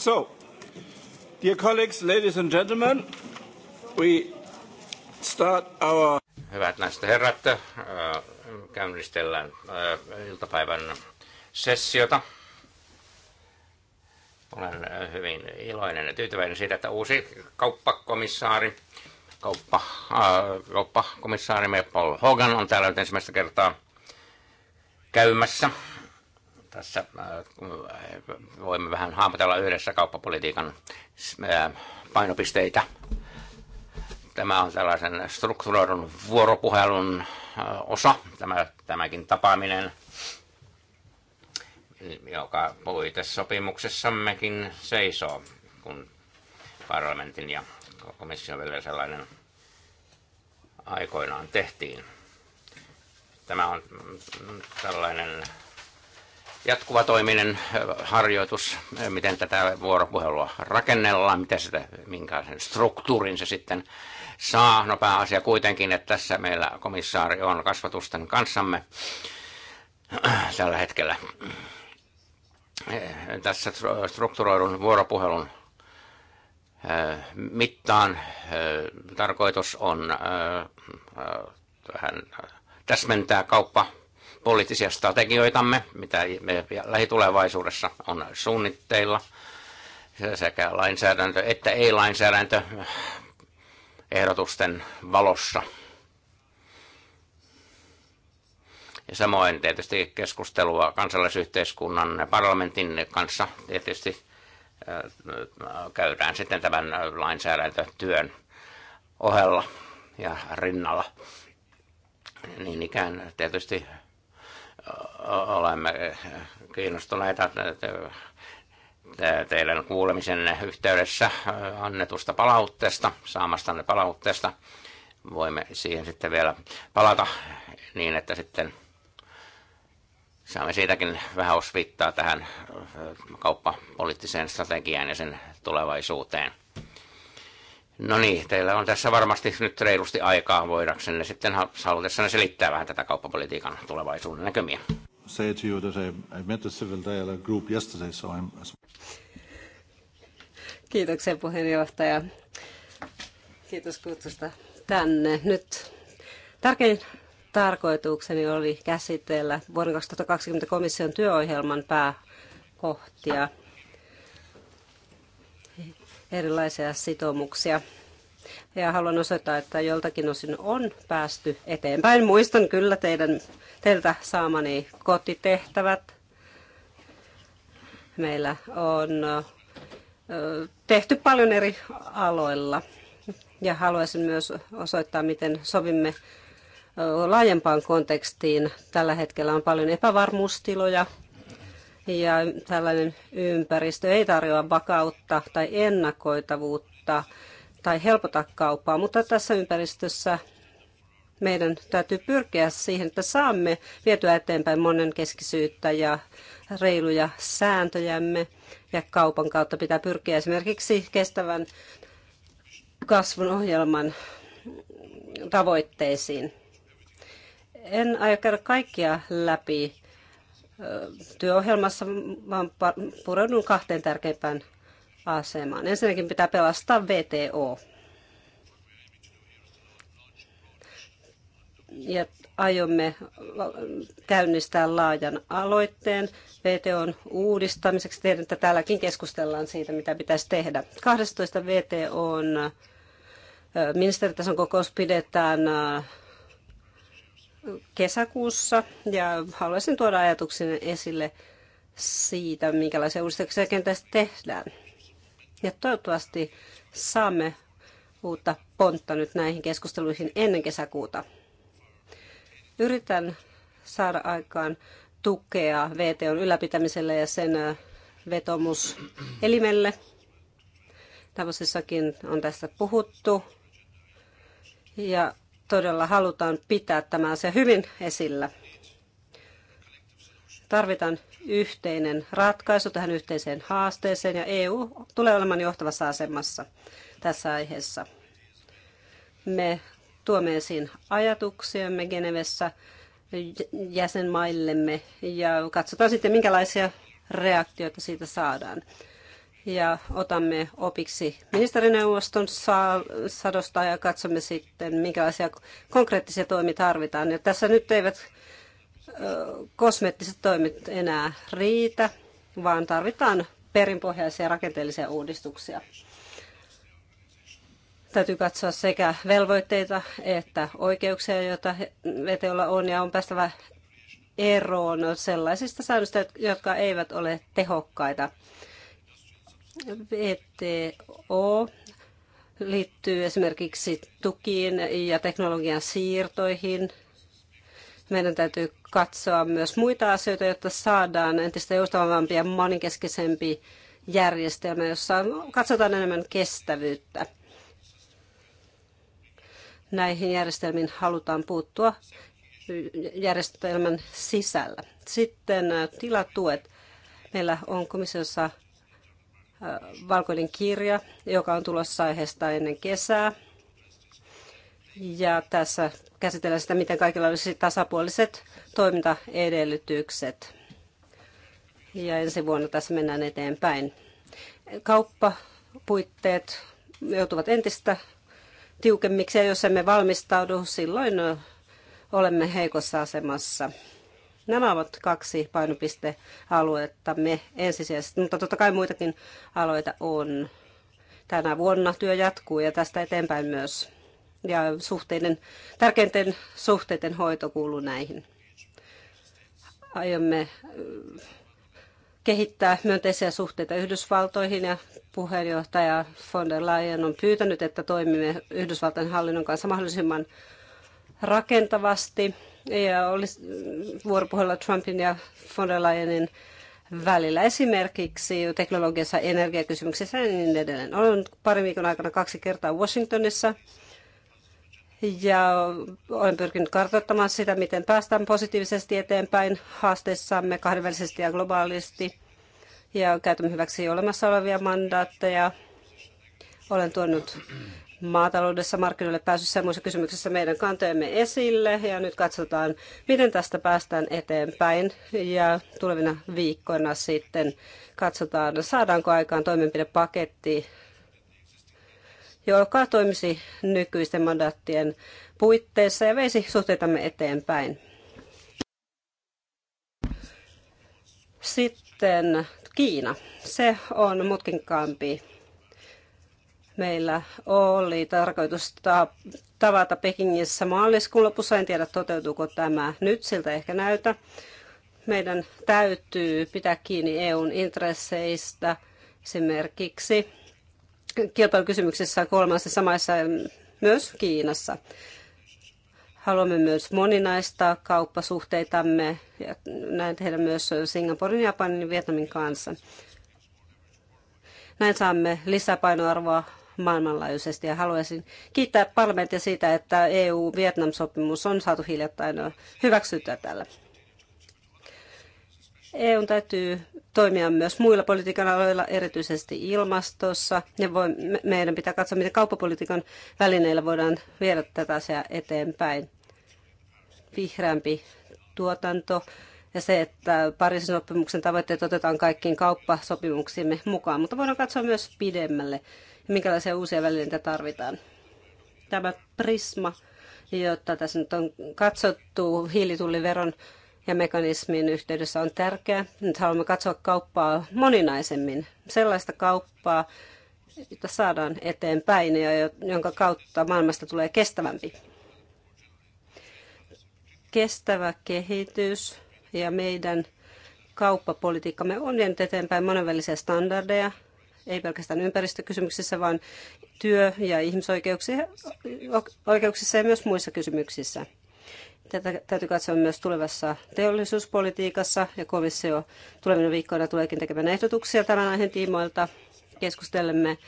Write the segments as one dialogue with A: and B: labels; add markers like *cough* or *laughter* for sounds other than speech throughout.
A: So, dear colleagues, ladies and gentlemen, we start our...
B: Hyvät naiset herrat, äh, käynnistellään äh, iltapäivän sessiota. Olen äh, hyvin iloinen ja tyytyväinen siitä, että uusi kauppakomissaari, kauppa, äh, kauppakomissaari Paul Hogan on täällä nyt ensimmäistä kertaa käymässä tässä äh, voimme vähän hahmotella yhdessä kauppapolitiikan äh, painopisteitä. Tämä on tällaisen strukturoidun vuoropuhelun äh, osa, tämä, tämäkin tapaaminen, joka puitesopimuksessammekin seisoo, kun parlamentin ja komission välillä sellainen aikoinaan tehtiin. Tämä on tällainen jatkuva toiminen harjoitus, miten tätä vuoropuhelua rakennellaan, miten sitä, minkälaisen struktuurin se sitten saa. No pääasia kuitenkin, että tässä meillä komissaari on kasvatusten kanssamme *clears throat* tällä hetkellä. Tässä strukturoidun vuoropuhelun mittaan tarkoitus on vähän täsmentää kauppa poliittisia strategioitamme, mitä me lähitulevaisuudessa on suunnitteilla, sekä lainsäädäntö että ei-lainsäädäntö ehdotusten valossa. Ja samoin tietysti keskustelua kansalaisyhteiskunnan parlamentin kanssa tietysti äh, käydään sitten tämän lainsäädäntötyön ohella ja rinnalla. Niin ikään tietysti olemme kiinnostuneita teidän kuulemisen yhteydessä annetusta palautteesta, saamastanne palautteesta. Voimme siihen sitten vielä palata niin, että sitten saamme siitäkin vähän osvittaa tähän kauppapoliittiseen strategiaan ja sen tulevaisuuteen. No niin, teillä on tässä varmasti nyt reilusti aikaa voidaksenne sitten halutessanne selittää vähän tätä kauppapolitiikan tulevaisuuden näkymiä. Say to you that I, I met the civil dialogue group yesterday, so I'm...
A: Kiitoksia puheenjohtaja. Kiitos kutsusta tänne. Nyt tärkein tarkoitukseni oli käsitellä vuoden 2020 komission työohjelman pääkohtia – erilaisia sitoumuksia. Ja haluan osoittaa, että joltakin osin on päästy eteenpäin. Muistan kyllä teidän, teiltä saamani kotitehtävät. Meillä on tehty paljon eri aloilla. Ja haluaisin myös osoittaa, miten sovimme laajempaan kontekstiin. Tällä hetkellä on paljon epävarmuustiloja ja tällainen ympäristö ei tarjoa vakautta tai ennakoitavuutta tai helpota kauppaa, mutta tässä ympäristössä meidän täytyy pyrkiä siihen, että saamme vietyä eteenpäin monenkeskisyyttä ja reiluja sääntöjämme. Ja kaupan kautta pitää pyrkiä esimerkiksi kestävän kasvun ohjelman tavoitteisiin. En aio käydä kaikkia läpi työohjelmassa, vaan pureudun kahteen tärkeimpään asemaan. Ensinnäkin pitää pelastaa VTO. Ja aiomme käynnistää laajan aloitteen VTOn uudistamiseksi. Tiedän, että täälläkin keskustellaan siitä, mitä pitäisi tehdä. 12 VTOn ministeritason kokous pidetään kesäkuussa ja haluaisin tuoda ajatuksen esille siitä, minkälaisia uudistuksia kenties tehdään. Ja toivottavasti saamme uutta pontta nyt näihin keskusteluihin ennen kesäkuuta. Yritän saada aikaan tukea VTOn ylläpitämiselle ja sen äh, vetomuselimelle. Davosissakin on tästä puhuttu. Ja todella halutaan pitää tämä asia hyvin esillä. Tarvitaan yhteinen ratkaisu tähän yhteiseen haasteeseen ja EU tulee olemaan johtavassa asemassa tässä aiheessa. Me tuomme esiin ajatuksiamme Genevessä jäsenmaillemme ja katsotaan sitten, minkälaisia reaktioita siitä saadaan ja otamme opiksi ministerineuvoston sadosta ja katsomme sitten, minkälaisia konkreettisia toimia tarvitaan. Ja tässä nyt eivät kosmeettiset toimet enää riitä, vaan tarvitaan perinpohjaisia rakenteellisia uudistuksia. Täytyy katsoa sekä velvoitteita että oikeuksia, joita VTOlla on, ja on päästävä eroon sellaisista säännöistä, jotka eivät ole tehokkaita. VTO liittyy esimerkiksi tukiin ja teknologian siirtoihin. Meidän täytyy katsoa myös muita asioita, jotta saadaan entistä joustavampi ja monikeskisempi järjestelmä, jossa katsotaan enemmän kestävyyttä. Näihin järjestelmiin halutaan puuttua järjestelmän sisällä. Sitten tilatuet. Meillä on komissiossa valkoinen kirja, joka on tulossa aiheesta ennen kesää. Ja tässä käsitellään sitä, miten kaikilla olisi tasapuoliset toimintaedellytykset. Ja ensi vuonna tässä mennään eteenpäin. Kauppapuitteet joutuvat entistä tiukemmiksi ja jos emme valmistaudu, silloin olemme heikossa asemassa. Nämä ovat kaksi me ensisijaisesti, mutta totta kai muitakin alueita on. Tänä vuonna työ jatkuu ja tästä eteenpäin myös. Ja suhteiden, tärkeinten suhteiden hoito kuuluu näihin. Aiomme kehittää myönteisiä suhteita Yhdysvaltoihin ja puheenjohtaja von der Leyen on pyytänyt, että toimimme Yhdysvaltain hallinnon kanssa mahdollisimman rakentavasti ja olisi vuoropuhella Trumpin ja von der Leyenin välillä esimerkiksi teknologiassa, energiakysymyksessä ja niin edelleen. Olen parin viikon aikana kaksi kertaa Washingtonissa ja olen pyrkinyt kartoittamaan sitä, miten päästään positiivisesti eteenpäin haasteissamme kahdenvälisesti ja globaalisti ja käytämme hyväksi olemassa olevia mandaatteja. Olen tuonut maataloudessa markkinoille pääsyssä ja muissa kysymyksissä meidän kantojemme esille ja nyt katsotaan, miten tästä päästään eteenpäin ja tulevina viikkoina sitten katsotaan, saadaanko aikaan toimenpidepaketti, joka toimisi nykyisten mandaattien puitteissa ja veisi suhteitamme eteenpäin. Sitten Kiina. Se on mutkinkaampi Meillä oli tarkoitus tavata Pekingissä maaliskuun lopussa. En tiedä, toteutuuko tämä nyt, siltä ehkä näytä. Meidän täytyy pitää kiinni EUn intresseistä esimerkiksi kilpailukysymyksissä kolmansissa maissa ja myös Kiinassa. Haluamme myös moninaista kauppasuhteitamme ja näin tehdä myös Singaporen, Japanin ja Vietnamin kanssa. Näin saamme lisäpainoarvoa maailmanlaajuisesti. Ja haluaisin kiittää parlamenttia siitä, että EU-Vietnam-sopimus on saatu hiljattain hyväksyttyä tällä. EUn täytyy toimia myös muilla politiikan aloilla, erityisesti ilmastossa. Ja voi, meidän pitää katsoa, miten kauppapolitiikan välineillä voidaan viedä tätä asiaa eteenpäin. Vihreämpi tuotanto ja se, että Pariisin sopimuksen tavoitteet otetaan kaikkiin kauppasopimuksiimme mukaan, mutta voidaan katsoa myös pidemmälle minkälaisia uusia välineitä tarvitaan. Tämä prisma, jota tässä nyt on katsottu hiilitulliveron ja mekanismin yhteydessä on tärkeä. Nyt haluamme katsoa kauppaa moninaisemmin. Sellaista kauppaa, jota saadaan eteenpäin ja jonka kautta maailmasta tulee kestävämpi. Kestävä kehitys ja meidän kauppapolitiikkamme on jäänyt eteenpäin monenvälisiä standardeja, ei pelkästään ympäristökysymyksissä, vaan työ- ja ihmisoikeuksissa ja myös muissa kysymyksissä. Tätä täytyy katsoa myös tulevassa teollisuuspolitiikassa ja komissio tulevina viikkoina tuleekin tekemään ehdotuksia tämän aiheen tiimoilta. Keskustelemme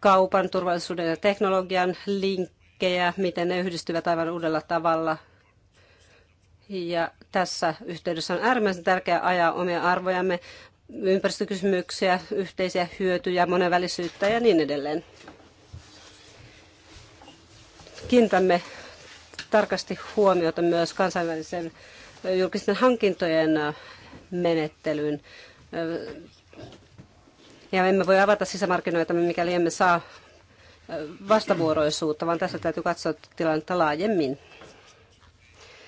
A: kaupan, turvallisuuden ja teknologian linkkejä, miten ne yhdistyvät aivan uudella tavalla. Ja tässä yhteydessä on äärimmäisen tärkeää ajaa omia arvojamme, ympäristökysymyksiä, yhteisiä hyötyjä, monenvälisyyttä ja niin edelleen. Kiinnitämme tarkasti huomiota myös kansainvälisen julkisten hankintojen menettelyyn. Ja emme voi avata sisämarkkinoita, mikäli emme saa vastavuoroisuutta, vaan tässä täytyy katsoa tilannetta laajemmin.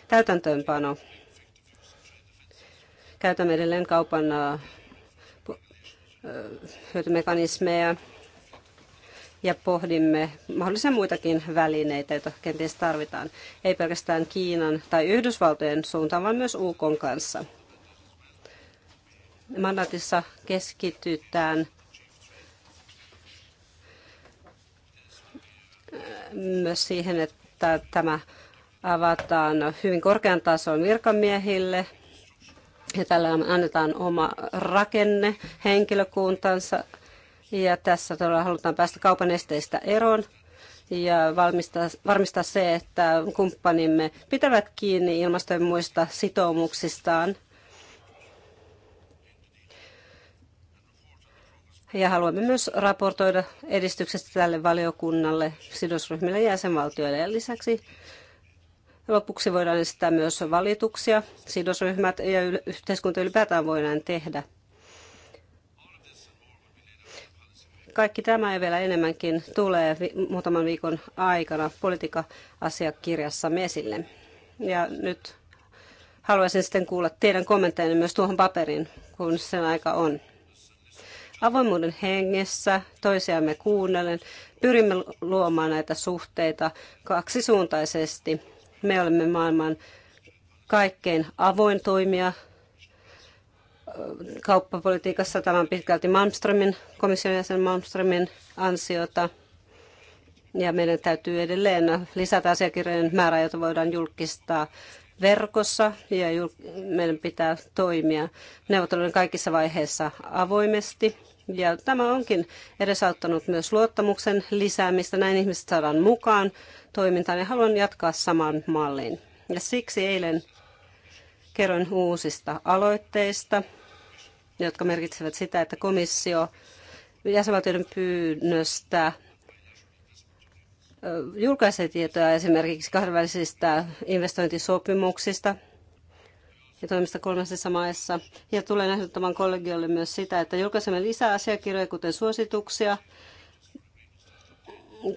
A: Täytäntöönpano. Käytämme edelleen kaupan hyötymekanismeja ja pohdimme mahdollisia muitakin välineitä, joita kenties tarvitaan, ei pelkästään Kiinan tai Yhdysvaltojen suuntaan, vaan myös UK kanssa. Mandatissa keskitytään äh, myös siihen, että tämä avataan hyvin korkean tason virkamiehille ja tällä annetaan oma rakenne henkilökuntansa. Ja tässä todella halutaan päästä kaupan esteistä eroon ja valmistaa, varmistaa se, että kumppanimme pitävät kiinni ilmastojen muista sitoumuksistaan. Ja haluamme myös raportoida edistyksestä tälle valiokunnalle, sidosryhmille ja jäsenvaltioille. Ja lisäksi Lopuksi voidaan esittää myös valituksia. Sidosryhmät ja yhteiskunta ylipäätään voidaan tehdä. Kaikki tämä ja vielä enemmänkin tulee muutaman viikon aikana politiikka asiakirjassa mesille. Ja nyt haluaisin sitten kuulla teidän kommentteja myös tuohon paperiin, kun sen aika on. Avoimuuden hengessä toisiamme kuunnellen pyrimme luomaan näitä suhteita kaksisuuntaisesti me olemme maailman kaikkein avoin toimija kauppapolitiikassa. Tämä on pitkälti Malmströmin, komission jäsen Malmströmin ansiota. Ja meidän täytyy edelleen lisätä asiakirjojen määrää, jota voidaan julkistaa verkossa ja meidän pitää toimia neuvottelujen kaikissa vaiheissa avoimesti ja tämä onkin edesauttanut myös luottamuksen lisäämistä. Näin ihmiset saadaan mukaan toimintaan ja haluan jatkaa saman mallin. Ja siksi eilen kerroin uusista aloitteista, jotka merkitsevät sitä, että komissio jäsenvaltioiden pyynnöstä julkaisee tietoja esimerkiksi kahdenvälisistä investointisopimuksista, ja toimista kolmessa maissa. Ja tulen ehdottamaan kollegiolle myös sitä, että julkaisemme lisää asiakirjoja, kuten suosituksia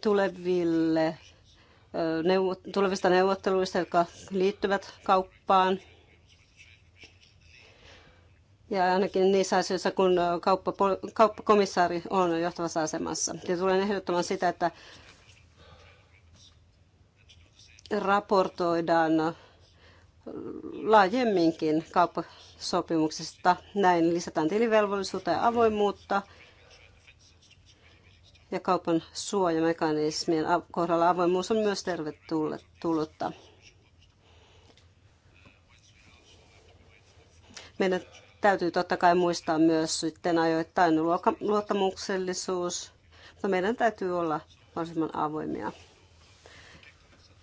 A: tuleville, tulevista neuvotteluista, jotka liittyvät kauppaan. Ja ainakin niissä asioissa, kun kauppa, kauppakomissaari on johtavassa asemassa. Ja tulen ehdottamaan sitä, että raportoidaan laajemminkin kauppasopimuksesta. Näin lisätään tilivelvollisuutta ja avoimuutta ja kaupan suojamekanismien kohdalla avoimuus on myös tervetullutta. Meidän täytyy totta kai muistaa myös sitten ajoittain luottamuksellisuus, mutta meidän täytyy olla mahdollisimman avoimia.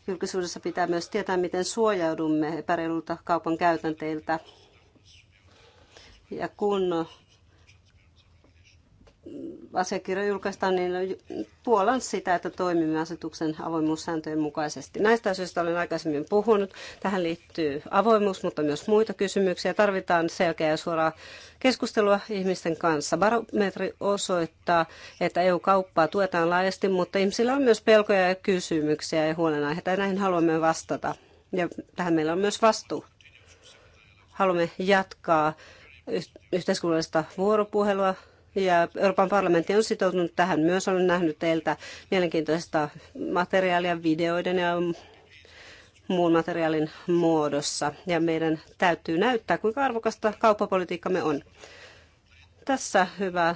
A: Julkisuudessa pitää myös tietää, miten suojaudumme epäreilulta kaupan käytänteiltä. Ja kun asiakirja julkaistaan, niin puolan sitä, että toimimme asetuksen avoimuussääntöjen mukaisesti. Näistä syistä olen aikaisemmin puhunut. Tähän liittyy avoimuus, mutta myös muita kysymyksiä. Tarvitaan selkeää ja suoraa keskustelua ihmisten kanssa. Barometri osoittaa, että EU-kauppaa tuetaan laajasti, mutta ihmisillä on myös pelkoja ja kysymyksiä ja huolenaiheita, ja näihin haluamme vastata. Ja tähän meillä on myös vastuu. Haluamme jatkaa yhteiskunnallista vuoropuhelua ja Euroopan parlamentti on sitoutunut tähän myös. Olen nähnyt teiltä mielenkiintoista materiaalia videoiden ja muun materiaalin muodossa. Ja meidän täytyy näyttää, kuinka arvokasta kauppapolitiikkamme on. Tässä hyvä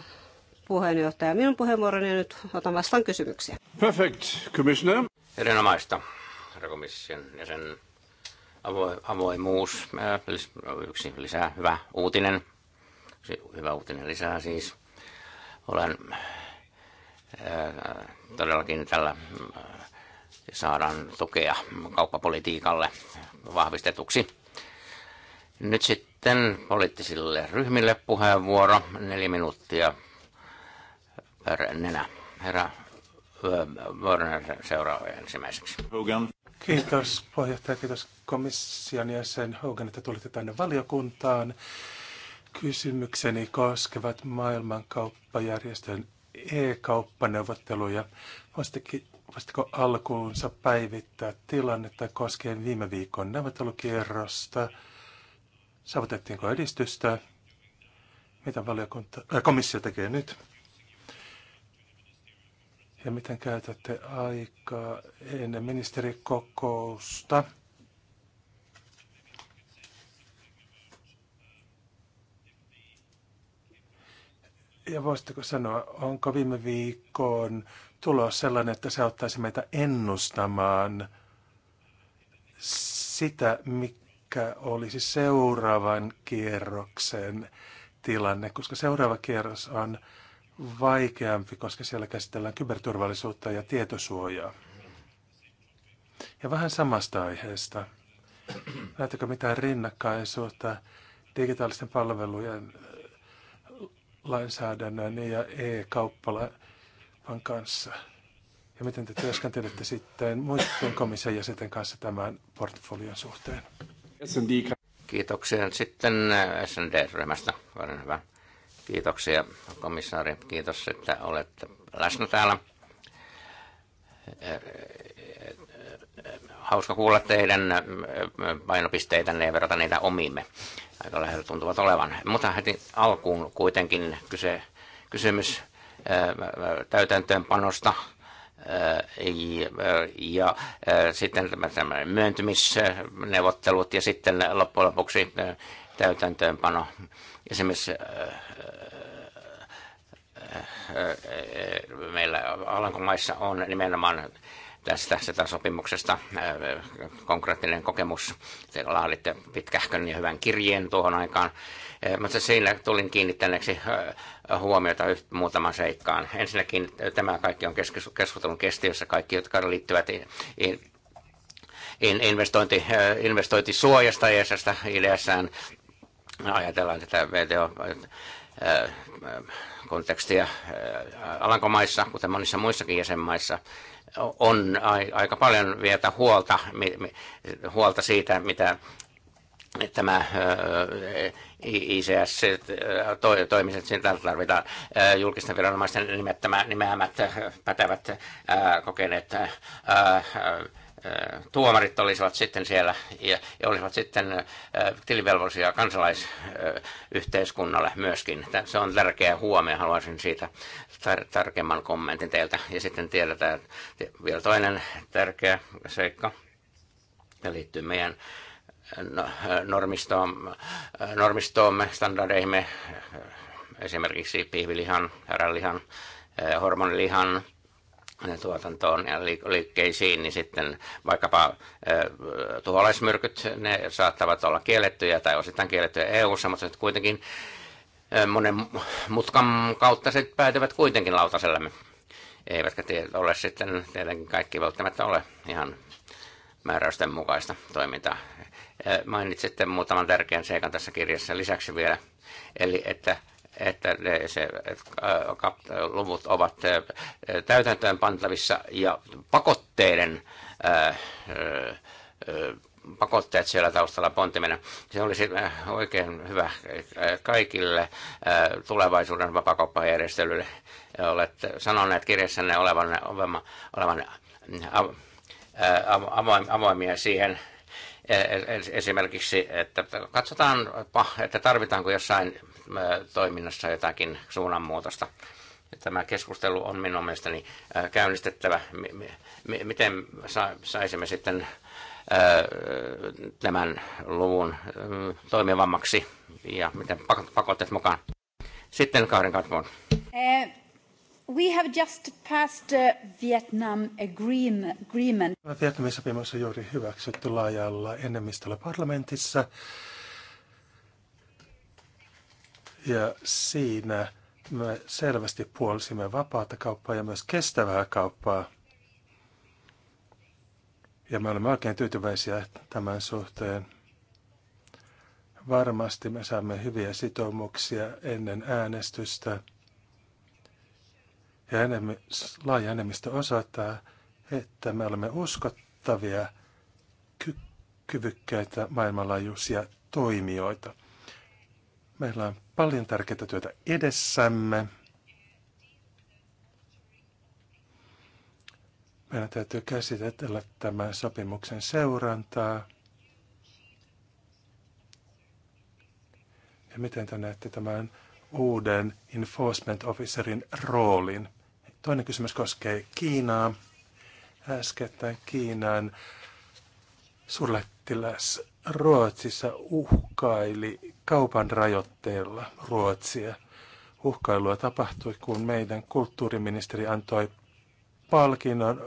A: puheenjohtaja. Minun puheenvuoroni ja nyt otan vastaan kysymyksiä.
B: Perfect, commissioner. Erinomaista, herra komission jäsen. Avo, avoimuus, äh, yksi lisää hyvä uutinen. Hyvä uutinen lisää siis. Olen äh, todellakin tällä äh, saadaan tukea kauppapolitiikalle vahvistetuksi. Nyt sitten poliittisille ryhmille puheenvuoro, neljä minuuttia per nenä. Herra äh, Werner seuraava ensimmäiseksi. Hogan.
C: Kiitos puheenjohtaja, kiitos komission jäsen Hogan, että tulitte tänne valiokuntaan. Kysymykseni koskevat maailmankauppajärjestön e-kauppaneuvotteluja. Voisitteko alkuunsa päivittää tilannetta koskien viime viikon neuvottelukierrosta? Saavutettiinko edistystä? Mitä valiokunta, äh, komissio tekee nyt? Ja miten käytätte aikaa ennen ministerikokousta? Ja voisitteko sanoa, onko viime viikon tulos sellainen, että se auttaisi meitä ennustamaan sitä, mikä olisi seuraavan kierroksen tilanne, koska seuraava kierros on vaikeampi, koska siellä käsitellään kyberturvallisuutta ja tietosuojaa. Ja vähän samasta aiheesta. Näettekö mitään rinnakkaisuutta digitaalisten palvelujen lainsäädännön ja e kauppalan kanssa? Ja miten te työskentelette sitten muiden komission jäsenten kanssa tämän portfolion suhteen?
B: Kiitoksia sitten äh, SND-ryhmästä. hyvä. Kiitoksia komissaari. Kiitos, että olette läsnä täällä. Äh, äh, hauska kuulla teidän painopisteitänne ja verrata niitä omiimme aika lähellä tuntuvat olevan. Mutta heti alkuun kuitenkin kyse, kysymys täytäntöönpanosta ja sitten tämmöinen myöntymisneuvottelut ja sitten loppujen lopuksi täytäntöönpano. Esimerkiksi meillä Alankomaissa on nimenomaan tästä sitä sopimuksesta äh, Konkreettinen kokemus. Te laaditte pitkähkön ja hyvän kirjeen tuohon aikaan. Äh, mutta siinä tulin kiinnittäneeksi äh, huomiota muutaman seikkaan. Ensinnäkin tämä kaikki on keskustelun kestiössä, kaikki, jotka liittyvät investointi, investointisuojasta ja e stä Ajatellaan tätä VTO kontekstia Alankomaissa, kuten monissa muissakin jäsenmaissa, on aika paljon vietä huolta, huolta siitä, mitä tämä ICS-toimiset, sitä tarvitaan julkisten viranomaisten nimettämä, nimeämät pätevät kokeneet tuomarit olisivat sitten siellä ja, ja olisivat sitten tilivelvollisia kansalaisyhteiskunnalle myöskin. Se on tärkeä huomio, haluaisin siitä tar- tarkemman kommentin teiltä. Ja sitten tiedetään että vielä toinen tärkeä seikka, ja liittyy meidän no, normistoon, normistoomme, standardeihimme, esimerkiksi pihvilihan, häränlihan, hormonilihan – tuotantoon ja liikkeisiin, niin sitten vaikkapa tuholaismyrkyt, ne saattavat olla kiellettyjä tai osittain kiellettyjä EU-ssa, mutta sitten kuitenkin monen mutkan kautta sitten päätyvät kuitenkin lautasellemme. Eivätkä ole sitten tietenkin kaikki välttämättä ole ihan määräysten mukaista toimintaa. Mainitsitte muutaman tärkeän seikan tässä kirjassa lisäksi vielä, eli että että se, äh, luvut ovat äh, täytäntöön pantavissa ja pakotteiden äh, pakotteet siellä taustalla pontimena. Se olisi oikein hyvä kaikille tulevaisuuden vapakauppajärjestelylle. Olette sanoneet kirjassanne olevan, olevan, olevan avoimia siihen esimerkiksi, että katsotaan, että tarvitaanko jossain toiminnassa jotakin suunnanmuutosta. Tämä keskustelu on minun mielestäni äh, käynnistettävä. Miten saisimme sitten äh, tämän luvun äh, toimivammaksi ja miten pakotteet mukaan? Sitten Karin Katmon.
A: Eh, we have just passed a Vietnam agreement. Vietnamin
C: sopimus on juuri hyväksytty laajalla enemmistöllä parlamentissa ja siinä me selvästi puolsimme vapaata kauppaa ja myös kestävää kauppaa. Ja me olemme oikein tyytyväisiä tämän suhteen. Varmasti me saamme hyviä sitoumuksia ennen äänestystä. Ja enemmän, laaja enemmistö osoittaa, että me olemme uskottavia, ky- kyvykkäitä maailmanlaajuisia toimijoita. Meillä on paljon tärkeää työtä edessämme. Meidän täytyy käsitellä tämän sopimuksen seurantaa. Ja miten te näette tämän uuden enforcement officerin roolin? Toinen kysymys koskee Kiinaa. Äskettäin Kiinan suurlähettiläs Ruotsissa uhkaili kaupan rajoitteilla Ruotsia. Uhkailua tapahtui, kun meidän kulttuuriministeri antoi palkinnon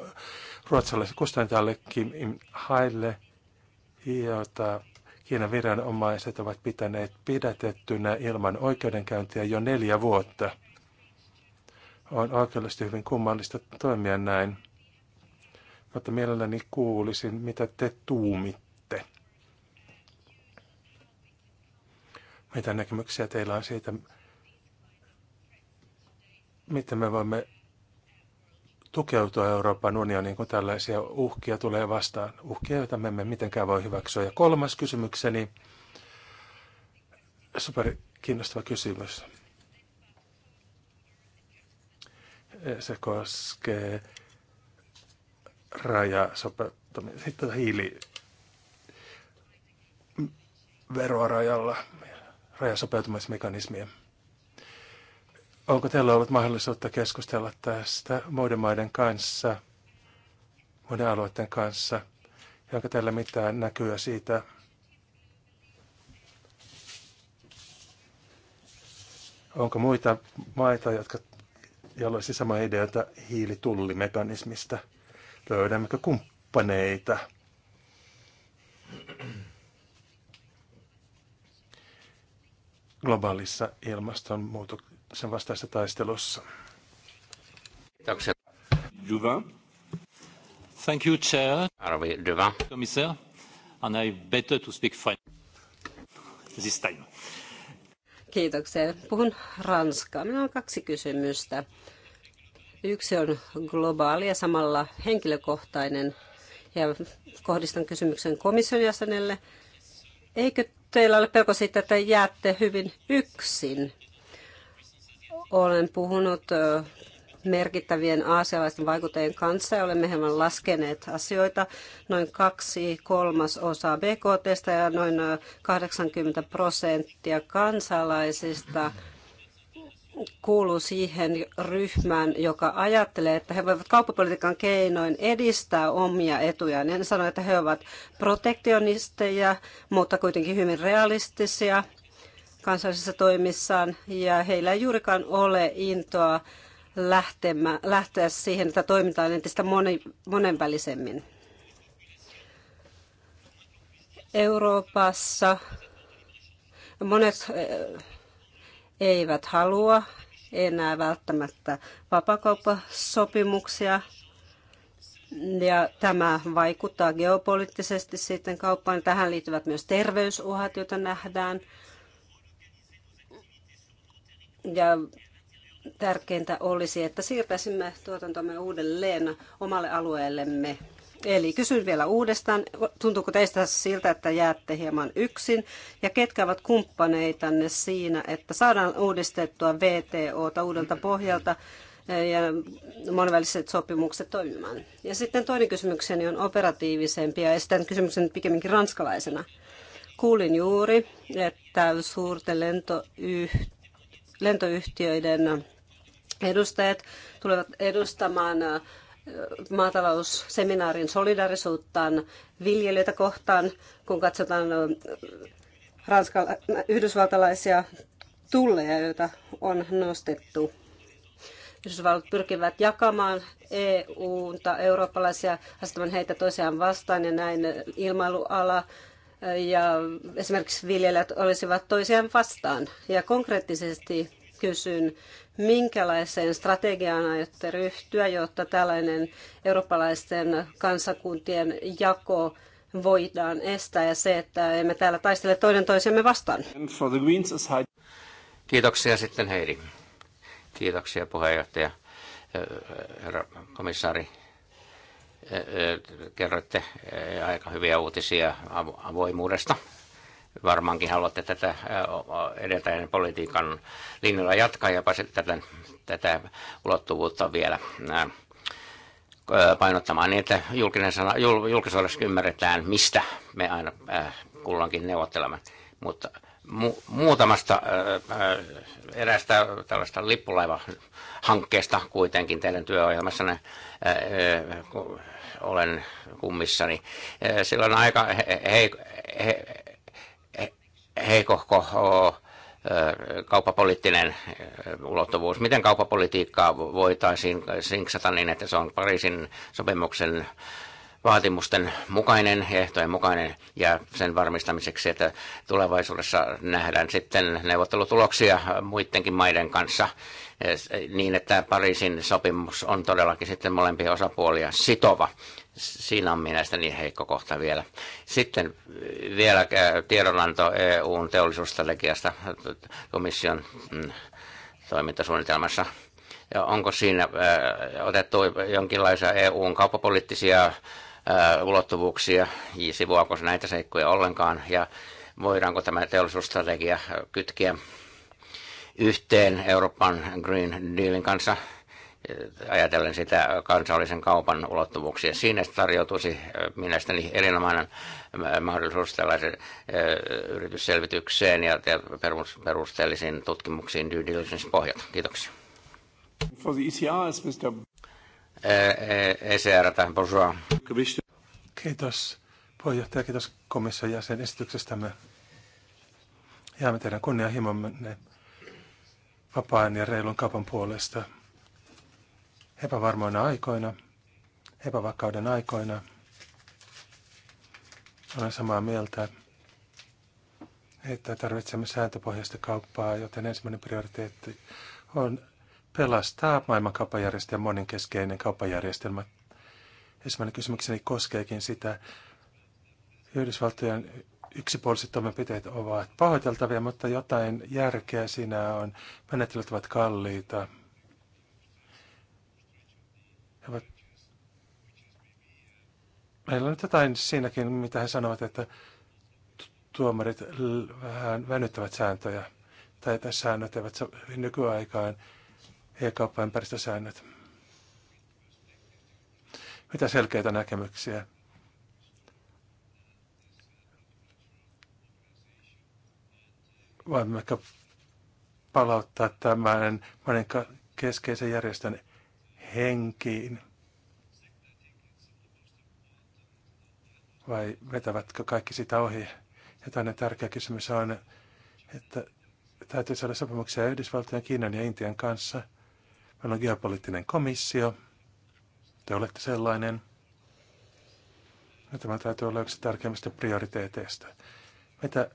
C: ruotsalaiselle kustantajalle Kim Haille, jota Kiinan viranomaiset ovat pitäneet pidätettynä ilman oikeudenkäyntiä jo neljä vuotta. On oikeudellisesti hyvin kummallista toimia näin, mutta mielelläni kuulisin, mitä te tuumit Mitä näkemyksiä teillä on siitä, miten me voimme tukeutua Euroopan unioniin, kun tällaisia uhkia tulee vastaan. Uhkia, joita me emme mitenkään voi hyväksyä. Ja kolmas kysymykseni, super kiinnostava kysymys. Se koskee rajasopeuttamista, hiiliveroa rajalla rajasopeutumismekanismia. Onko teillä ollut mahdollisuutta keskustella tästä muiden maiden kanssa, muiden alueiden kanssa? Ja onko teillä mitään näkyä siitä, onko muita maita, jotka, joilla olisi sama ideata hiilitullimekanismista? Löydämmekö kumppaneita? globaalissa ilmastonmuutoksen vastaisessa taistelussa.
B: Kiitoksia. Juva. Thank you, Chair. Arvi Commissaire, and I better to speak French this time.
A: Kiitoksia. Puhun ranskaa. Minulla on kaksi kysymystä. Yksi on globaali ja samalla henkilökohtainen. Ja kohdistan kysymyksen komission jäsenelle. Eikö teillä ole pelko siitä, että jäätte hyvin yksin. Olen puhunut merkittävien aasialaisten vaikuttajien kanssa ja olemme hieman laskeneet asioita. Noin kaksi kolmasosaa BKTstä ja noin 80 prosenttia kansalaisista – kuuluu siihen ryhmään, joka ajattelee, että he voivat kauppapolitiikan keinoin edistää omia etujaan. En sano, että he ovat protektionisteja, mutta kuitenkin hyvin realistisia kansallisissa toimissaan, ja heillä ei juurikaan ole intoa lähtemä, lähteä siihen, että toimitaan entistä moni, monenvälisemmin. Euroopassa monet eivät halua enää välttämättä vapakauppasopimuksia. Ja tämä vaikuttaa geopoliittisesti sitten kauppaan. Tähän liittyvät myös terveysuhat, joita nähdään. Ja tärkeintä olisi, että siirtäisimme tuotantomme uudelleen omalle alueellemme. Eli kysyn vielä uudestaan, tuntuuko teistä siltä, että jäätte hieman yksin, ja ketkä ovat kumppaneitanne siinä, että saadaan uudistettua VTOta uudelta pohjalta eh, ja monenväliset sopimukset toimimaan. Ja sitten toinen kysymykseni on operatiivisempi, ja esitän kysymyksen pikemminkin ranskalaisena. Kuulin juuri, että suurten lentoyh- lentoyhtiöiden edustajat tulevat edustamaan eh, maatalousseminaarin solidarisuuttaan viljelijöitä kohtaan, kun katsotaan ranskala- yhdysvaltalaisia tulleja, joita on nostettu. Yhdysvallat pyrkivät jakamaan EU-ta eurooppalaisia, asettamaan heitä toisiaan vastaan ja näin ilmailuala ja esimerkiksi viljelijät olisivat toisiaan vastaan. Ja konkreettisesti kysyn, minkälaiseen strategiaan aiotte ryhtyä, jotta tällainen eurooppalaisten kansakuntien jako voidaan estää ja se, että emme täällä taistele toinen toisemme vastaan.
B: Kiitoksia sitten Heidi. Kiitoksia puheenjohtaja, herra komissaari. Kerroitte aika hyviä uutisia avoimuudesta varmaankin haluatte tätä edeltäjän politiikan linjalla jatkaa ja tätä, tätä ulottuvuutta vielä painottamaan niin, että julkinen sana, julkisuudessa ymmärretään, mistä me aina kullankin neuvottelemme. Mutta muutamasta erästä tällaista lippulaiva-hankkeesta kuitenkin teidän työohjelmassanne olen kummissani. Sillä on aika he, he, he, heikohko kauppapoliittinen ulottuvuus. Miten kauppapolitiikkaa voitaisiin sinksata niin, että se on Pariisin sopimuksen vaatimusten mukainen ehtojen mukainen ja sen varmistamiseksi, että tulevaisuudessa nähdään sitten neuvottelutuloksia muidenkin maiden kanssa niin, että Pariisin sopimus on todellakin sitten molempia osapuolia sitova. Siinä on mielestäni niin heikko kohta vielä. Sitten äh, vielä äh, tiedonanto EUn teollisuusstrategiasta äh, komission mm, toimintasuunnitelmassa. Onko siinä otettu jonkinlaisia EUn kauppapoliittisia ulottuvuuksia, sivuako se näitä seikkoja ollenkaan, ja voidaanko tämä teollisuusstrategia kytkeä yhteen Euroopan Green Dealin kanssa eh, ajatellen sitä kansallisen kaupan ulottuvuuksia. Siinä tarjoutuisi eh, mielestäni erinomainen eh, mahdollisuus tällaisen yritysselvitykseen ja perusteellisiin tutkimuksiin due diligence pohjat. Kiitoksia.
C: For the ECR Mr.
B: ECR e tähän
C: Kiitos puheenjohtaja, kiitos komission jäsen esityksestämme. Jäämme teidän kunnianhimomme vapaan ja reilun kaupan puolesta. Epävarmoina aikoina, epävakauden aikoina, olen samaa mieltä, että tarvitsemme sääntöpohjaista kauppaa, joten ensimmäinen prioriteetti on pelastaa maailmankauppajärjestelmän monenkeskeinen kauppajärjestelmä. Ensimmäinen kysymykseni koskeekin sitä Yhdysvaltojen yksipuoliset toimenpiteet ovat pahoiteltavia, mutta jotain järkeä siinä on. Menettelyt ovat kalliita. Ovat... Meillä on nyt jotain siinäkin, mitä he sanovat, että tuomarit vähän venyttävät sääntöjä. Tai että säännöt eivät sovi nykyaikaan ja kauppaympäristösäännöt Mitä selkeitä näkemyksiä? ehkä palauttaa tämän monen keskeisen järjestön henkiin? Vai vetävätkö kaikki sitä ohi? Ja toinen tärkeä kysymys on, että täytyy saada sopimuksia Yhdysvaltojen, Kiinan ja Intian kanssa. Meillä on geopoliittinen komissio. Te olette sellainen. Ja tämä täytyy olla yksi tärkeimmistä prioriteeteista. Mitä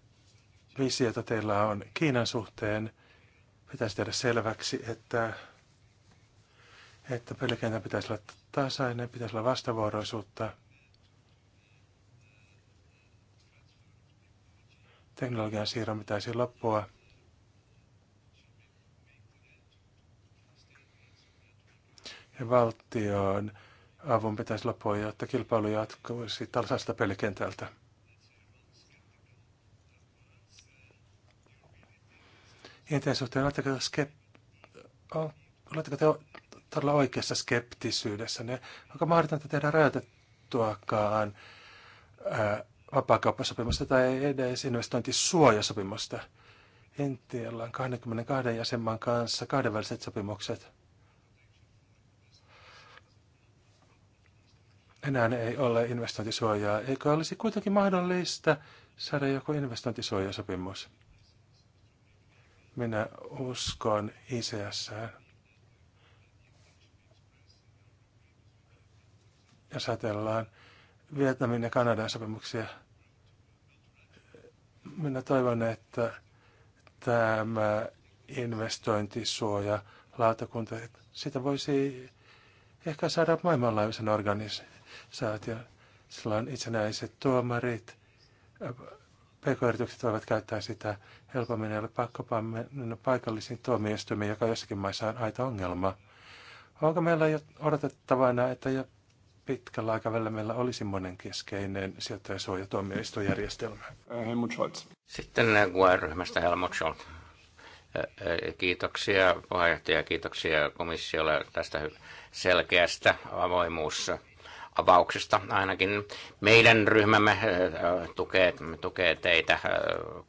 C: visiota teillä on Kiinan suhteen. Pitäisi tehdä selväksi, että, että pelikentän pitäisi olla tasainen, pitäisi olla vastavuoroisuutta. Teknologian siirron pitäisi loppua. Ja valtion avun pitäisi loppua, jotta kilpailu jatkuisi tällaisesta pelikentältä. hintojen suhteen, oletteko, skep- oletteko te todella oikeassa skeptisyydessä? Ne, onko mahdotonta tehdä rajoitettuakaan vapaakauppasopimusta tai edes investointisuojasopimusta? Intialla on 22 jäsenmaan kanssa kahdenväliset sopimukset. Enää ei ole investointisuojaa. Eikö olisi kuitenkin mahdollista saada joku investointisuojasopimus? Minä uskon ICSään. Jos ajatellaan Vietnamin ja Kanadan sopimuksia, minä toivon, että tämä investointisuoja lautakunta, sitä voisi ehkä saada maailmanlaajuisen organisaation. Sillä on itsenäiset tuomarit, PK-yritykset voivat käyttää sitä helpommin, ja ole pakko mennä paikallisiin tuomioistuimiin, joka jossakin maissa on aito ongelma. Onko meillä jo odotettavana, että jo pitkällä aikavälillä meillä olisi monenkeskeinen sijoittajasuojatuomioistuinjärjestelmä? Äh, Helmut Scholz.
B: Sitten QE-ryhmästä Helmut Scholz. Äh, äh, kiitoksia puheenjohtaja, kiitoksia komissiolle tästä selkeästä avoimuussa avauksesta. Ainakin meidän ryhmämme tukee, tukee teitä,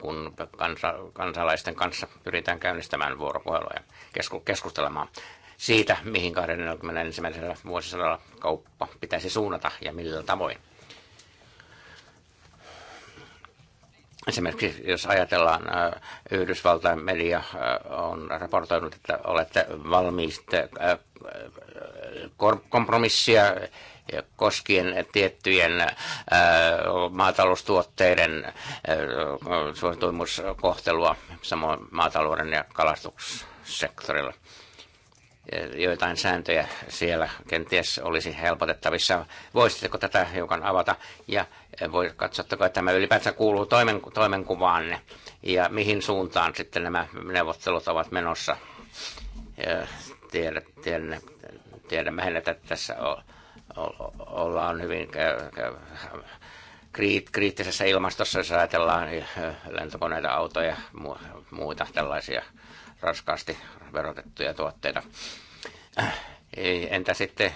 B: kun kansa, kansalaisten kanssa pyritään käynnistämään vuoropuhelua ja kesku, keskustelemaan siitä, mihin 21. vuosisadalla kauppa pitäisi suunnata ja millä tavoin. Esimerkiksi jos ajatellaan, Yhdysvaltain media on raportoinut, että olette valmiit kompromissia koskien tiettyjen äh, maataloustuotteiden äh, suosituimuuskohtelua, samoin maatalouden ja kalastussektorilla. Äh, joitain sääntöjä siellä kenties olisi helpotettavissa. Voisitteko tätä hiukan avata ja voi, katsotteko, että tämä ylipäätään kuuluu toimen, toimenkuvaanne ja mihin suuntaan sitten nämä neuvottelut ovat menossa? Tiedä, tiedä, tiedämme, että tässä on ollaan hyvin kriittisessä ilmastossa, jos ajatellaan niin, lentokoneita, autoja ja muita tällaisia raskaasti verotettuja tuotteita. Entä sitten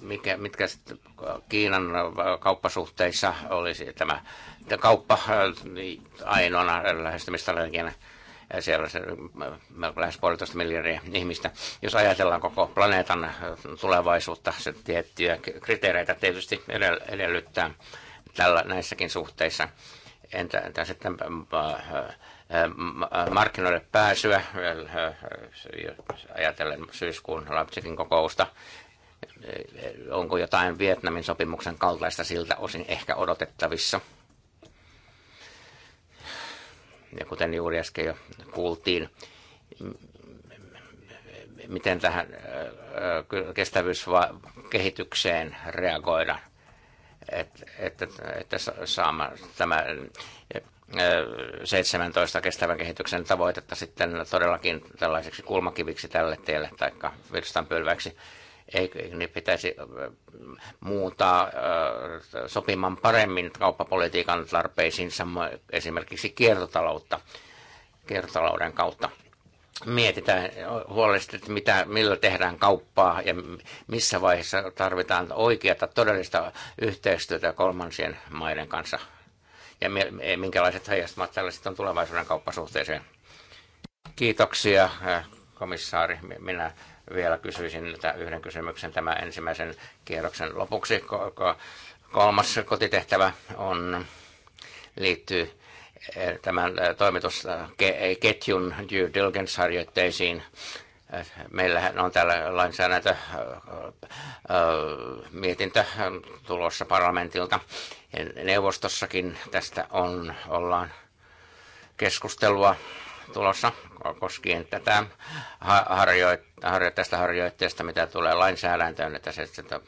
B: mikä, mitkä sitten Kiinan kauppasuhteissa olisi tämä kauppa ainoana lähestymistrategiana? Siellä on se mm, mm, lähes puolitoista miljardia ihmistä. Jos ajatellaan koko planeetan äh, tulevaisuutta, se tiettyjä kriteereitä tietysti edellyttää tällä, näissäkin suhteissa. Entä, entä sitten mm, äh, äh, markkinoille pääsyä, ajatellen syyskuun Leipzigin kokousta, onko jotain Vietnamin sopimuksen kaltaista siltä osin ehkä odotettavissa? ja kuten juuri äsken jo kuultiin, miten tähän kestävyyskehitykseen reagoidaan, että, että, että saamme tämä 17 kestävän kehityksen tavoitetta sitten todellakin tällaiseksi kulmakiviksi tälle tielle tai virstanpylväksi eikö ne niin pitäisi muuta sopimaan paremmin kauppapolitiikan tarpeisiin esimerkiksi kiertotaloutta, kiertotalouden kautta. Mietitään huolellisesti, että mitä, millä tehdään kauppaa ja missä vaiheessa tarvitaan oikeata todellista yhteistyötä kolmansien maiden kanssa ja e, minkälaiset heijastumat tällaiset on tulevaisuuden kauppasuhteeseen. Kiitoksia komissaari. Minä vielä kysyisin yhden kysymyksen tämän ensimmäisen kierroksen lopuksi. Kolmas kotitehtävä on, liittyy eh, tämän eh, toimitusketjun due diligence-harjoitteisiin. Eh, meillähän on täällä lainsäädäntö mietintö tulossa parlamentilta. Neuvostossakin tästä on, ollaan keskustelua tulossa koskien tätä harjoit, tästä harjoitteesta, mitä tulee lainsäädäntöön, että se, että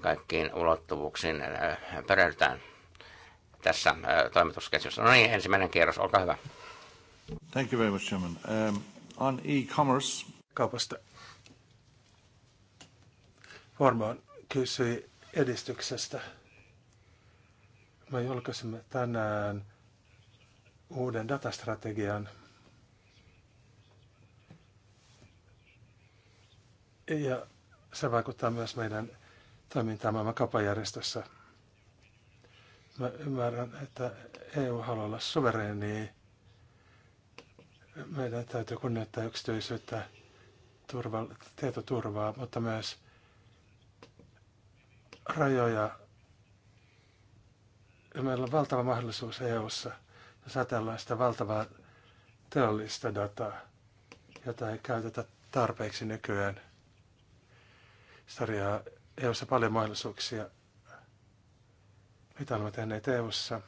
B: kaikkiin ulottuvuuksiin äh, perehdytään tässä äh, toimitusketjussa. No niin, ensimmäinen kierros, olkaa hyvä.
C: Thank you very much, Chairman. Um, on e-commerce... Kaupasta. Varmaan kysyi edistyksestä. Me julkaisimme tänään uuden datastrategian. Ja se vaikuttaa myös meidän toimintaan maailman kapajärjestössä. Mä ymmärrän, että EU haluaa olla suvereeni. Meidän täytyy kunnioittaa yksityisyyttä, turva, tietoturvaa, mutta myös rajoja. Meillä on valtava mahdollisuus EU:ssa sitä valtavaa teollista dataa, jota ei käytetä tarpeeksi nykyään. Sarjaa EU-ssa paljon mahdollisuuksia. Mitä olemme tehneet EU-ssa?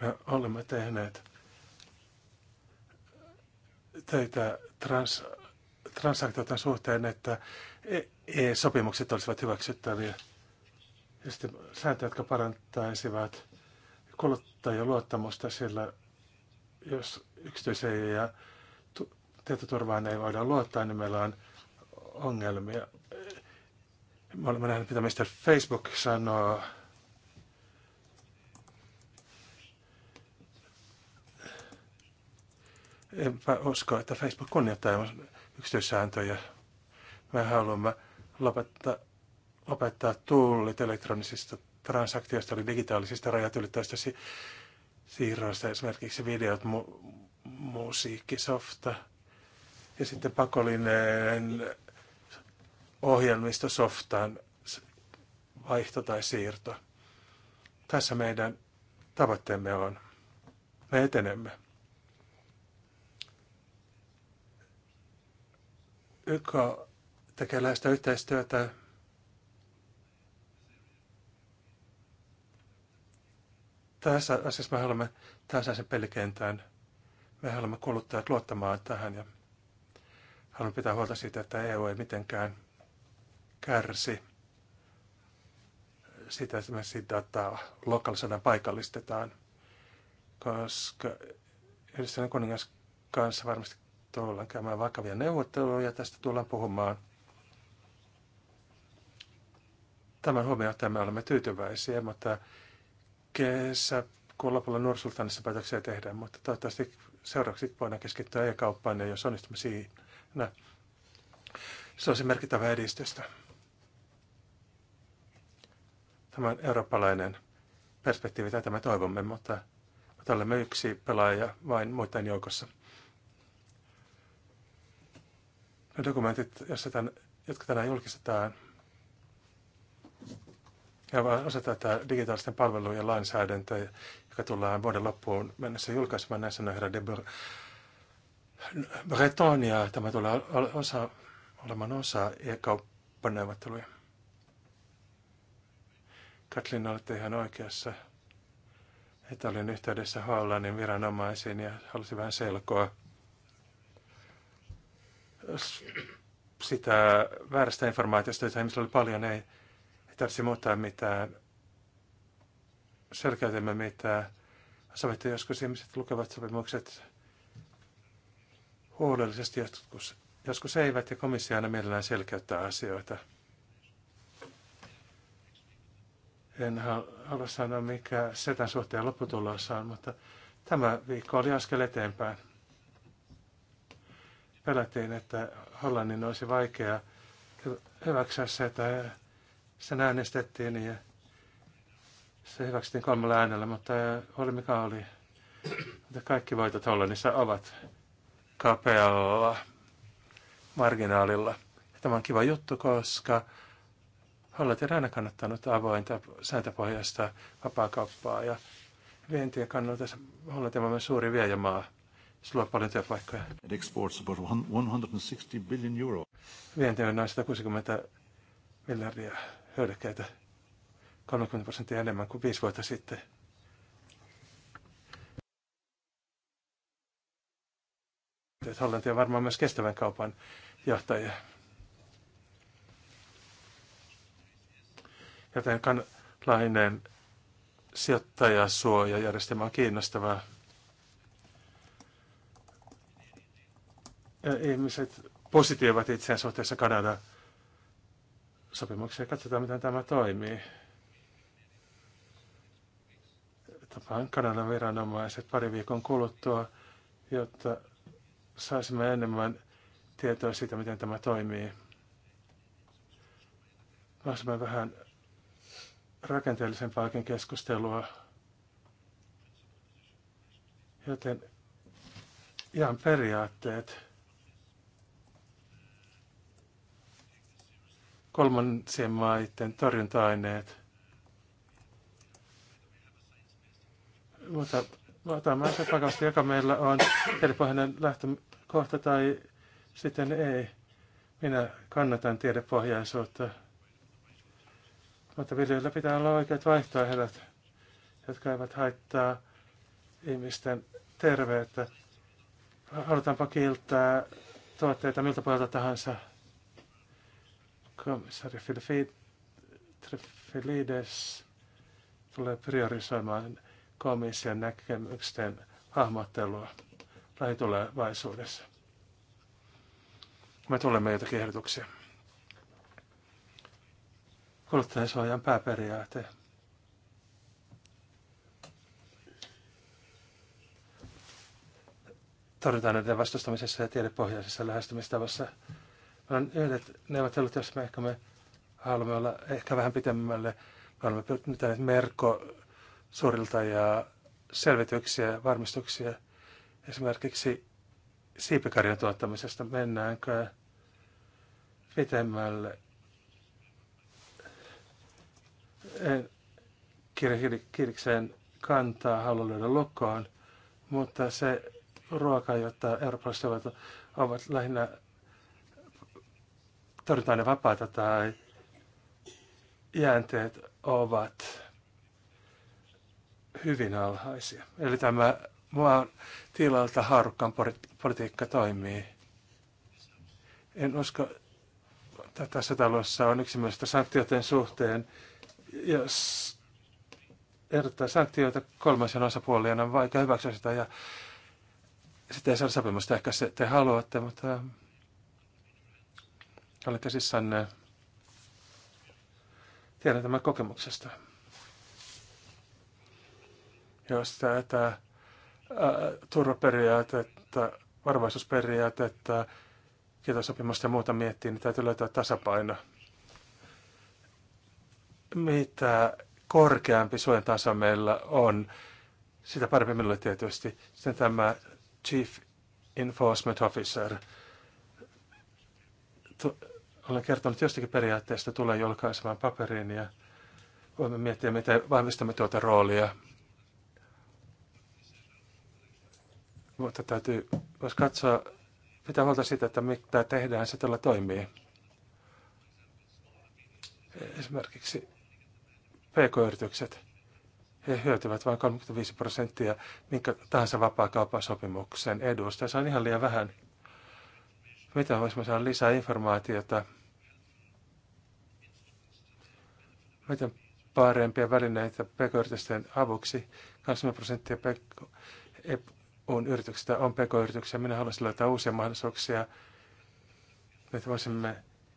C: Me olemme tehneet töitä trans, transaktioiden suhteen, että e- e-sopimukset olisivat hyväksyttäviä. Ja sitten sääntöjä, jotka parantaisivat kuluttajaluottamusta, sillä jos yksityiseen ja tietoturvaan ei voida luottaa, niin meillä on ongelmia. Me olemme nähneet, mitä Mr. Facebook sanoo. Enpä usko, että Facebook kunnioittaa yksityissääntöjä. Me haluamme lopettaa, lopettaa tuulit elektronisista transaktioista, eli digitaalisista rajat ylittävistä si- siirroista, esimerkiksi videot, mu- musiikki, softa ja sitten pakollinen ohjelmisto softaan vaihto tai siirto. Tässä meidän tavoitteemme on. Me etenemme. YK tekee läheistä yhteistyötä Tässä asiassa me haluamme sen pelikentään. Me haluamme kuluttajat luottamaan tähän ja haluamme pitää huolta siitä, että EU ei mitenkään kärsi sitä esimerkiksi dataa lokalisoidaan paikallistetaan, koska Yhdistyneen kuningas kanssa varmasti tullaan käymään vakavia neuvotteluja, tästä tullaan puhumaan. Tämän huomioon että me olemme tyytyväisiä, mutta kesäkuun lopulla Nursultanissa päätöksiä tehdään, mutta toivottavasti seuraavaksi voidaan keskittyä e-kauppaan ja jos onnistumme siinä, se olisi merkittävä edistystä. Tämä on eurooppalainen perspektiivi, tätä me toivomme, mutta, olemme yksi pelaaja vain muiden joukossa. Ne dokumentit, jotka tänään julkistetaan, ja osa tätä digitaalisten palvelujen lainsäädäntöä, joka tullaan vuoden loppuun mennessä julkaisemaan, näissä sanoi herra de Bretonia. Tämä tulee osa, olemaan osa e-kauppaneuvotteluja. Katlin, olette ihan oikeassa. Että olin yhteydessä Hollannin viranomaisiin ja halusin vähän selkoa sitä väärästä informaatiosta, jota ihmisillä oli paljon, ei ei tarvitse muuttaa mitään. Selkeytämme mitään. Sovittu joskus ihmiset lukevat sopimukset huolellisesti, joskus, joskus eivät, ja komissio aina mielellään selkeyttää asioita. En halua sanoa, mikä setän suhteen lopputulos on, mutta tämä viikko oli askel eteenpäin. Pelättiin, että Hollannin olisi vaikea hyväksyä se, että sen äänestettiin ja se hyväksyttiin kolmella äänellä, mutta oli mikä oli. Mutta kaikki voitot Hollannissa ovat kapealla marginaalilla. tämä on kiva juttu, koska Hollanti on aina kannattanut avointa sääntöpohjaista vapaakauppaa ja vientiä kannalta Hollanti on myös suuri viejämaa. Se luo paljon työpaikkoja. It exports about 160 billion euro. Vienti on noin 160 miljardia hyödykkeitä 30 prosenttia enemmän kuin viisi vuotta sitten. että Hollanti on varmaan myös kestävän kaupan johtaja. Joten kanlainen sijoittajasuojajärjestelmä on kiinnostavaa. Ja ihmiset positiivat itseään suhteessa Kanadaan sopimuksia ja katsotaan, miten tämä toimii. Tapaan Kanadan viranomaiset pari viikon kuluttua, jotta saisimme enemmän tietoa siitä, miten tämä toimii. Mahdollisimman vähän rakenteellisempaakin keskustelua. Joten ihan periaatteet. kolmansien maiden torjunta-aineet. Mutta otamme se pakasti, joka meillä on tiedepohjainen lähtökohta tai sitten ei. Minä kannatan tiedepohjaisuutta. Mutta viljelijöillä pitää olla oikeat vaihtoehdot, jotka eivät haittaa ihmisten terveyttä. Halutaanpa kiiltää tuotteita miltä puolelta tahansa. Komissaari Filifilides tulee priorisoimaan komission näkemysten hahmottelua lähitulevaisuudessa. Me tulemme jotakin ehdotuksia. Kuluttajansuojan pääperiaate. Torjutaan näiden vastustamisessa ja tiedepohjaisessa lähestymistavassa on yhdet neuvottelut, jos me ehkä me haluamme olla ehkä vähän pitemmälle. Me olemme pyytäneet merko suurilta ja selvityksiä, varmistuksia esimerkiksi siipikarjan tuottamisesta. Mennäänkö pitemmälle? En kirjikseen kantaa halua löydä lukkoon, mutta se ruoka, jota eurooppalaiset ovat, ovat lähinnä ne vapaata tai jäänteet ovat hyvin alhaisia. Eli tämä maan tilalta haarukkaan politiikka toimii. En usko, että tässä talossa on yksimielistä sanktioiden suhteen. Jos ehdottaa sanktioita kolmasen osapuolien on vaikea hyväksyä sitä ja sitten ei saada sopimusta. Ehkä se te haluatte, mutta olen tosissaan tiedän tämän kokemuksesta. Jos tätä äh, turvaperiaatetta, varvaisuusperiaatetta, kietosopimusta ja muuta miettii, niin täytyy löytää tasapaino. Mitä korkeampi suojan taso meillä on, sitä parempi minulle tietysti. Sitten tämä Chief Enforcement Officer olen kertonut jostakin periaatteesta tulee julkaisemaan paperiin ja voimme miettiä, miten vahvistamme tuota roolia. Mutta täytyy myös katsoa, pitää huolta siitä, että mitä tehdään, se tällä toimii. Esimerkiksi PK-yritykset, he hyötyvät vain 35 prosenttia minkä tahansa vapaakauppasopimuksen edusta. Se on ihan liian vähän. Mitä voisimme saada lisää informaatiota? Miten parempia välineitä pk-yritysten avuksi? 20 prosenttia pk on yrityksistä on pk-yrityksiä. Minä haluaisin löytää uusia mahdollisuuksia, että voisimme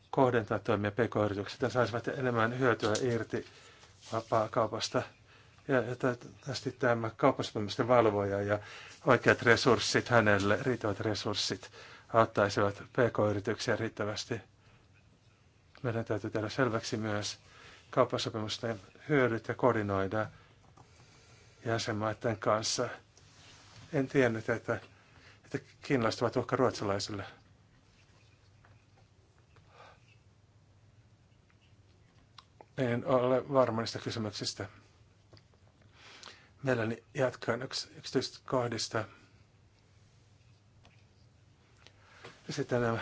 C: kohdentaa toimia pk-yritykset saisivat enemmän hyötyä irti vapaa-kaupasta. Ja, ja tästä tämä kauppasopimusten valvoja ja oikeat resurssit hänelle, riittävät resurssit auttaisivat pk-yrityksiä riittävästi. Meidän täytyy tehdä selväksi myös kauppasopimusten hyödyt ja koordinoida jäsenmaiden kanssa. En tiennyt, että, että kiinalaiset ovat uhka ruotsalaisille. En ole varma niistä kysymyksistä. Mielelläni jatkan yksityiskohdista. kohdista Sitten nämä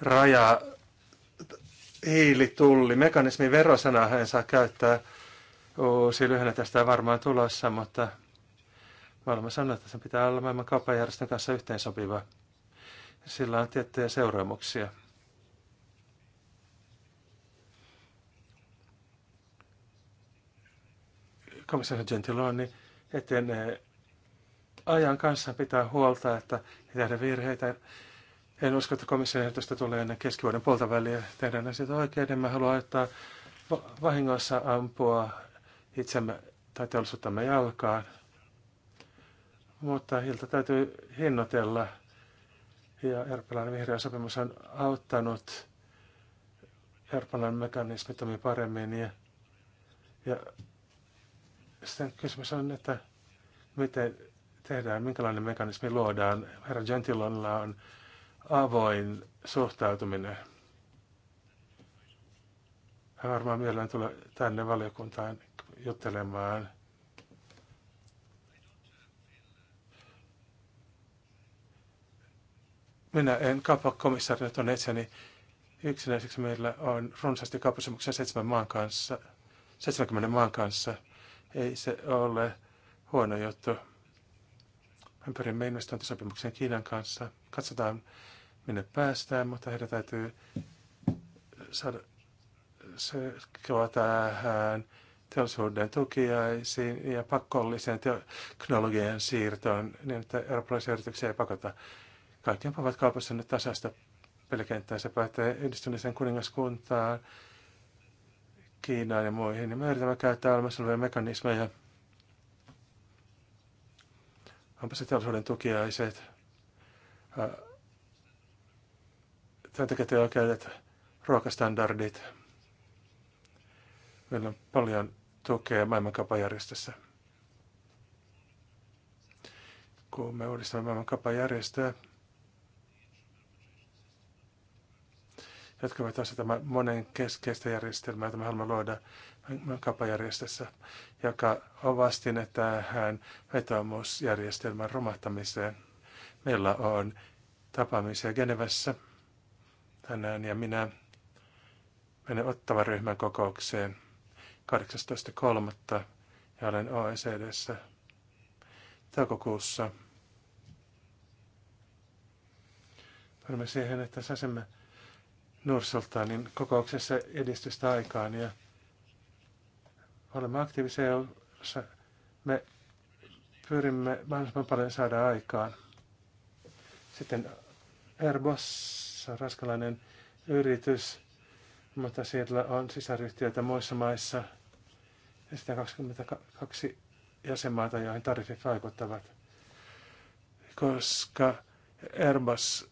C: raja hiilitulli, mekanismi verosanaa hän saa käyttää. Uusi lyhennä tästä on varmaan tulossa, mutta maailma sanoo, että sen pitää olla maailman kauppajärjestön kanssa yhteensopiva. Sillä on tiettyjä seuraamuksia. komissaari Gentiloni etenee ajan kanssa pitää huolta, että ei tehdä virheitä en usko, että komission ehdotusta tulee ennen keskivuoden puolta väliä. Tehdään asioita oikein. En mä halua ajattaa vahingossa ampua itsemme tai teollisuuttamme jalkaan. Mutta hilta täytyy hinnoitella. Ja Erpelan vihreä sopimus on auttanut Erpelan mekanismit toimii paremmin. Ja, ja sitten kysymys on, että miten tehdään, minkälainen mekanismi luodaan. Herra Gentilonilla on avoin suhtautuminen. Hän varmaan mielellään tulee tänne valiokuntaan juttelemaan. Minä en kauppakomissaarina tuonne itseni yksinäiseksi. Meillä on runsaasti kauppasemuksia seitsemän maan kanssa, 70 maan kanssa. Ei se ole huono juttu. Mä pyrimme investointisopimukseen Kiinan kanssa. Katsotaan, minne päästään, mutta heidän täytyy saada se tähän teollisuuden tukiaisiin ja pakolliseen teknologian siirtoon niin, että eurooppalaisia yrityksiä ei pakota. Kaikki ovat kaupassa nyt tasaista pelikenttää. Se päättää yhdistyneeseen kuningaskuntaan, Kiinaan ja muihin. niin me yritämme käyttää olemassa olevia mekanismeja. Onpa se teollisuuden tukiaiset, äh, työntekijöiden oikeudet, ruokastandardit. Meillä on paljon tukea maailmankapajärjestössä. Kun me uudistamme maailmankapajärjestöä, jotka ovat osa tämä monen keskeistä järjestelmää, jota me haluamme luoda kapajärjestössä, joka on vastine tähän vetoomusjärjestelmän romahtamiseen. Meillä on tapaamisia Genevessä – tänään ja minä menen ottavan ryhmän kokoukseen 18.3. ja olen OECDssä toukokuussa. Pyrimme siihen, että saisimme Nursultanin kokouksessa edistystä aikaan ja olemme aktiivisia, me pyrimme mahdollisimman paljon saada aikaan. Sitten Airbus raskalainen yritys, mutta siellä on sisaryhtiöitä muissa maissa ja sitä 22 jäsenmaata, joihin tariffit vaikuttavat. Koska Airbus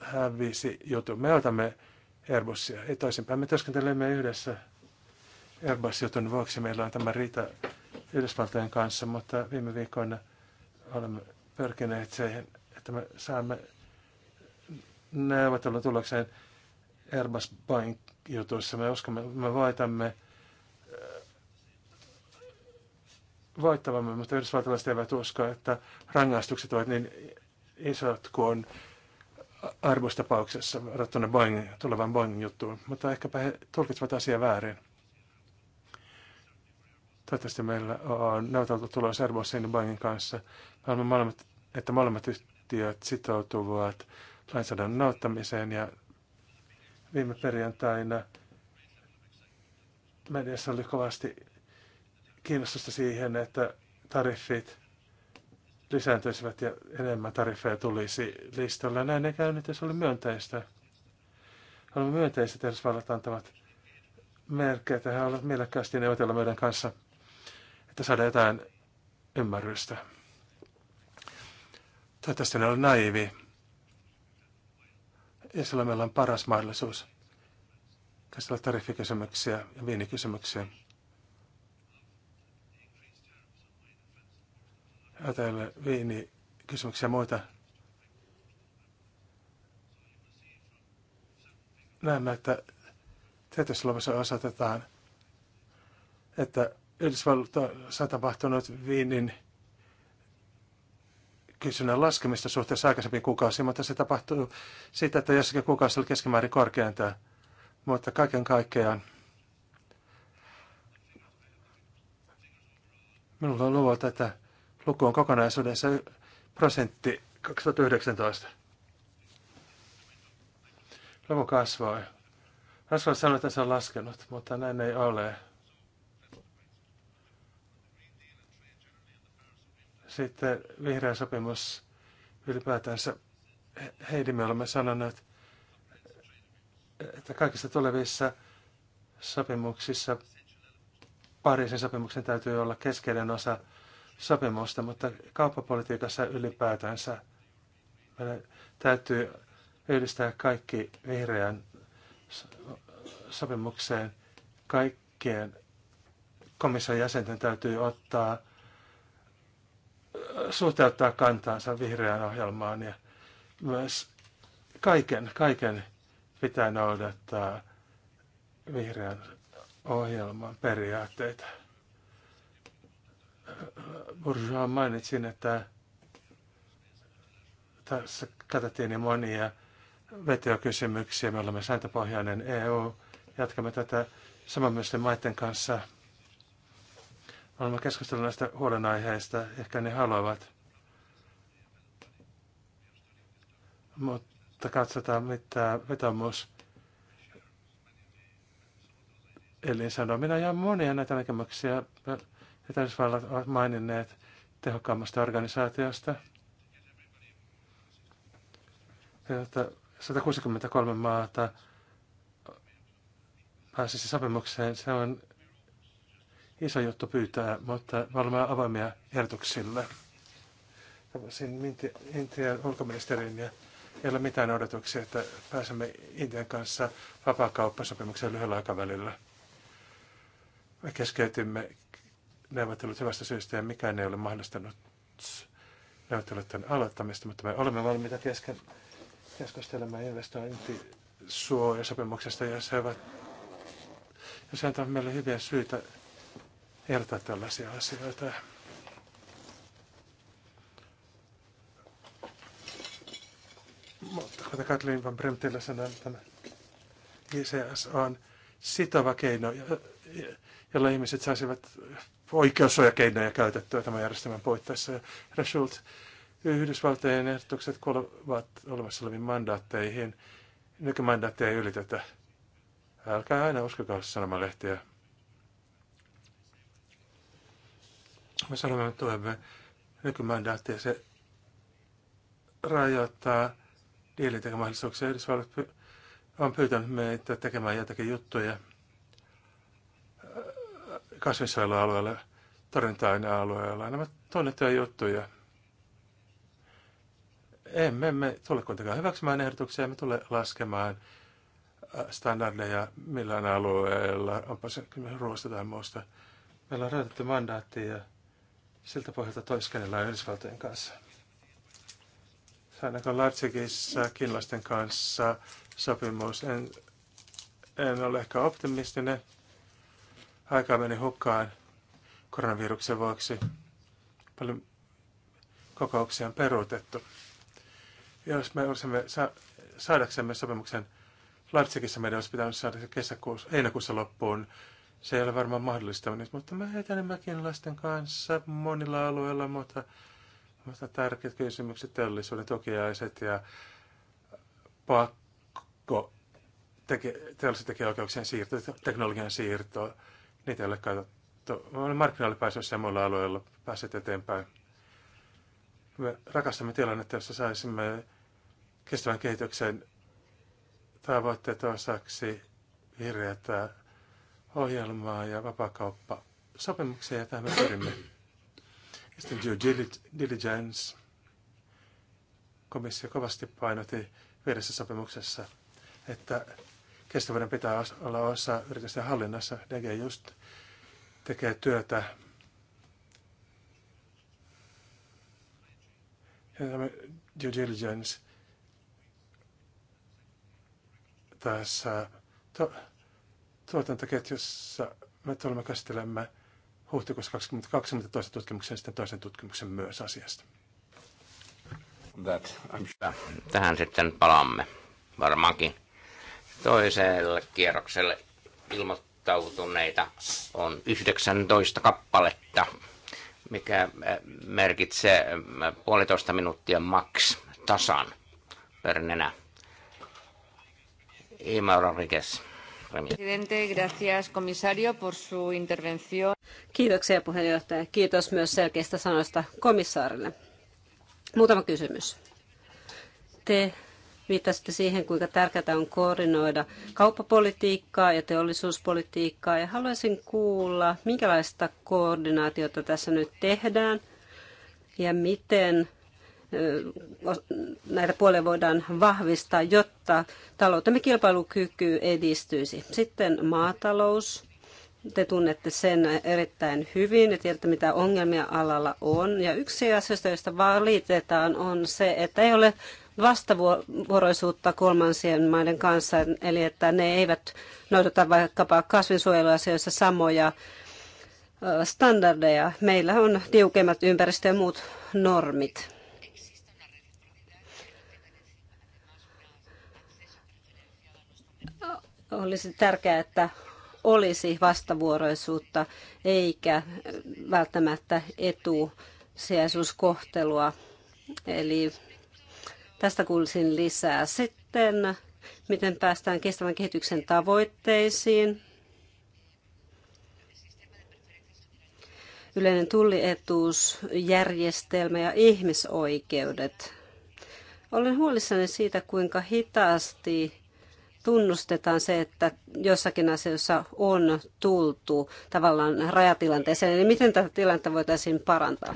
C: hävisi jutun. Me otamme Airbusia, ei toisinpäin. Me työskentelemme yhdessä Airbus-jutun vuoksi. Meillä on tämä riita Yhdysvaltojen kanssa, mutta viime viikkoina olemme pyrkineet siihen, että me saamme neuvottelun tulokseen Airbus Bank jutuissa. Me uskomme, me voitamme äh, voittavamme, mutta yhdysvaltalaiset eivät usko, että rangaistukset ovat niin isot kuin arvostapauksessa verrattuna Boeing, tulevan Boeing juttuun. Mutta ehkäpä he tulkitsevat asiaa väärin. Toivottavasti meillä on neuvoteltu tulos Airbusin ja Boeingin kanssa. Me olemme molemmat, että molemmat yhtiöt sitoutuvat lainsäädännön auttamiseen ja viime perjantaina mediassa oli kovasti kiinnostusta siihen, että tariffit lisääntyisivät ja enemmän tariffeja tulisi listalle. Näin ei käynyt ja se oli myönteistä. Olemme myönteiset Yhdysvallat antavat merkkejä, että he ovat mielekkäästi neuvotella meidän kanssa, että saadaan jotain ymmärrystä. Toivottavasti en ole naivi ja on paras mahdollisuus käsitellä tariffikysymyksiä ja viinikysymyksiä. Ajatellaan viinikysymyksiä ja muita. Näemme, että tietosluomassa osoitetaan, että Yhdysvalloissa on tapahtunut viinin kysynnän laskemista suhteessa aikaisempiin kuukausiin, mutta se tapahtuu siitä, että jossakin kuukausi oli keskimäärin korkeinta. Mutta kaiken kaikkiaan minulla on luvut, että luku on kokonaisuudessa prosentti 2019. Luku kasvoi. Hän sanoi, että se on laskenut, mutta näin ei ole. Sitten vihreä sopimus ylipäätänsä. Heidi, me olemme sanoneet, että kaikissa tulevissa sopimuksissa Pariisin sopimuksen täytyy olla keskeinen osa sopimusta, mutta kauppapolitiikassa ylipäätänsä meidän täytyy yhdistää kaikki vihreän sopimukseen. Kaikkien komission jäsenten täytyy ottaa suhteuttaa kantaansa vihreään ohjelmaan ja myös kaiken, kaiken pitää noudattaa vihreän ohjelman periaatteita. Bourgeois mainitsin, että tässä katsottiin niin monia vetokysymyksiä. Me olemme sääntöpohjainen EU. Jatkamme tätä samanmielisten maiden kanssa – Olemme keskustelleet näistä huolenaiheista, ehkä ne haluavat. Mutta katsotaan, mitä vetomus Elin sanoo. Minä ja monia näitä näkemyksiä Etäisvallat ovat maininneet tehokkaammasta organisaatiosta. 163 maata pääsisi sopimukseen, se on iso juttu pyytää, mutta me olemme avoimia ehdotuksille. Tapasin Intian ulkoministerin ja ei ole mitään odotuksia, että pääsemme Intian kanssa vapaakauppasopimukseen lyhyellä aikavälillä. Me keskeytimme neuvottelut hyvästä syystä ja mikään ei ole mahdollistanut neuvotteluiden aloittamista, mutta me olemme valmiita kesken keskustelemaan investointisuojasopimuksesta ja se ovat, jos antaa meille hyviä syitä ehdottaa tällaisia asioita. Mutta kuten Katlin van Bremtillä sanoi, että ICS on sitova keino, jolla ihmiset saisivat oikeussuojakeinoja käytettyä tämän järjestelmän puitteissa. Result, Yhdysvaltojen ehdotukset kuuluvat olemassa oleviin mandaatteihin. Nykymandaatteja ei ylitetä. Älkää aina uskokaa sanomalehtiä. Me sanomme, että tuemme nykymandaattia. Se rajoittaa diilintekomahdollisuuksia. Yhdysvallat on pyytänyt meitä tekemään jotakin juttuja äh, kasvinsuojelualueella, torjunta-ainealueella. Nämä tunnettuja juttuja. Emme me tule kuitenkaan hyväksymään ehdotuksia, me tule laskemaan äh, standardeja millään alueella, onpa se ruoasta tai muusta. Meillä on rajoitettu mandaatti ja siltä pohjalta toiskennellaan Yhdysvaltojen kanssa. aikaan Leipzigissä kiinalaisten kanssa sopimus? En, en ole ehkä optimistinen. Aika meni hukkaan koronaviruksen vuoksi. Paljon kokouksia on peruutettu. Jos me olisimme sa- saadaksemme sopimuksen Leipzigissä, meidän olisi pitänyt saada kesäkuussa, heinäkuussa loppuun se ei ole varmaan mahdollista mutta mutta me mäkin lasten kanssa monilla alueilla, mutta, mutta tärkeät kysymykset, teollisuuden tukiaiset ja pakko teke, teollisen tekijäoikeuksien siirto, teknologian siirto, niitä ei ole katsottu. Mä olen markkinoille päässeet muilla alueilla, päässyt eteenpäin. Me rakastamme tilannetta, jossa saisimme kestävän kehityksen tavoitteet osaksi vihreätä ohjelmaa ja sopimuksia ja tähän me pyrimme. Ja sitten due diligence. Komissio kovasti painotti viidessä sopimuksessa, että kestävyyden pitää olla osa yritysten hallinnassa. DG just tekee työtä. Ja tämä due diligence tässä to, tuotantoketjussa me tulemme käsittelemme huhtikuussa 2020 toisen tutkimuksen ja sitten toisen tutkimuksen myös asiasta.
B: That, sure. Tähän sitten palaamme varmaankin toiselle kierrokselle ilmoittautuneita on 19 kappaletta, mikä eh, merkitsee eh, puolitoista minuuttia maks tasan per nenä. Ima Rodriguez.
A: Presidente, gracias komisario por su intervención. Kiitoksia puheenjohtaja. Kiitos myös selkeistä sanoista komissaarille. Muutama kysymys. Te viittasitte siihen, kuinka tärkeää on koordinoida kauppapolitiikkaa ja teollisuuspolitiikkaa. Ja haluaisin kuulla, minkälaista koordinaatiota tässä nyt tehdään ja miten näitä puolia voidaan vahvistaa, jotta taloutemme kilpailukyky edistyisi. Sitten maatalous. Te tunnette sen erittäin hyvin ja tiedätte, mitä ongelmia alalla on. Ja yksi asioista, joista valitetaan, on se, että ei ole vastavuoroisuutta kolmansien maiden kanssa, eli että ne eivät noudata vaikkapa kasvinsuojeluasioissa samoja standardeja. Meillä on tiukemmat ympäristö- ja muut normit. olisi tärkeää, että olisi vastavuoroisuutta eikä välttämättä etusijaisuuskohtelua. Eli tästä kuulisin lisää. Sitten, miten päästään kestävän kehityksen tavoitteisiin. Yleinen tullietuusjärjestelmä ja ihmisoikeudet. Olen huolissani siitä, kuinka hitaasti tunnustetaan se, että jossakin asioissa on tultu tavallaan rajatilanteeseen. Eli miten tätä tilannetta voitaisiin parantaa?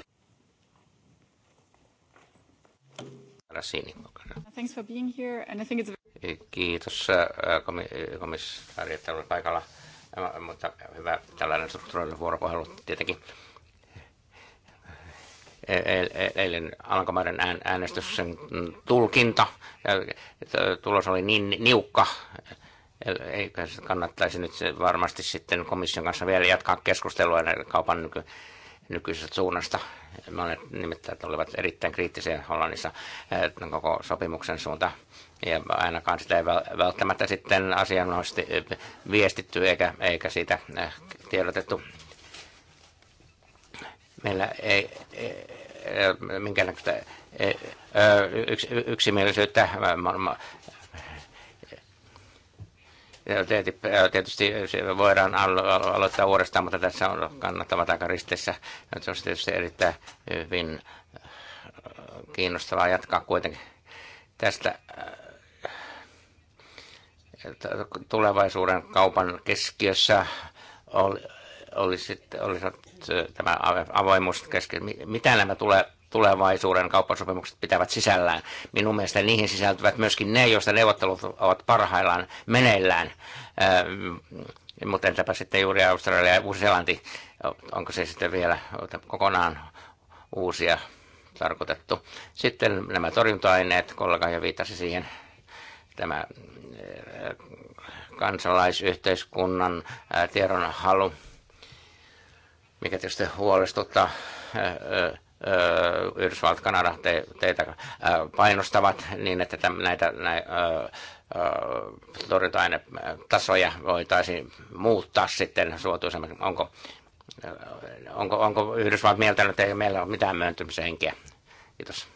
A: Thanks for being here, and I think it's... Eh, kiitos
B: komissaari, että olet paikalla. Mutta hyvä tällainen strukturoinen vuoropuhelu tietenkin E-, e-, eilen Alankomaiden äänestyksen tulkinta. Tulos oli niin niukka, e-, eikä kannattaisi nyt varmasti sitten komission kanssa vielä jatkaa keskustelua kaupan nyky, nykyisestä suunnasta. Monet nimittäin olivat erittäin kriittisiä Hollannissa koko sopimuksen suuntaan. Ja ainakaan sitä ei välttämättä sitten asianlaisesti viestitty eikä, eikä siitä tiedotettu meillä ei, minkäännäköistä yksimielisyyttä tietysti voidaan aloittaa uudestaan, mutta tässä on kannattavat aika ristissä. Se on tietysti erittäin hyvin kiinnostavaa jatkaa kuitenkin tästä tulevaisuuden kaupan keskiössä olisi, olisivat tämä avoimuus kesken, mitä nämä tulee, tulevaisuuden kauppasopimukset pitävät sisällään. Minun mielestä niihin sisältyvät myöskin ne, joista neuvottelut ovat parhaillaan meneillään. Mutta entäpä sitten juuri Australia ja Uusi-Seelanti, onko se sitten vielä kokonaan uusia tarkoitettu. Sitten nämä torjunta-aineet, kollega jo viittasi siihen, tämä kansalaisyhteiskunnan tiedonhalu mikä tietysti huolestuttaa äh, äh, Yhdysvallat, Kanada te, teitä äh, painostavat niin, että täm, näitä näin, torjunta-ainetasoja voitaisiin muuttaa sitten suotuisemmin. Onko, onko, onko Yhdysvallat mieltänyt, että ei meillä ole mitään myöntymishenkiä? Kiitos.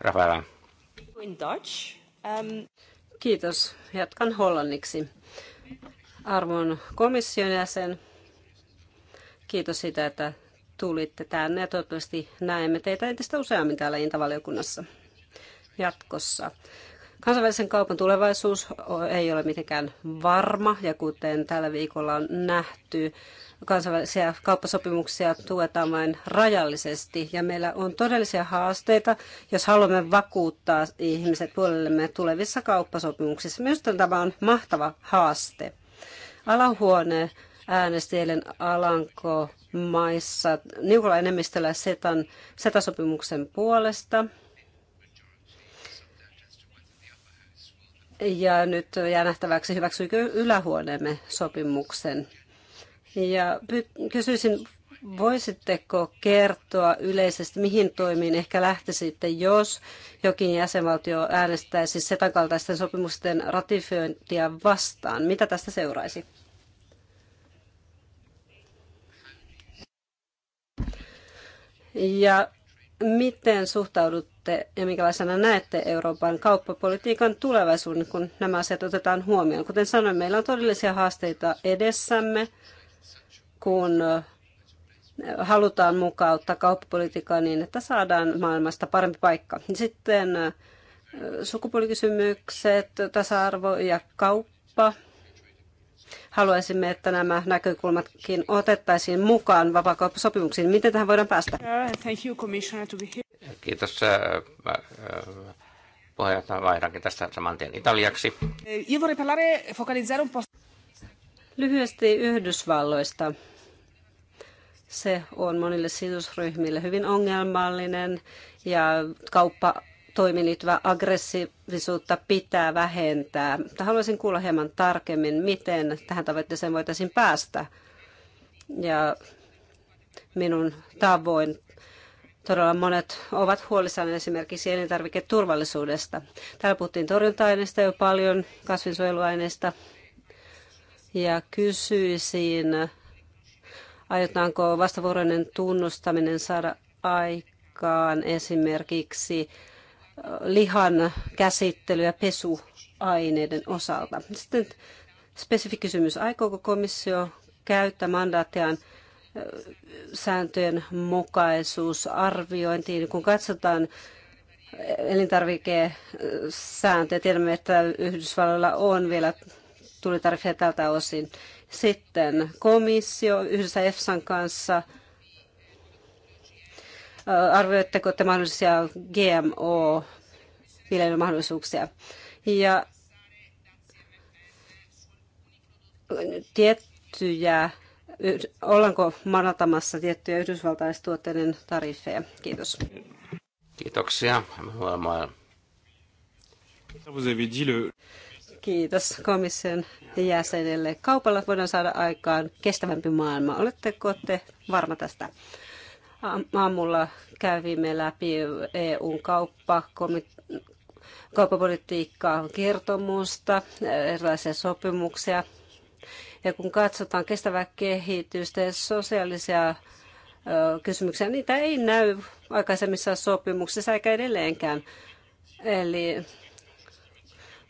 B: Rafaela.
A: Um, Kiitos. Jatkan hollanniksi. Arvon komission jäsen, Kiitos siitä, että tulitte tänne ja toivottavasti näemme teitä entistä useammin täällä Intavaliokunnassa jatkossa. Kansainvälisen kaupan tulevaisuus ei ole mitenkään varma ja kuten tällä viikolla on nähty, kansainvälisiä kauppasopimuksia tuetaan vain rajallisesti ja meillä on todellisia haasteita, jos haluamme vakuuttaa ihmiset puolellemme tulevissa kauppasopimuksissa. Minusta tämä on mahtava haaste. Alahuone äänesti eilen Alanko maissa niukalla enemmistöllä SETAn, SETA-sopimuksen puolesta. Ja nyt jää nähtäväksi, hyväksyykö ylähuoneemme sopimuksen. Ja kysyisin, voisitteko kertoa yleisesti, mihin toimiin ehkä lähtisitte, jos jokin jäsenvaltio äänestäisi SETAn kaltaisten sopimusten ratifiointia vastaan? Mitä tästä seuraisi? Ja miten suhtaudutte ja minkälaisena näette Euroopan kauppapolitiikan tulevaisuuden, kun nämä asiat otetaan huomioon? Kuten sanoin, meillä on todellisia haasteita edessämme, kun halutaan mukauttaa kauppapolitiikkaa niin, että saadaan maailmasta parempi paikka. Sitten äh, sukupuolikysymykset, tasa-arvo ja kauppa Haluaisimme, että nämä näkökulmatkin otettaisiin mukaan vapaakauppasopimuksiin. Miten tähän voidaan päästä?
B: Kiitos äh, äh, puheenjohtaja. Vaihdankin tästä saman tien italiaksi.
A: Eh, Lyhyesti Yhdysvalloista. Se on monille sidosryhmille hyvin ongelmallinen ja kauppa toimiin liittyvää aggressiivisuutta pitää vähentää. Haluaisin kuulla hieman tarkemmin, miten tähän tavoitteeseen voitaisiin päästä. Ja minun tavoin todella monet ovat huolissaan esimerkiksi elintarviketurvallisuudesta. Täällä puhuttiin torjunta-aineista jo paljon, kasvinsuojeluaineista. Ja kysyisin, aiotaanko vastavuoroinen tunnustaminen saada aikaan esimerkiksi lihan käsittely- ja pesuaineiden osalta. Sitten spesifi kysymys, aikooko komissio käyttää mandaattiaan sääntöjen mukaisuusarviointiin, kun katsotaan elintarvikesääntöjä. Tiedämme, että Yhdysvalloilla on vielä tulitariffeja tältä osin. Sitten komissio yhdessä EFSAn kanssa – Arvioitteko te mahdollisia GMO-viljelymahdollisuuksia? Ja tiettyjä, ollaanko madaltamassa tiettyjä yhdysvaltaistuotteiden tariffeja? Kiitos.
B: Kiitoksia.
A: Kiitos komission jäsenelle. Kaupalla voidaan saada aikaan kestävämpi maailma. Oletteko te varma tästä? aamulla kävimme läpi EUn kauppa, kauppapolitiikkaa kertomusta, erilaisia sopimuksia. Ja kun katsotaan kestävää kehitystä ja sosiaalisia kysymyksiä, niitä ei näy aikaisemmissa sopimuksissa eikä edelleenkään. Eli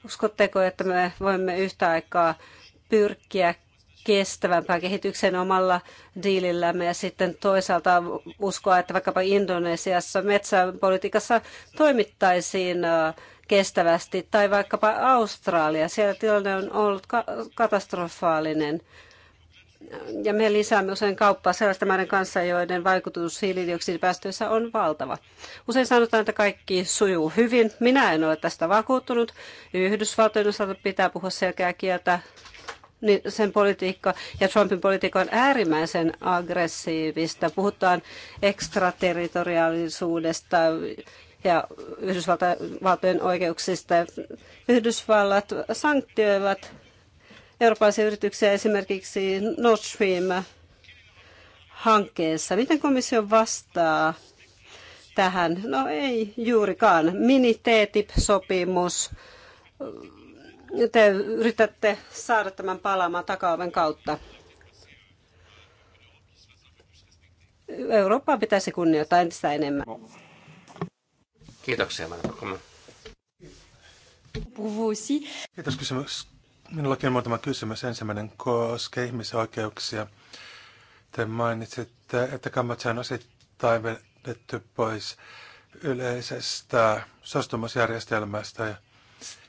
A: uskotteko, että me voimme yhtä aikaa pyrkiä kestävämpään kehitykseen omalla diilillämme ja sitten toisaalta uskoa, että vaikkapa Indonesiassa metsäpolitiikassa toimittaisiin kestävästi tai vaikkapa Australia. Siellä tilanne on ollut katastrofaalinen. Ja me lisäämme usein kauppaa sellaisten maiden kanssa, joiden vaikutus hiilidioksidipäästöissä on valtava. Usein sanotaan, että kaikki sujuu hyvin. Minä en ole tästä vakuuttunut. Yhdysvaltojen osalta pitää puhua selkeää kieltä niin sen politiikka ja Trumpin politiikka on äärimmäisen aggressiivista. Puhutaan ekstraterritoriaalisuudesta ja Yhdysvaltojen oikeuksista. Yhdysvallat sanktioivat eurooppalaisia yrityksiä esimerkiksi Nord Stream hankkeessa. Miten komissio vastaa tähän? No ei juurikaan. Mini-TTIP-sopimus te yritätte saada tämän palaamaan takaoven kautta. Eurooppaa pitäisi kunnioittaa entistä enemmän.
B: Kiitoksia, Marko.
A: Kiitos
C: kysymys. Minullakin on muutama kysymys. Ensimmäinen koskee ihmisoikeuksia. Te mainitsitte, että Kambodža on osittain vedetty pois yleisestä ja.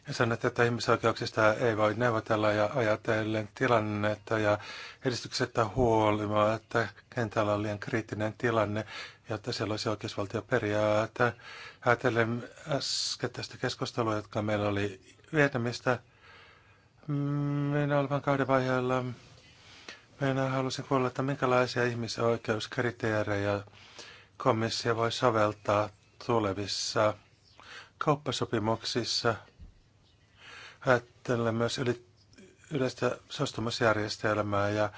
C: Ja sanoit, että ihmisoikeuksista ei voi neuvotella ja ajatellen tilannetta ja huolimaa, huolimatta kentällä on liian kriittinen tilanne, jotta siellä olisi oikeusvaltioperiaate. Ajatellen äsken tästä keskustelua, jotka meillä oli Vietnamista, minä olen kauden vaiheella. Minä halusin kuulla, että minkälaisia ihmisoikeuskriteerejä komissio voi soveltaa tulevissa kauppasopimuksissa – ajatella myös yli, yleistä suostumusjärjestelmää ja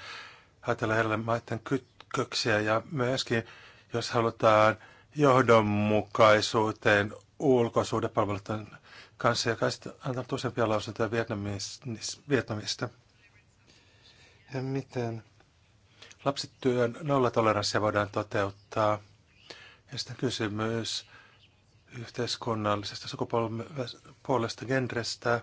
C: ajatella heille maiden kytköksiä ja myöskin, jos halutaan johdonmukaisuuteen ulkosuhdepalveluiden kanssa, joka on antanut useampia lausuntoja Vietnamista. Ja miten lapsityön nollatoleranssia voidaan toteuttaa? Ja sitten kysymys yhteiskunnallisesta sukupuolesta, genrestä.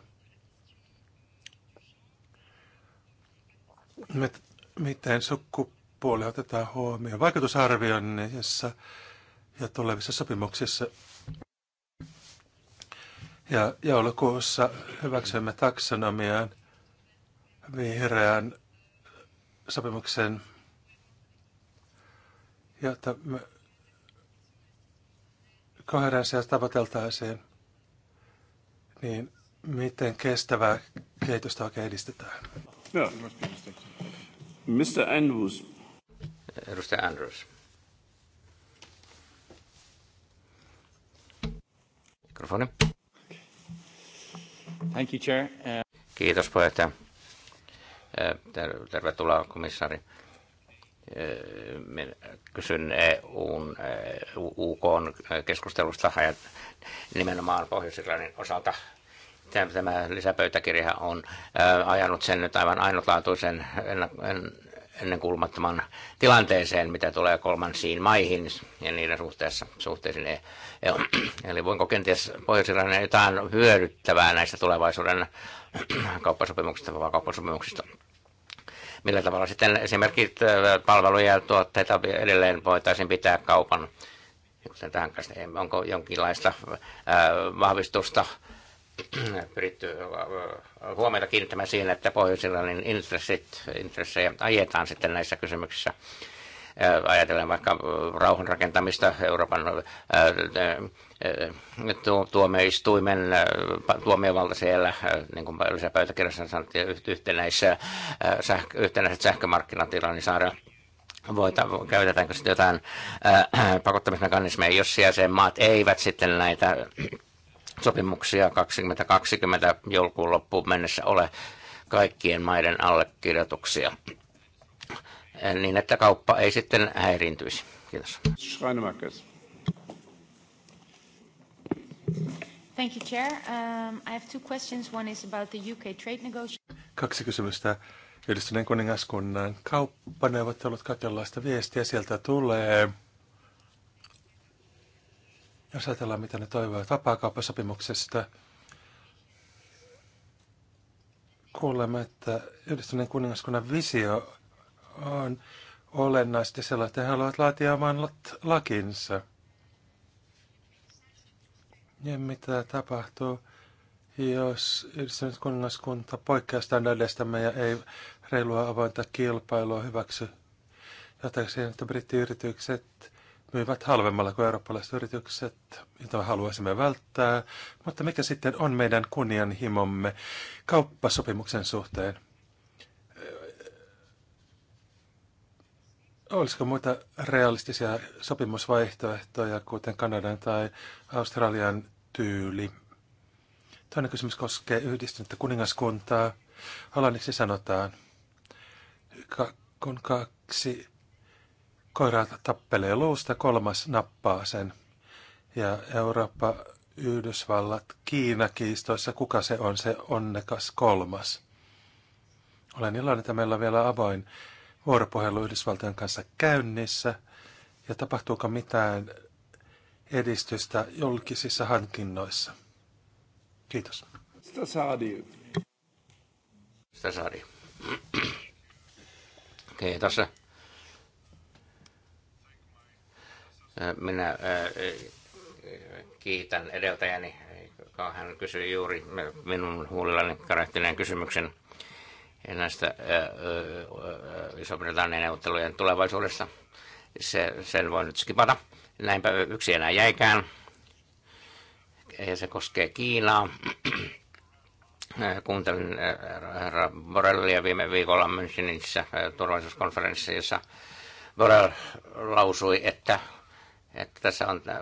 C: miten sukupuoli otetaan huomioon vaikutusarvioinnissa ja tulevissa sopimuksissa. Ja joulukuussa hyväksymme taksonomian vihreän sopimuksen, jotta me koherenssia tavoiteltaisiin, niin miten kestävää kehitystä oikein edistetään.
B: Yeah. Mr. Andrews. Edustaja Andrews. Mikrofoni. Thank you, Chair. Kiitos puheenjohtaja. Tervetuloa komissaari. Minä kysyn EUn, UK keskustelusta nimenomaan Pohjois-Irlannin osalta tämä lisäpöytäkirja on ajanut sen nyt aivan ainutlaatuisen ennenkulmattoman tilanteeseen, mitä tulee kolmansiin maihin ja niiden suhteessa, suhteisiin. E-, e-, *clears throat* eli voinko kenties pohjois jotain hyödyttävää näistä tulevaisuuden *clears throat* kauppasopimuksista, kauppasopimuksista? Millä tavalla sitten esimerkiksi palveluja ja tuotteita edelleen voitaisiin pitää kaupan? tähän Onko jonkinlaista vahvistusta *clears throat* pyritty huomiota kiinnittämään siihen, että pohjois intressit, intressejä ajetaan sitten näissä kysymyksissä. Ajatellen vaikka rauhanrakentamista Euroopan tuomioistuimen tuomiovalta siellä, niin kuin lisäpöytäkirjassa sanottiin, sähkö, yhtenäiset sähkömarkkinatilanne niin saadaan voita, käytetäänkö sitten jotain äh, *clears throat* pakottamismekanismeja, jos maat eivät sitten näitä sopimuksia 2020 joulukuun loppuun mennessä ole kaikkien maiden allekirjoituksia niin, että kauppa ei sitten häiriintyisi. Kiitos. Thank you, Chair. Um, I have two questions. One is about the UK trade
C: Kaksi kysymystä. Yhdistyneen kuningaskunnan kauppaneuvottelut, kaikenlaista viestiä sieltä tulee. Jos ajatellaan, mitä ne toivovat vapaakauppasopimuksesta, kuulemme, että yhdistyneen kuningaskunnan visio on olennaisesti sellainen, että he haluavat laatia oman lakinsa. Ja mitä tapahtuu, jos yhdistynyt kuningaskunta poikkeaa standardeistamme ja ei reilua avointa kilpailua hyväksy? Jotakin että brittiyritykset myyvät halvemmalla kuin eurooppalaiset yritykset, jota me haluaisimme välttää, mutta mikä sitten on meidän kunnianhimomme kauppasopimuksen suhteen? Olisiko muita realistisia sopimusvaihtoehtoja, kuten Kanadan tai Australian tyyli? Toinen kysymys koskee yhdistynyttä kuningaskuntaa. Hollanniksi sanotaan, kun kaksi Koira tappelee luusta, kolmas nappaa sen. Ja Eurooppa, Yhdysvallat, Kiina kiistoissa, kuka se on se onnekas kolmas. Olen iloinen, että meillä on vielä avoin vuoropuhelu Yhdysvaltojen kanssa käynnissä. Ja tapahtuuko mitään edistystä julkisissa hankinnoissa? Kiitos. Sitä saadi.
B: Sitä saadi. *clears throat* Kiitos. Okay, Minä kiitän edeltäjäni, joka hän kysyi juuri minun huolillani karehtineen kysymyksen näistä Iso-Britannian neuvottelujen tulevaisuudessa. Se, sen voi nyt skipata. Näinpä yksi enää jäikään. Ja se koskee Kiinaa. Kuuntelin herra Borrellia viime viikolla Münchenissä turvallisuuskonferenssissa, jossa Borrell lausui, että että tässä on äh,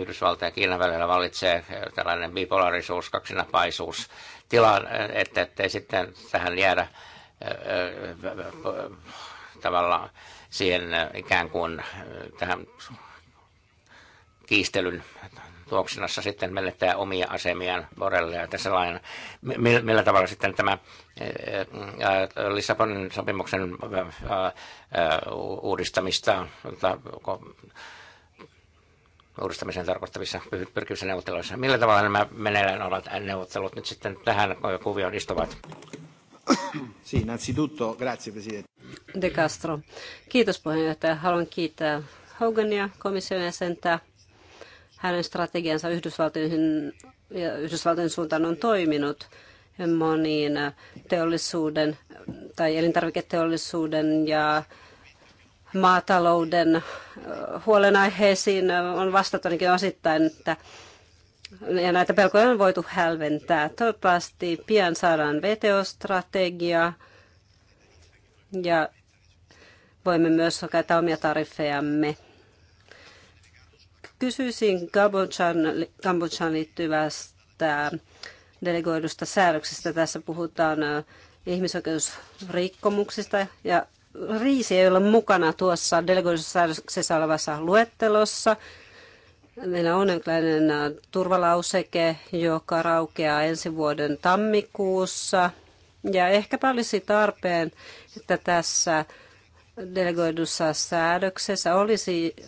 B: Yhdysvaltain ja Kiinan välillä vallitsee tällainen bipolarisuus, kaksinapaisuus, tila, että ettei sitten tähän jäädä äh, äh, tavallaan siihen ikään kuin tähän kiistelyn tuoksinassa sitten menettää omia asemiaan Borelle ja tässä lailla, millä tavalla sitten tämä Lissabonin sopimuksen uudistamista uudistamiseen tarkoittavissa pyrkivissä neuvotteluissa. Millä tavalla nämä meneillään olevat neuvottelut nyt sitten tähän kuvioon istuvat?
A: Sì, innanzitutto grazie Presidente. De Castro. Kiitos puheenjohtaja. Haluan kiittää Hogania komission jäsentä. Hänen strategiansa Yhdysvaltoihin ja Yhdysvaltojen suuntaan on toiminut moniin teollisuuden tai elintarviketeollisuuden ja maatalouden huolenaiheisiin on vastattu ainakin osittain, että ja näitä pelkoja on voitu hälventää. Toivottavasti pian saadaan VTO-strategia ja voimme myös käyttää omia tariffejamme. Kysyisin Kambodžaan liittyvästä delegoidusta säädöksestä. Tässä puhutaan ihmisoikeusrikkomuksista ja riisi ei ole mukana tuossa delegoidussa olevassa luettelossa. Meillä on jonkinlainen äh, turvalauseke, joka raukeaa ensi vuoden tammikuussa. Ja ehkäpä olisi tarpeen, että tässä delegoidussa säädöksessä olisi äh,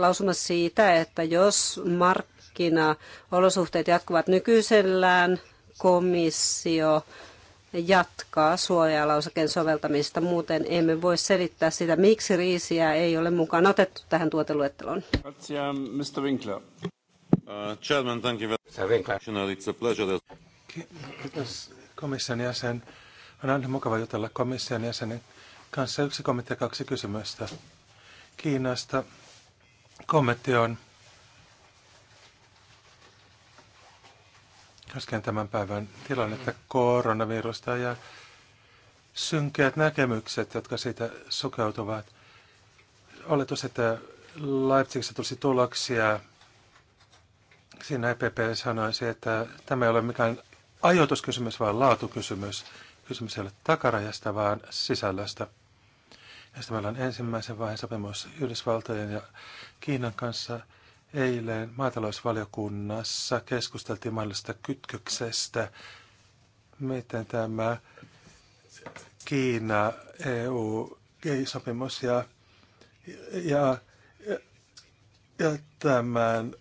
A: lausuma siitä, että jos markkinaolosuhteet jatkuvat nykyisellään, komissio jatkaa suojalausaken soveltamista. Muuten emme voi selittää sitä, miksi riisiä ei ole mukaan otettu tähän tuoteluetteloon.
B: Mr. Ähm, Winkler. Uh, chairman, thank you very much. It's a pleasure.
A: Kiitos
C: komission jäsen. On aina mukava jutella komission jäsenen kanssa. Yksi kommentti ja kaksi kysymystä. Kiinasta kommentti on, Täsken tämän päivän tilannetta koronavirusta ja synkeät näkemykset, jotka siitä sukeutuvat. Oletus, että Leipzigissä tulisi tuloksia. Siinä EPP sanoisi, että tämä ei ole mikään ajoituskysymys, vaan laatukysymys. Kysymys ei ole takarajasta, vaan sisällöstä. Ja sitten meillä on ensimmäisen vaiheen sopimus Yhdysvaltojen ja Kiinan kanssa – Eilen maatalousvaliokunnassa keskusteltiin mahdollisesta kytköksestä, miten tämä Kiina-EU-sopimus ja, ja, ja tämän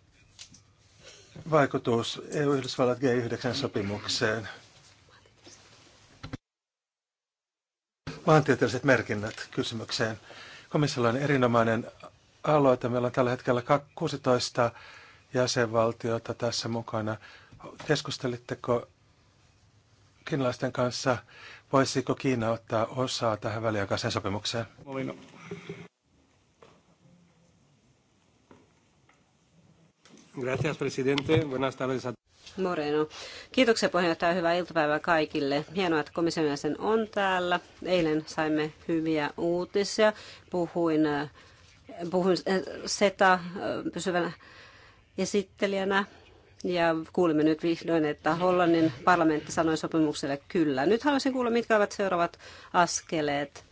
C: vaikutus EU-Yhdysvallat G9-sopimukseen. Maantieteelliset merkinnät kysymykseen. Komissiolla on erinomainen aloita. Meillä on tällä hetkellä 16 jäsenvaltiota tässä mukana. Keskustelitteko kiinalaisten kanssa, voisiko Kiina ottaa osaa tähän väliaikaiseen sopimukseen? Molina. Gracias, presidente. Buenas tardes
A: Moreno. Kiitoksia puheenjohtaja. Hyvää iltapäivää kaikille. Hienoa, että komission jäsen on täällä. Eilen saimme hyviä uutisia. Puhuin äh, Puhun äh, SETA äh, pysyvänä esittelijänä. Ja kuulimme nyt vihdoin, että Hollannin parlamentti sanoi sopimukselle kyllä. Nyt haluaisin kuulla, mitkä ovat seuraavat askeleet.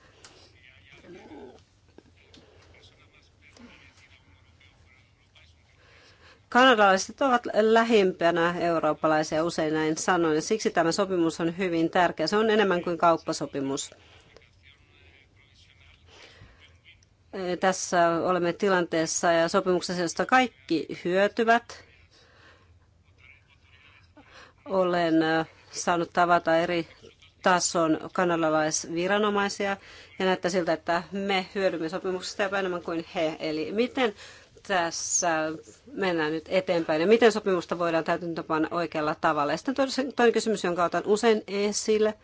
A: Kanadalaiset ovat lähimpänä eurooppalaisia, usein näin sanoin. Siksi tämä sopimus on hyvin tärkeä. Se on enemmän kuin kauppasopimus. Tässä olemme tilanteessa ja sopimuksessa, josta kaikki hyötyvät. Olen saanut tavata eri tason kanadalaisviranomaisia ja näyttää siltä, että me hyödymme sopimuksesta jopa enemmän kuin he. Eli miten tässä mennään nyt eteenpäin ja miten sopimusta voidaan täytäntöpanna oikealla tavalla. Ja sitten toinen kysymys, jonka otan usein esille –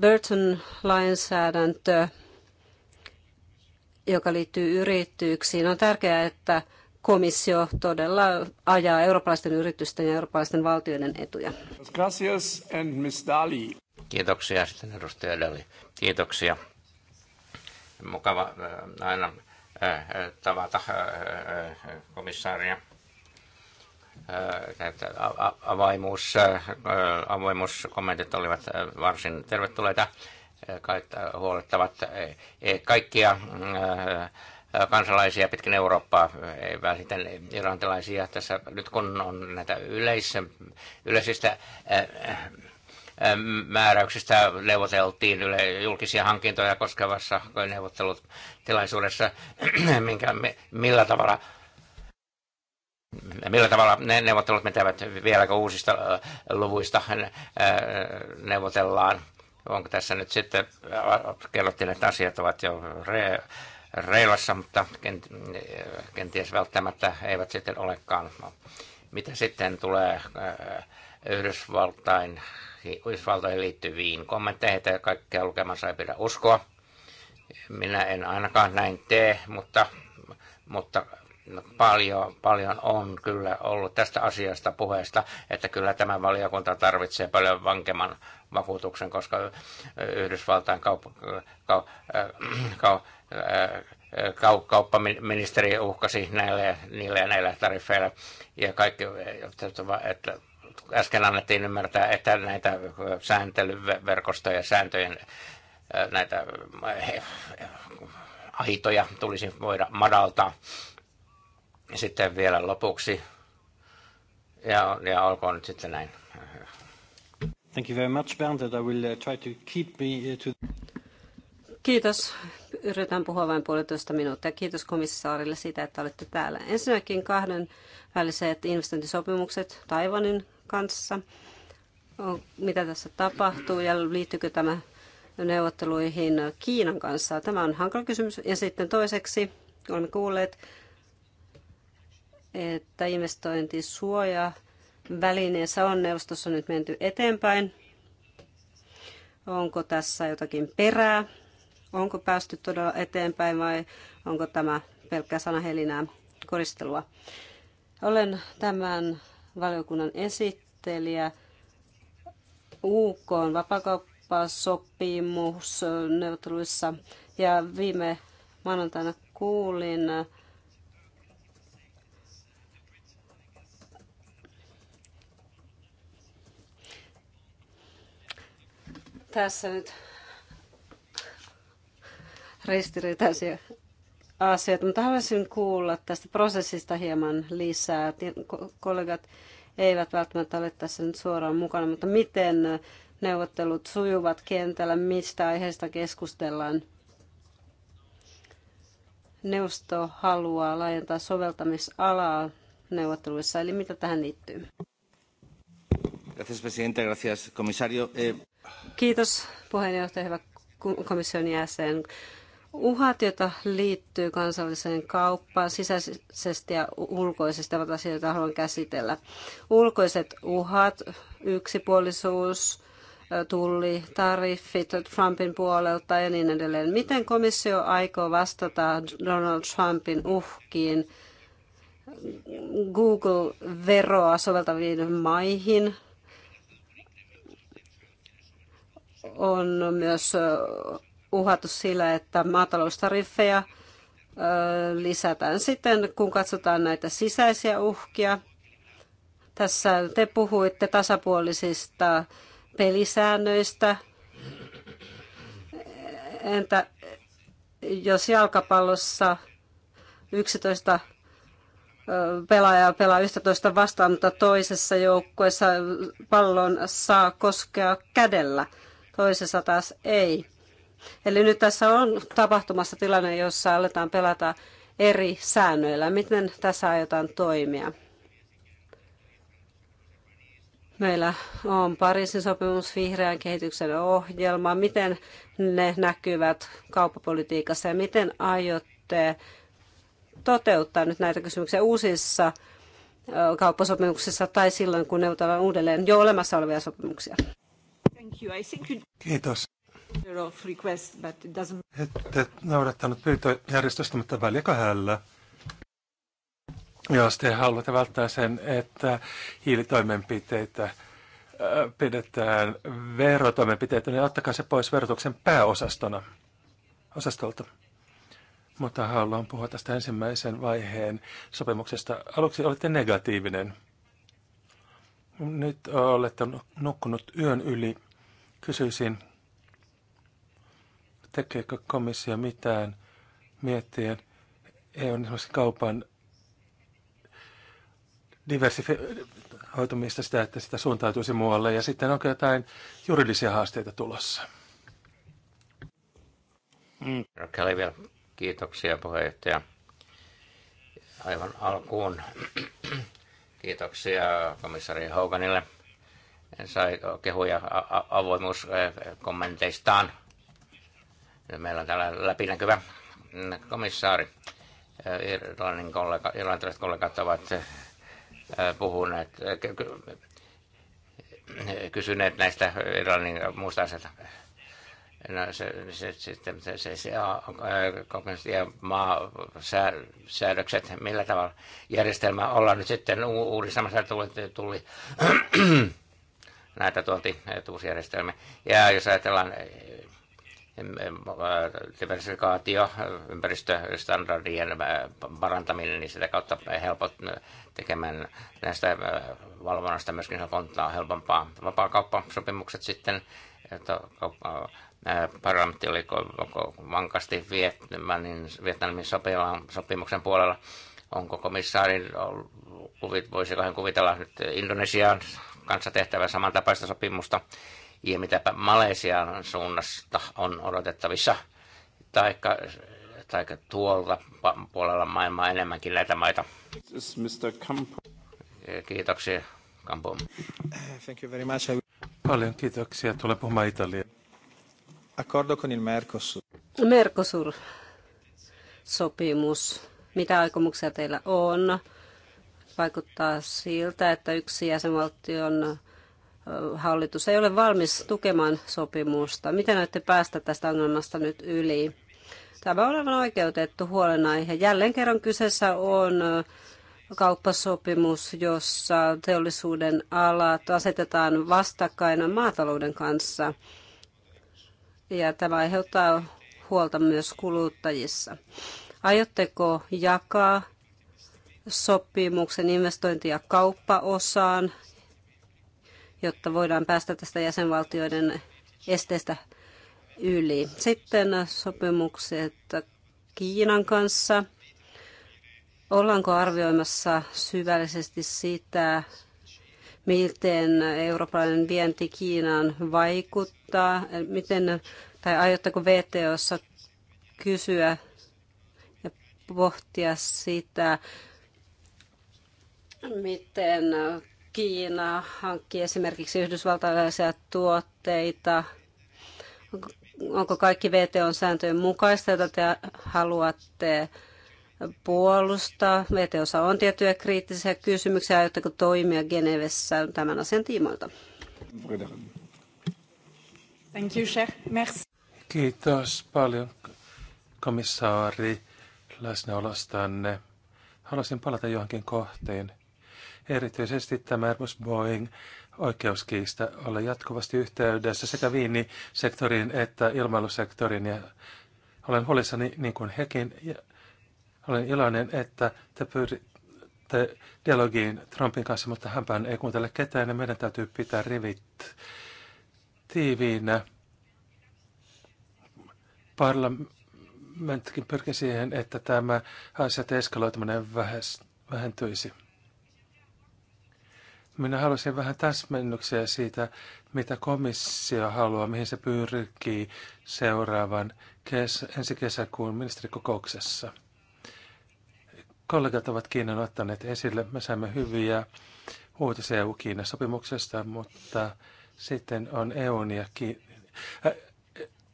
A: Burton-lainsäädäntö, joka liittyy yrityksiin, on tärkeää, että komissio todella ajaa eurooppalaisten yritysten ja eurooppalaisten valtioiden etuja.
B: Gracias and Miss Dali. Kiitoksia sitten edustaja Dali. Kiitoksia. Mukava äh, aina äh, äh, tavata komissaaria avoimuus, avoimuuskommentit olivat varsin tervetulleita, huolettavat e, kaikkia kansalaisia pitkin Eurooppaa, ei sitten irantilaisia tässä, nyt kun on näitä yleis, yleisistä määräyksistä neuvoteltiin yle, julkisia hankintoja koskevassa neuvottelutilaisuudessa, minkä, millä tavalla Millä tavalla ne neuvottelut menevät, vieläkö uusista luvuista neuvotellaan? Onko tässä nyt sitten, kerrottiin, että asiat ovat jo re, reilassa, mutta kenties välttämättä eivät sitten olekaan. No, mitä sitten tulee Yhdysvaltain, Yhdysvaltoihin liittyviin kommentteihin, että kaikkea lukemansa ei pidä uskoa. Minä en ainakaan näin tee, mutta, mutta paljon, paljon on kyllä ollut tästä asiasta puheesta, että kyllä tämä valiokunta tarvitsee paljon vankemman vakuutuksen, koska Yhdysvaltain kaup, kaup, äh, kaup, äh, kaup, kauppaministeri uhkasi näille, niille ja näillä tariffeilla ja kaikki, että äsken annettiin ymmärtää, että näitä sääntelyverkostoja, sääntöjen äh, näitä aitoja tulisi voida madaltaa ja sitten vielä lopuksi, ja, ja olkoon nyt sitten näin.
C: Thank you very much, Bernd, I will uh, try to keep me uh, to...
A: Kiitos. Yritän puhua vain puolitoista minuuttia. Kiitos komissaarille siitä, että olette täällä. Ensinnäkin kahden väliset investointisopimukset Taiwanin kanssa. Mitä tässä tapahtuu ja liittyykö tämä neuvotteluihin Kiinan kanssa? Tämä on hankala kysymys. Ja sitten toiseksi olemme kuulleet, että investointisuoja välineessä on neuvostossa nyt menty eteenpäin. Onko tässä jotakin perää? Onko päästy todella eteenpäin vai onko tämä pelkkää sanahelinää koristelua? Olen tämän valiokunnan esittelijä. UK on vapakauppasopimus neuvotteluissa ja viime maanantaina kuulin Tässä nyt ristiriitaisia asioita, mutta haluaisin kuulla tästä prosessista hieman lisää. Kollegat eivät välttämättä ole tässä nyt suoraan mukana, mutta miten neuvottelut sujuvat kentällä, mistä aiheesta keskustellaan? Neuvosto haluaa laajentaa soveltamisalaa neuvotteluissa, eli mitä tähän liittyy?
B: Gracias, presidente. Gracias, Eh...
A: Kiitos puheenjohtaja, hyvä komission jäsen. Uhat, joita liittyy kansalliseen kauppaan sisäisesti ja ulkoisesti, ovat asioita, joita haluan käsitellä. Ulkoiset uhat, yksipuolisuus, tulli, tariffit Trumpin puolelta ja niin edelleen. Miten komissio aikoo vastata Donald Trumpin uhkiin Google-veroa soveltaviin maihin, on myös uhattu sillä, että maataloustariffeja lisätään sitten, kun katsotaan näitä sisäisiä uhkia. Tässä te puhuitte tasapuolisista pelisäännöistä. Entä jos jalkapallossa 11 pelaaja pelaa 11 vastaan, mutta toisessa joukkueessa pallon saa koskea kädellä – toisessa taas ei. Eli nyt tässä on tapahtumassa tilanne, jossa aletaan pelata eri säännöillä. Miten tässä aiotaan toimia? Meillä on Pariisin sopimus, vihreän kehityksen ohjelma. Miten ne näkyvät kauppapolitiikassa ja miten aiotte toteuttaa nyt näitä kysymyksiä uusissa kauppasopimuksissa tai silloin, kun neuvotellaan uudelleen jo olemassa olevia sopimuksia? you. I think you... Kiitos. Request, but it doesn't...
C: Ette noudattanut pyyntöjärjestystä, mutta väliäköhällä. Jos te haluatte välttää sen, että hiilitoimenpiteitä äh, pidetään verotoimenpiteitä, niin ottakaa se pois verotuksen pääosastona, osastolta. Mutta haluan puhua tästä ensimmäisen vaiheen sopimuksesta. Aluksi olette negatiivinen. Nyt olette nukkunut yön yli Kysyisin, tekeekö komissio mitään miettien EUn esimerkiksi kaupan diversifioitumista sitä, että sitä suuntautuisi muualle, ja sitten onko jotain juridisia haasteita
B: tulossa? Mm. vielä kiitoksia puheenjohtaja. Aivan alkuun *clears throat* kiitoksia komissari Hoganille – sai kehuja avoimuuskommenteistaan. Meillä on täällä läpinäkyvä komissaari. Irlannin kollega, irlantilaiset kollegat ovat puhuneet, kysyneet näistä Irlannin muusta asioista. No, se, se, se, se, se, se ja säädökset, millä tavalla järjestelmä ollaan nyt sitten uudistamassa tuli, tuli näitä tuontietuusjärjestelmiä. Ja jos ajatellaan eh, eh, diversifikaatio, ympäristöstandardien eh, parantaminen, niin sitä kautta helpot tekemään näistä valvonnasta myöskin helpontaa helpompaa. Vapaakauppasopimukset sitten, parlamentti oli vankasti niin Vietnamin, Vietnamin sopimuksen puolella. Onko komissaarin, voisiko hän kuvitella nyt Indonesiaan kanssa tehtävä samantapaista sopimusta. Ja mitäpä Malesian suunnasta on odotettavissa, taikka, taikka tuolta puolella maailmaa enemmänkin näitä maita. Kiitoksia, Kampo.
C: Thank you very much. Paljon kiitoksia. Tulee puhumaan Italia.
A: Accordo con il Mercosur. Mercosur sopimus. Mitä aikomuksia teillä on? vaikuttaa siltä, että yksi jäsenvaltion hallitus ei ole valmis tukemaan sopimusta. Miten näette päästä tästä ongelmasta nyt yli? Tämä on aivan oikeutettu huolenaihe. Jälleen kerran kyseessä on kauppasopimus, jossa teollisuuden alat asetetaan vastakkain maatalouden kanssa. Ja tämä aiheuttaa huolta myös kuluttajissa. Aiotteko jakaa sopimuksen investointi- ja kauppaosaan, jotta voidaan päästä tästä jäsenvaltioiden esteestä yli. Sitten sopimukset Kiinan kanssa. Ollaanko arvioimassa syvällisesti sitä, miten eurooppalainen vienti Kiinaan vaikuttaa, miten, tai aiotteko VTOssa kysyä ja pohtia sitä, miten Kiina hankkii esimerkiksi yhdysvaltalaisia tuotteita, onko kaikki vto sääntöjen mukaista, joita te haluatte puolustaa. vto on tiettyjä kriittisiä kysymyksiä, aiotteko toimia Genevessä tämän asian tiimoilta? Thank you,
B: Cher. Merci.
C: Kiitos paljon komissaari läsnäolostanne. Haluaisin palata johonkin kohteen, Erityisesti tämä Airbus Boeing oikeuskiista olla jatkuvasti yhteydessä sekä viinisektorin että ilmailusektorin. Ja olen huolissani niin kuin hekin. Ja olen iloinen, että te pyritte dialogiin Trumpin kanssa, mutta hänpään ei kuuntele ketään ja meidän täytyy pitää rivit tiiviinä. Parlamenttikin pyrkii siihen, että tämä asiat eskaloituminen vähentyisi. Minä haluaisin vähän täsmennyksiä siitä, mitä komissio haluaa, mihin se pyrkii seuraavan kes- ensi kesäkuun ministerikokouksessa. Kollegat ovat Kiinan ottaneet esille. Me saimme hyviä uutisia EU-Kiinan sopimuksesta, mutta sitten on EUn ja Ki- äh,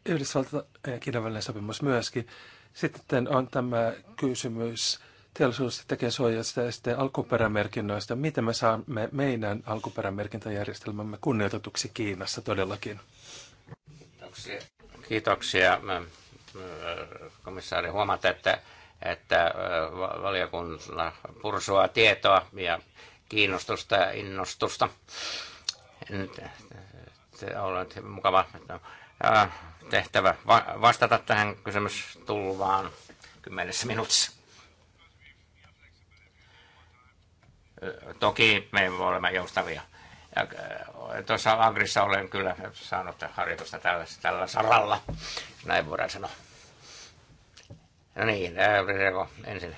C: Yhdysvaltain ja Kiinan välinen sopimus myöskin. Sitten on tämä kysymys teollisuus tekee suojasta ja sitten alkuperämerkinnöistä. Miten me saamme meidän alkuperämerkintäjärjestelmämme kunnioitetuksi Kiinassa todellakin?
B: Kiitoksia. Kiitoksia. Komissaari, huomata, että, että äh, valiokunta pursuaa tietoa ja kiinnostusta ja innostusta. Nyt, äh, olet mukava äh, tehtävä vastata tähän kysymystulvaan kymmenessä minuutissa. Toki me olemme joustavia. Ja äh, tuossa Agrissa olen kyllä saanut harjoitusta tällä, tällä saralla, näin voidaan sanoa. No niin, äh, ensin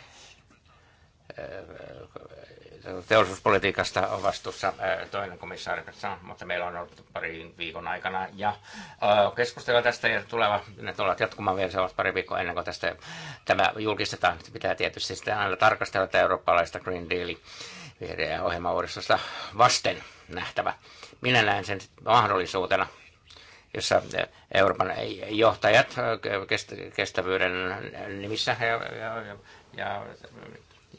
B: äh, teollisuuspolitiikasta on vastuussa toinen komissaari, mutta meillä on ollut pari viikon aikana ja keskustelua tästä ja tuleva, ne tulevat jatkumaan vielä seuraavat pari viikkoa ennen kuin tästä tämä julkistetaan. Pitää tietysti sitten aina tarkastella tätä eurooppalaista Green Dealia vihreää ohjelmauudistusta vasten nähtävä. Minä näen sen mahdollisuutena, jossa eh, Euroopan johtajat eh, kestävyyden nimissä ja, ja, ja,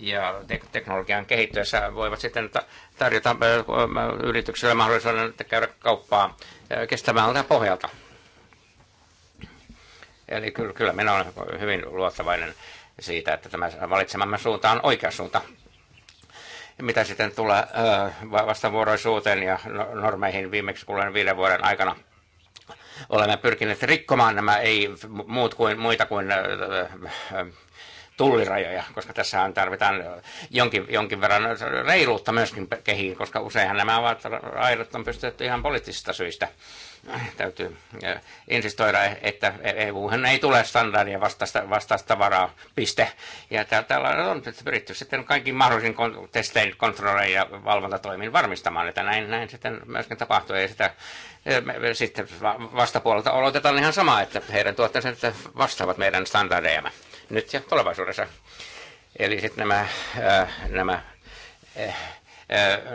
B: ja teknologian kehittyessä voivat sitten tarjota eh, yrityksille mahdollisuuden käydä kauppaa kestävältä pohjalta. Eli kyllä, kyllä minä olen hyvin luottavainen siitä, että tämä valitsemamme suunta on oikea suunta. Mitä sitten tulee vastavuoroisuuteen ja no-, normeihin viimeksi kuluneen viiden vuoden aikana, olemme pyrkineet rikkomaan nämä ei muut kuin, muita kuin tullirajoja, koska tässä tarvitaan jonkin, jonkin verran reiluutta myöskin kehiin, koska useinhan nämä ovat, raidat on pystytetty ihan poliittisista syistä täytyy insistoida, että EU ei tule standardia vastaista, vastaista tavaraa, piste. Ja täällä on pyritty sitten kaikki mahdollisin testein, kontrollein ja valvontatoimin varmistamaan, että näin, näin sitten myöskin tapahtuu. ja sitä sitten vastapuolelta olotetaan ihan sama, että heidän tuotteensa vastaavat meidän standardejamme nyt ja tulevaisuudessa. Eli sitten nämä, nämä eh,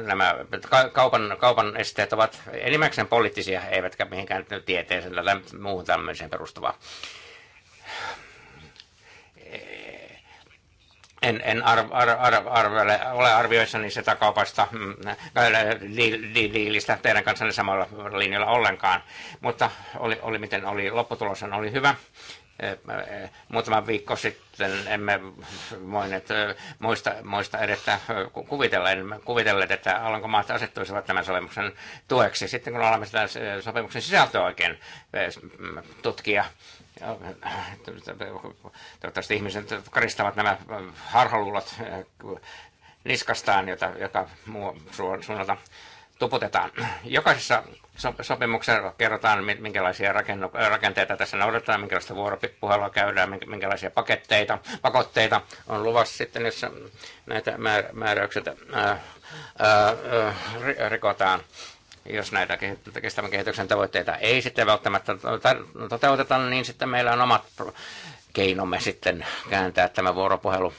B: nämä kaupan, kaupan esteet ovat enimmäkseen poliittisia, eivätkä mihinkään tieteeseen tai muuhun tämmöiseen perustuvaa. En, en ar, ar, ar, arvele, ole arvioissani sitä kaupasta, di, mm, li, li, teidän kanssanne samalla linjalla ollenkaan, mutta oli, oli miten oli, lopputulos oli hyvä E, muutama viikko sitten emme voineet e, muista, muista edettä, e, kuvitella, kuvitelleet, että Alankomaat asettuisivat tämän sopimuksen tueksi. Sitten kun olemme sitä sopimuksen sisältöä oikein mm, tutkia, toivottavasti ihmiset karistavat nämä harhaluulot niskastaan, joka muu suunnalta tuputetaan. *clears throat* Jokaisessa sopimuksessa kerrotaan, minkälaisia rakenteita tässä noudatetaan, minkälaista vuoropuhelua käydään, minkälaisia paketteita, pakotteita on luvassa sitten, jos näitä määräykset ää, äh, ää, äh, rikotaan jos näitä kestävän kehityksen tavoitteita ei sitten välttämättä toteuteta, niin sitten meillä on omat keinomme sitten kääntää tämä vuoropuhelu,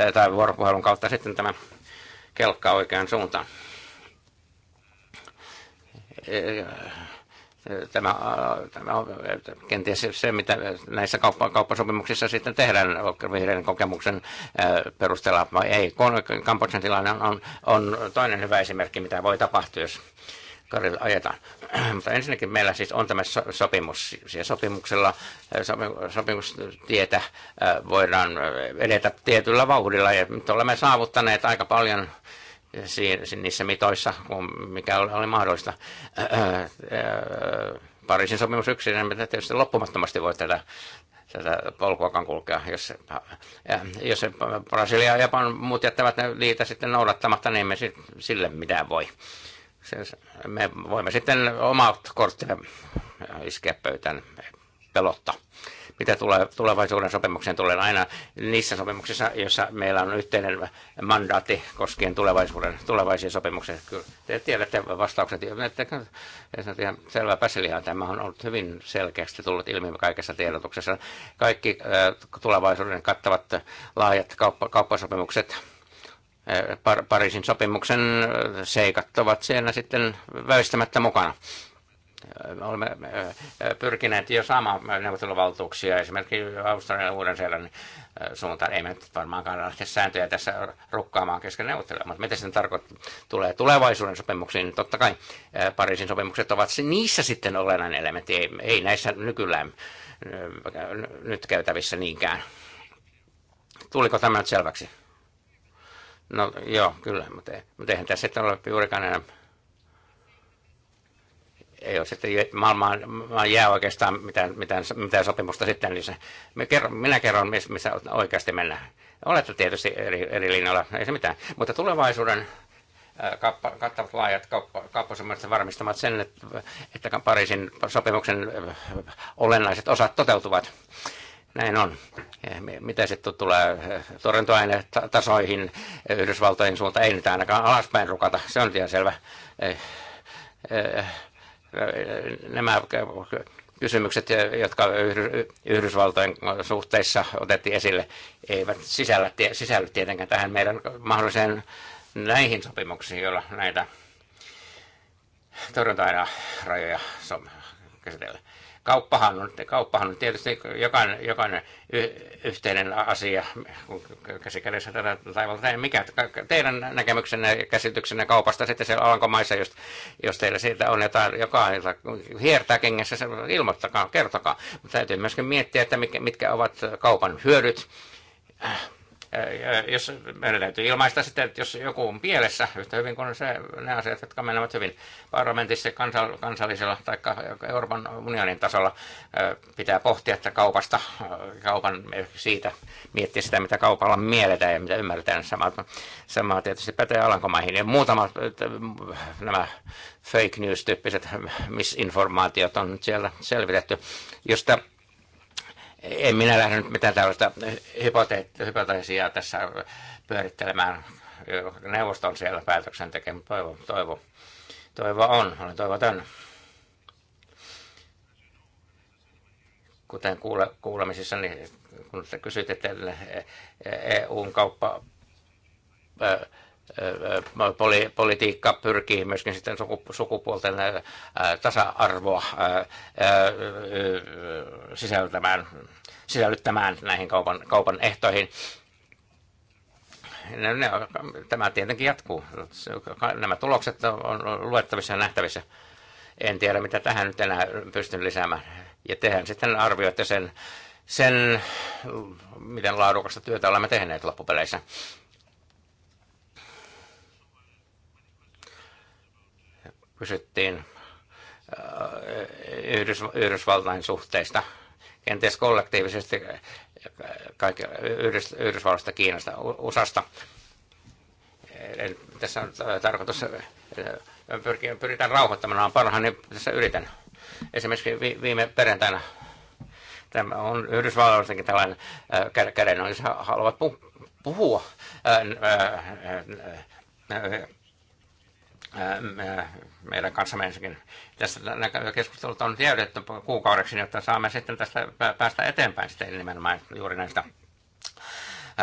B: äh, tai vuoropuhelun kautta sitten tämä kelkka oikeaan suuntaan tämä, tämä on kenties se, mitä näissä kauppa, kauppasopimuksissa sitten tehdään vihreän kokemuksen perusteella vai ei. Kampoksen tilanne on, on toinen hyvä esimerkki, mitä voi tapahtua, jos Karille ajetaan. *clears throat* Mutta ensinnäkin meillä siis on tämä sopimus. Siellä sopimuksella, sopimustietä voidaan edetä tietyllä vauhdilla. Ja nyt olemme saavuttaneet aika paljon niissä mitoissa, mikä oli mahdollista. Äh, äh, äh, Pariisin sopimus yksin, niin me tietysti loppumattomasti voi tätä, tätä polkuakaan kulkea, jos, ja, jos Brasilia ja Japan muut jättävät niitä sitten noudattamatta, niin me sille mitään voi. Siis me voimme sitten omat korttimme iskeä pöytään pelotta mitä tulee tulevaisuuden sopimukseen tulee aina niissä sopimuksissa, joissa meillä on yhteinen mandaatti koskien tulevaisuuden, tulevaisia sopimuksia. Kyllä te tiedätte vastaukset, että se on ihan selvä päsiliha. Tämä on ollut hyvin selkeästi tullut ilmi kaikessa tiedotuksessa. Kaikki äh, tulevaisuuden kattavat äh, laajat kauppa, kauppasopimukset, äh, Pariisin sopimuksen seikat ovat siellä sitten väistämättä mukana olemme pyrkineet jo saamaan neuvotteluvaltuuksia esimerkiksi Australian ja Uuden-Seelannin suuntaan. Ei me nyt varmaankaan lähteä sääntöjä tässä rukkaamaan kesken neuvottelua. mutta mitä sen tarkoittaa tulee tulevaisuuden sopimuksiin, niin totta kai Pariisin sopimukset ovat niissä sitten olennainen elementti, ei, ei näissä nykyään nyt käytävissä niinkään. Tuliko tämä nyt selväksi? No joo, kyllä, mutta, mutta eihän tässä sitten ole juurikaan enää ei ole sitten maailmaan, maailmaan jää oikeastaan mitään, mitään, mitään sopimusta sitten, niin se, me kerron, minä kerron, missä oikeasti mennään. Olette tietysti eri, eri linjalla, ei se mitään. Mutta tulevaisuuden äh, kappa, kattavat laajat kauppa, kauppasopimukset varmistavat sen, että, että Pariisin sopimuksen äh, olennaiset osat toteutuvat. Näin on. Mitä sitten tulee äh, torjuntoainetasoihin Yhdysvaltojen suunta? Ei nyt ainakaan alaspäin rukata, se on ihan selvä nämä kysymykset, jotka Yhdysvaltojen suhteissa otettiin esille, eivät sisällä, sisälly tietenkään tähän meidän mahdolliseen näihin sopimuksiin, joilla näitä torjunta-rajoja käsitellään. Kauppahan on, kauppahan on tietysti jokainen, jokainen yhteinen asia, kun käsikädessä tätä taivalta mikä. Teidän näkemyksenne ja käsityksenne kaupasta sitten siellä alankomaissa, jos, jos teillä siitä on jotain, joka hiertää kengessä, se ilmoittakaa, kertokaa. Mutta täytyy myöskin miettiä, että mitkä, mitkä ovat kaupan hyödyt jos meidän täytyy ilmaista sitten, että jos joku on pielessä yhtä hyvin kuin se, ne asiat, jotka menevät hyvin parlamentissa, kansal, kansallisella tai Euroopan unionin tasolla, pitää pohtia, että kaupasta, kaupan siitä, miettiä sitä, mitä kaupalla mielletään ja mitä ymmärretään. Sama, sama tietysti pätee Alankomaihin. Ja muutama nämä fake news-tyyppiset misinformaatiot on siellä selvitetty. Josta en minä lähde nyt mitään tällaista hypoteesia tässä pyörittelemään. Neuvosto on siellä päätöksen mutta toivo, toivo, toivo on, olen toivoton. Kuten kuule, kuulemisissa, niin kun te kysyt, että eh, eh, EUn kauppa poli, politiikka pyrkii myöskin sitten sukupuolten tasa-arvoa sisältämään, sisällyttämään näihin kaupan, kaupan ehtoihin. Ne, ne, tämä tietenkin jatkuu. Nämä tulokset on luettavissa ja nähtävissä. En tiedä, mitä tähän nyt enää pystyn lisäämään. Ja tehän sitten arvioitte sen, sen miten laadukasta työtä olemme tehneet loppupeleissä. kysyttiin äh, Yhdysvaltain suhteista, kenties kollektiivisesti äh, kaikki, Yhdys, Kiinasta, USAsta. tässä on äh, tarkoitus, että pyritään rauhoittamaan parhaan, niin tässä yritän. Esimerkiksi viime perjantaina tämä on Yhdysvalloistakin tällainen käden, jos haluavat puhua meidän kanssamme ensinnäkin. Tässä keskustelut on tiedetty kuukaudeksi, jotta saamme sitten tästä päästä eteenpäin sitten nimenomaan juuri näistä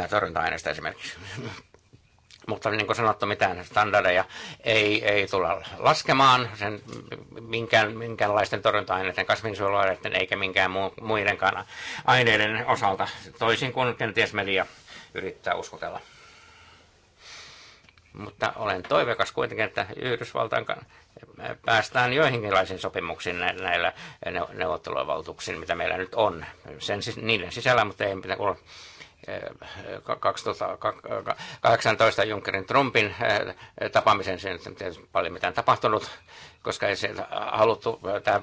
B: torjunta-aineista esimerkiksi. *laughs* Mutta niin kuin sanottu, mitään standardeja ei, ei tulla laskemaan sen minkään, minkäänlaisten torjunta-aineiden, kasvinsuojeluaineiden eikä minkään muidenkaan aineiden osalta, toisin kuin kenties media yrittää uskotella. Mutta olen toivekas, kuitenkin, että Yhdysvaltain päästään joihinkinlaisiin sopimuksiin näillä neuvotteluvaltuuksiin, mitä meillä nyt on. Sen, niiden sisällä, mutta ei pitää olla 2018 Junckerin Trumpin tapaamisen, sen ei paljon mitään tapahtunut, koska ei se haluttu tämä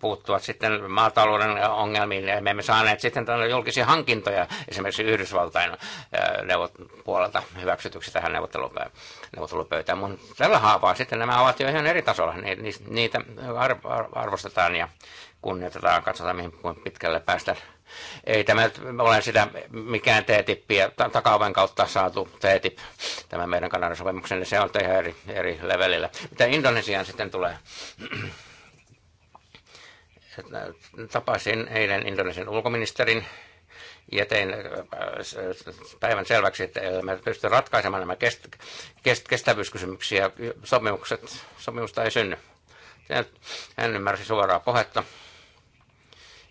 B: puuttua sitten maatalouden ongelmiin. Me emme saaneet sitten julkisia hankintoja esimerkiksi Yhdysvaltain äh, puolelta hyväksytyksi tähän neuvottelupöytään. Mun tällä haavaa sitten nämä ovat jo ihan eri tasolla. Niitä arvostetaan ja kunnioitetaan, katsotaan mihin pitkälle päästä. Ei tämä ole sitä mikään TTIP, takaavan kautta saatu TTIP, tämä meidän Kanadan sopimuksen, niin se on ihan eri, eri levelillä. Mitä Indonesiaan sitten tulee, Tapasin eilen Indonesian ulkoministerin ja tein äh, päivän selväksi, että me pysty ratkaisemaan nämä kest, kest, kestävyyskysymyksiä. Sopimukset, sopimusta ei synny. Hän ymmärsi suoraa puhetta.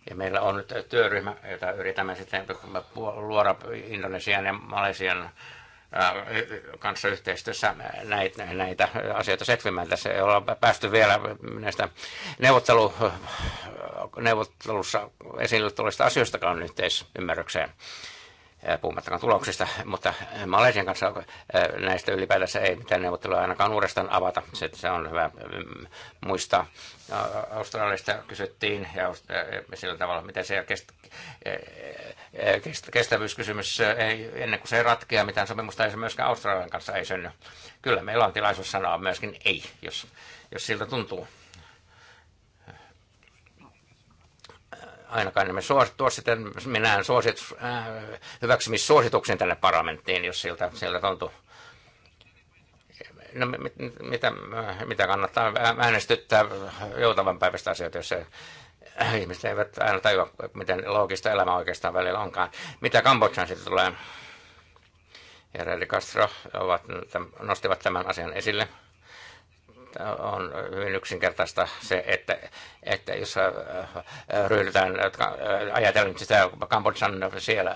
B: Ja meillä on nyt työryhmä, jota yritämme sitten luoda Indonesian ja Malesian kanssa yhteistyössä näitä, näitä asioita setvimään. Tässä ei olla päästy vielä näistä neuvottelu, neuvottelussa esille tulleista asioistakaan yhteisymmärrykseen puhumattakaan tuloksista, mutta Malesian kanssa näistä ylipäätänsä ei mitään neuvotteluja ainakaan uudestaan avata. Se, se on hyvä mm, muistaa. Australiasta kysyttiin ja sillä tavalla, miten se kestävyyskysymys, ei, ennen kuin se ei ratkea, mitään sopimusta ei se myöskään Australian kanssa ei synny. Kyllä meillä on tilaisuus sanoa myöskin ei, jos, jos siltä tuntuu. ainakaan me suosittua sitten minään suosit, äh, hyväksymissuosituksen tänne parlamenttiin, jos siltä, siltä tuntuu. No, mit, mitä, mitä kannattaa äänestyttää joutavan päivästä asioita, jos se, äh, ihmiset eivät aina tajua, miten loogista elämä oikeastaan välillä onkaan. Mitä Kambodžan sitten tulee? Ja Castro ovat, nostivat tämän asian esille on hyvin yksinkertaista se, että, että jos äh, äh, ryhdytään, äh, ajatellen nyt sitä Kambodsan siellä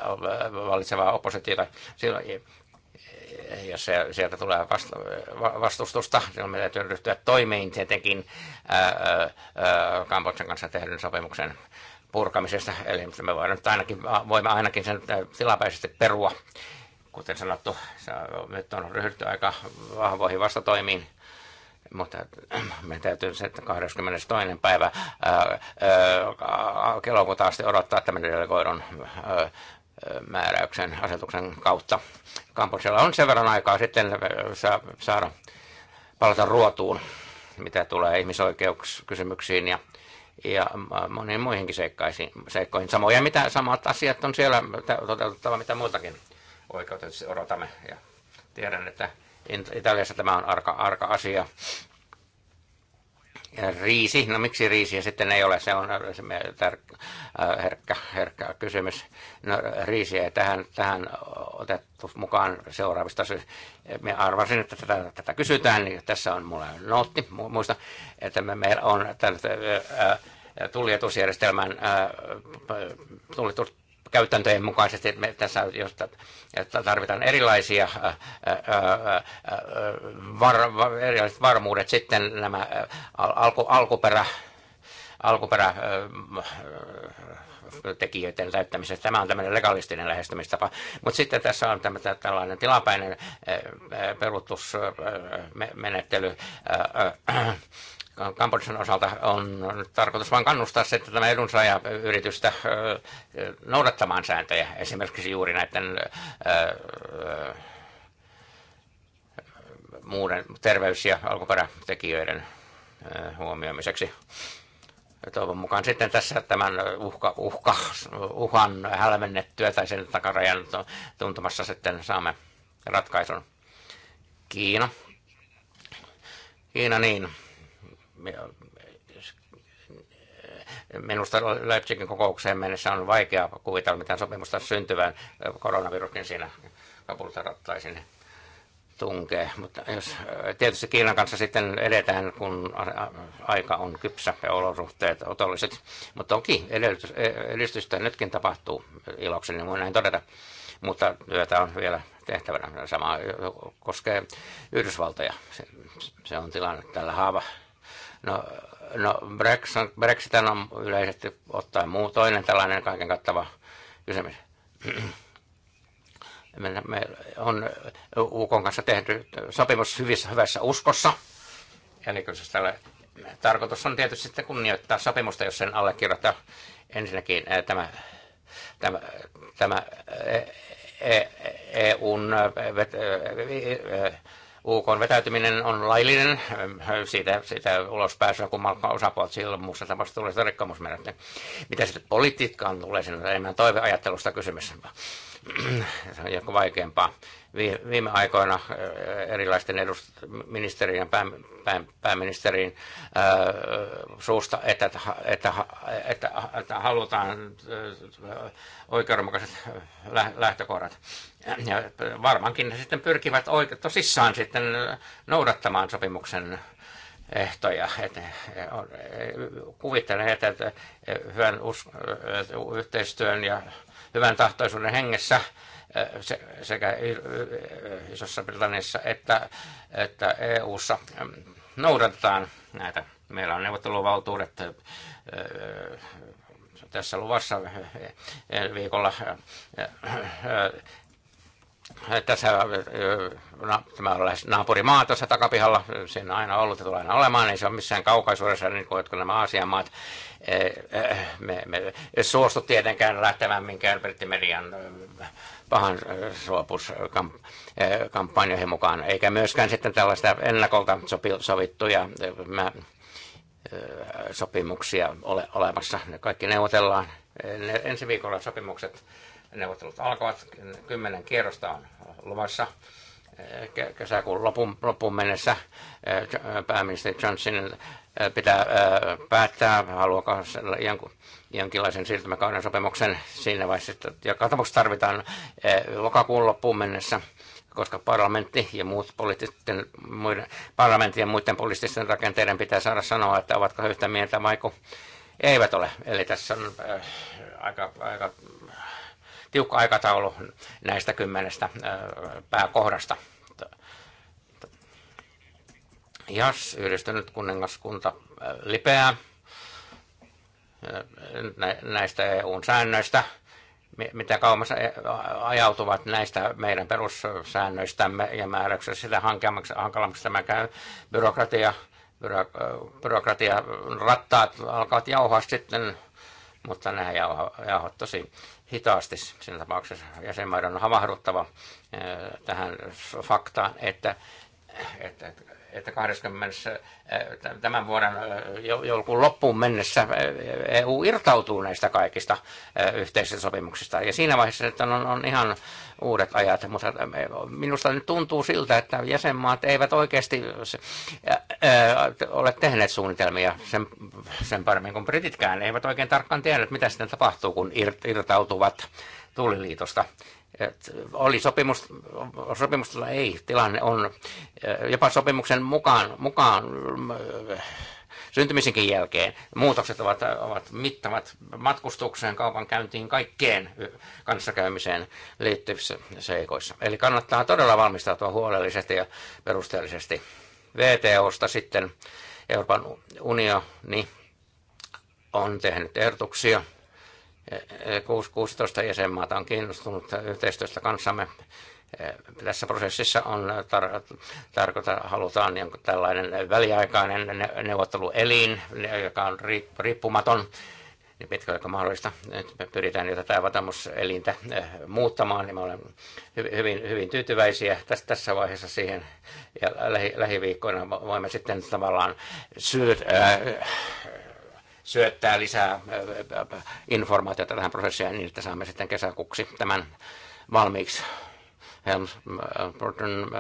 B: vallitsevaa oppositiota, silloin jos se, sieltä tulee vastustusta, silloin meidän täytyy ryhtyä toimiin tietenkin Kambodsan kanssa tehdyn sopimuksen purkamisesta. Eli me voidaan nyt ainakin, voimme ainakin sen tilapäisesti perua. Kuten sanottu, nyt on ryhdytty aika vahvoihin vastatoimiin mutta äh, me täytyy se, että 22. päivä äh, äh, kelokuuta asti odottaa tämän delegoidun määräyksen asetuksen kautta. Kampuksella on sen verran aikaa sitten saada palata ruotuun, mitä tulee ihmisoikeuskysymyksiin ja, ja moniin muihinkin seikkoihin. Samoja, mitä samat asiat on siellä toteutettava, mitä muutakin oikeutta odotamme. Ja tiedän, että Italiassa tämä on arka, arka asia. Ja riisi, no miksi riisiä sitten ei ole, se on se tär- äh, herkkä, herkkä kysymys. No riisiä ei tähän, tähän otettu mukaan seuraavista syystä. Me arvasin, että tätä, tätä kysytään, niin tässä on mulle nootti muista, että me, meillä on tämän, äh, äh, tuljetusjärjestelmän käytäntöjen mukaisesti me tässä josta, että tarvitaan erilaisia ää, ää, var, var, erilaiset varmuudet sitten nämä alku, alkuperä alkuperä tekijöiden täyttämisestä. Tämä on tämmöinen legalistinen lähestymistapa. Mutta sitten tässä on tämmöinen, tällainen tilapäinen peruutusmenettely Kambodjan osalta on tarkoitus vain kannustaa sitten tämä edunsaaja yritystä noudattamaan sääntöjä, esimerkiksi juuri näiden muuden terveys- ja alkuperätekijöiden huomioimiseksi. Toivon mukaan sitten tässä tämän uhka, uhka, uhan hälmennettyä tai sen takarajan tuntumassa sitten saamme ratkaisun. Kiina. Kiina niin Minusta Leipzigin kokoukseen mennessä on vaikea kuvitella mitään sopimusta syntyvään koronaviruskin siinä kapultarattaisin tunkee. Mutta jos tietysti Kiinan kanssa sitten edetään, kun aika on kypsä ja olosuhteet otolliset. Mutta toki edistystä nytkin tapahtuu ilokseni, niin voin näin todeta. Mutta työtä on vielä tehtävänä. Sama koskee Yhdysvaltoja. Se on tilanne tällä haava No, no Brexit, Brexit on yleisesti ottaen muu toinen tällainen kaiken kattava kysymys. Me, me on UK kanssa tehty sopimus hyvissä, hyvässä uskossa. Ja niin siis tälle, tarkoitus on tietysti sitten kunnioittaa sopimusta, jos sen allekirjoittaa. Ensinnäkin tämä, tämä, tämä EUn UK vetäytyminen on laillinen, siitä, siitä ulospääsyä kun osapuolta sillä muussa tapauksessa tulee sitä rikkomusmenettä. Mitä sitten politiikkaan tulee, sen on enemmän toiveajattelusta kysymys. se on joku vaikeampaa viime aikoina erilaisten edust- ministerien, pää, pää, pääministerin ää, suusta, että, että, että, että halutaan oikeudenmukaiset lähtökohdat. Ja varmaankin sitten pyrkivät oike- tosissaan sitten noudattamaan sopimuksen ehtoja. Että e, e, kuvittelen, että e, hyvän us- yhteistyön ja hyvän tahtoisuuden hengessä – Eh, sekä Isossa Britanniassa että, että EU-ssa mm, noudatetaan näitä. Meillä on neuvotteluvaltuudet eh, eh, tässä luvassa viikolla tässä, no, tämä on lähes naapurimaa tuossa takapihalla, siinä on aina ollut ja tulee aina olemaan, niin se on missään kaukaisuudessa, niin kuin jotkut nämä Aasian maat. Me, me suostu tietenkään lähtemään minkään brittimedian pahan äh, suopuskampanjoihin äh, mukaan, eikä myöskään sitten tällaista ennakolta sovittuja äh, mä, sopimuksia ole olemassa. Ne kaikki neuvotellaan. Ne ensi viikolla sopimukset, neuvottelut alkavat, kymmenen kierrosta on luvassa kesäkuun lopun, lopun mennessä pääministeri Johnson pitää päättää, haluaako jonkun jonkinlaisen siirtymäkauden sopimuksen siinä vaiheessa, että joka tapauksessa tarvitaan lokakuun loppuun mennessä, koska parlamentti ja muut poliittisten, muiden, parlamentin ja muiden poliittisten rakenteiden pitää saada sanoa, että ovatko he yhtä mieltä vai eivät ole. Eli tässä on äh, aika, aika tiukka aikataulu näistä kymmenestä äh, pääkohdasta. Jos yhdistynyt kuningaskunta lipeää, näistä eu säännöistä, mitä kauemmas e-, ajautuvat näistä meidän perussäännöistämme ja määräyksistä, sitä hankalammaksi tämä käy. Byrokratia, byro, byrokratia rattaat alkavat jauhaa sitten, mutta nämä jauha tosi hitaasti siinä tapauksessa. Jäsenmaiden on havahduttava tähän faktaan, että, että, että että 20, äh, tämän vuoden äh, joulukuun loppuun mennessä äh, EU irtautuu näistä kaikista yhteisistä sopimuksista. Ja siinä vaiheessa että on, on ihan uudet ajat, mutta minusta nyt tuntuu siltä, että jäsenmaat eivät oikeasti ole tehneet suunnitelmia sen, sen paremmin kuin brititkään. Eivät oikein tarkkaan tiedä, mitä sitten tapahtuu, kun irtautuvat tulliliitosta oli sopimus, sopimusta ei, tilanne on eh, jopa sopimuksen mukaan, mukaan eh, syntymisenkin jälkeen. Muutokset ovat, ovat mittavat matkustukseen, käyntiin kaikkeen eh, kanssakäymiseen liittyvissä seikoissa. Eli kannattaa todella valmistautua huolellisesti ja perusteellisesti. VTOsta sitten Euroopan unioni on tehnyt ehdotuksia 16 e jäsenmaata on kiinnostunut yhteistyöstä kanssamme. E, tässä prosessissa on tar- tarkoita, halutaan niin tällainen väliaikainen ne- neuvotteluelin, joka on riippumaton, niin pitkä aika mahdollista. Nyt pyritään jo tätä vatamuselintä e, muuttamaan, niin me olemme hyvin, hyvin tyytyväisiä tässä, tässä vaiheessa siihen. Ja lähi- lähiviikkoina voimme sitten tavallaan syöt, äh, syöttää lisää informaatiota tähän prosessiin niin, että saamme sitten kesäkuksi tämän valmiiksi. Helms Burton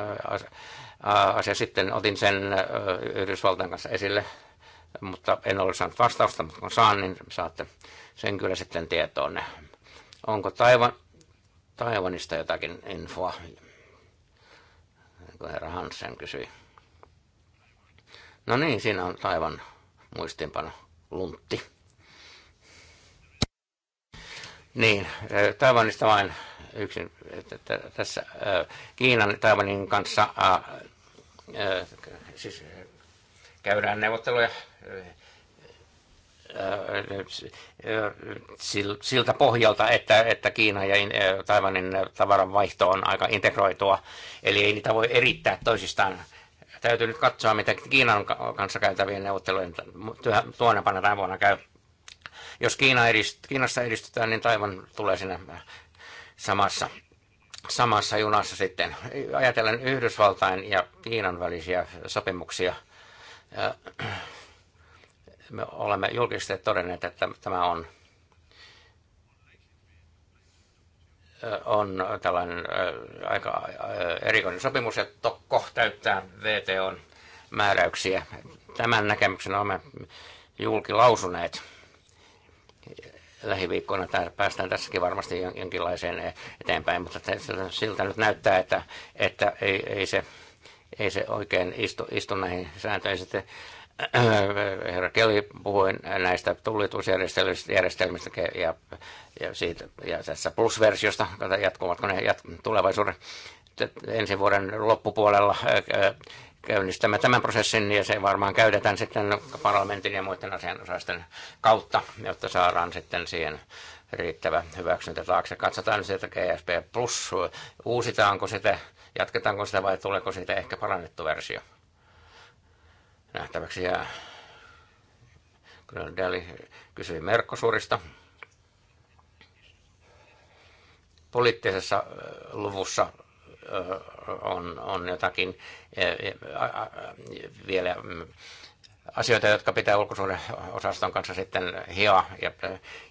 B: asia sitten otin sen Yhdysvaltain kanssa esille, mutta en ole saanut vastausta, mutta kun saan, niin saatte sen kyllä sitten tietoon. Onko Taivan, Taivanista jotakin infoa? Kuin herra Hansen kysyi. No niin, siinä on Taivan muistiinpano luntti. Niin, äh, Taiwanista vain yksin. Tässä äh, Kiinan Taiwanin kanssa äh, siis käydään neuvotteluja siltä pohjalta, että, että Kiina ja Taiwanin tavaran vaihto on aika integroitua, eli ei niitä voi erittää toisistaan Täytyy nyt katsoa, mitä Kiinan kanssa käytävien neuvottelujen tuonepana tänä vuonna käy. Jos Kiina edist, Kiinassa edistytään, niin Taivan tulee siinä äh, samassa, samassa junassa sitten. Ajatellen Yhdysvaltain ja Kiinan välisiä sopimuksia, äh, me olemme julkisesti todenneet, että tämä on on tällainen aika erikoinen sopimus, että Tokko täyttää VTOn määräyksiä. Tämän näkemyksen olemme julkilausuneet lähiviikkoina tää, päästään tässäkin varmasti jonkinlaiseen eteenpäin, mutta siltä nyt näyttää, että, että ei, ei, se, ei se oikein istu, istu näihin sääntöihin. Sitten Äh, äh, herra Kelly, puhui näistä tullitusjärjestelmistä ja, ja, siitä, ja tässä plusversiosta, jatkuvatko ne jat, tulevaisuuden ensi vuoden loppupuolella äh, käynnistämme tämän prosessin ja se varmaan käytetään sitten parlamentin ja muiden asianosaisten kautta, jotta saadaan sitten siihen riittävä hyväksyntä taakse. Katsotaan sieltä GSP Plus, uusitaanko sitä, jatketaanko sitä vai tuleeko siitä ehkä parannettu versio nähtäväksi jää. Kyllä Dali kysyi Merkosurista. Poliittisessa luvussa on, on jotakin vielä mm, asioita, jotka pitää ulkosuhdeosaston kanssa sitten hioa, ja,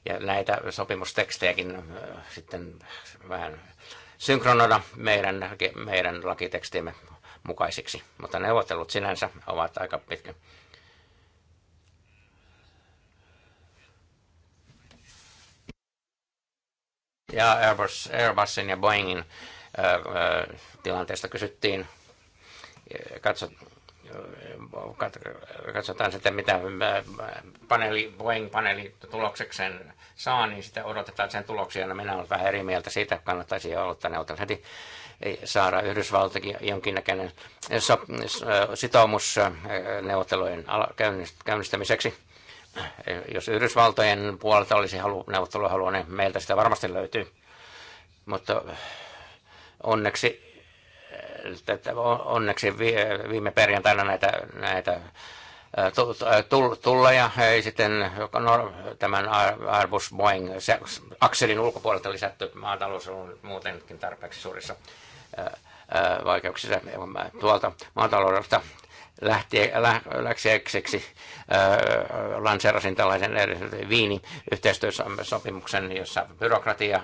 B: ja näitä sopimustekstejäkin sitten vähän synkronoida meidän, meidän lakitekstiimme mukaisiksi. Mutta neuvottelut sinänsä ovat aika pitkä. Ja Airbus, Airbusin ja Boeingin ö, ö, tilanteesta kysyttiin. Katsot, katsotaan sitten, mitä paneeli, Boeing-paneeli tuloksekseen saa, niin sitten odotetaan sen tuloksia. No minä olen vähän eri mieltä siitä, kannattaisi olla neuvotellut heti saada Yhdysvaltakin jonkinnäköinen sitoumus neuvottelujen käynnistämiseksi. Jos Yhdysvaltojen puolelta olisi halu, halua, niin meiltä sitä varmasti löytyy. Mutta onneksi, onneksi viime perjantaina näitä, näitä tulleja ei sitten no, tämän Airbus Boeing akselin ulkopuolelta lisätty maatalous on muutenkin tarpeeksi suurissa vaikeuksissa tuolta maataloudesta lähtien, lä, läksiäkseksi lanseerasin tällaisen viini yhteistyösopimuksen, jossa byrokratia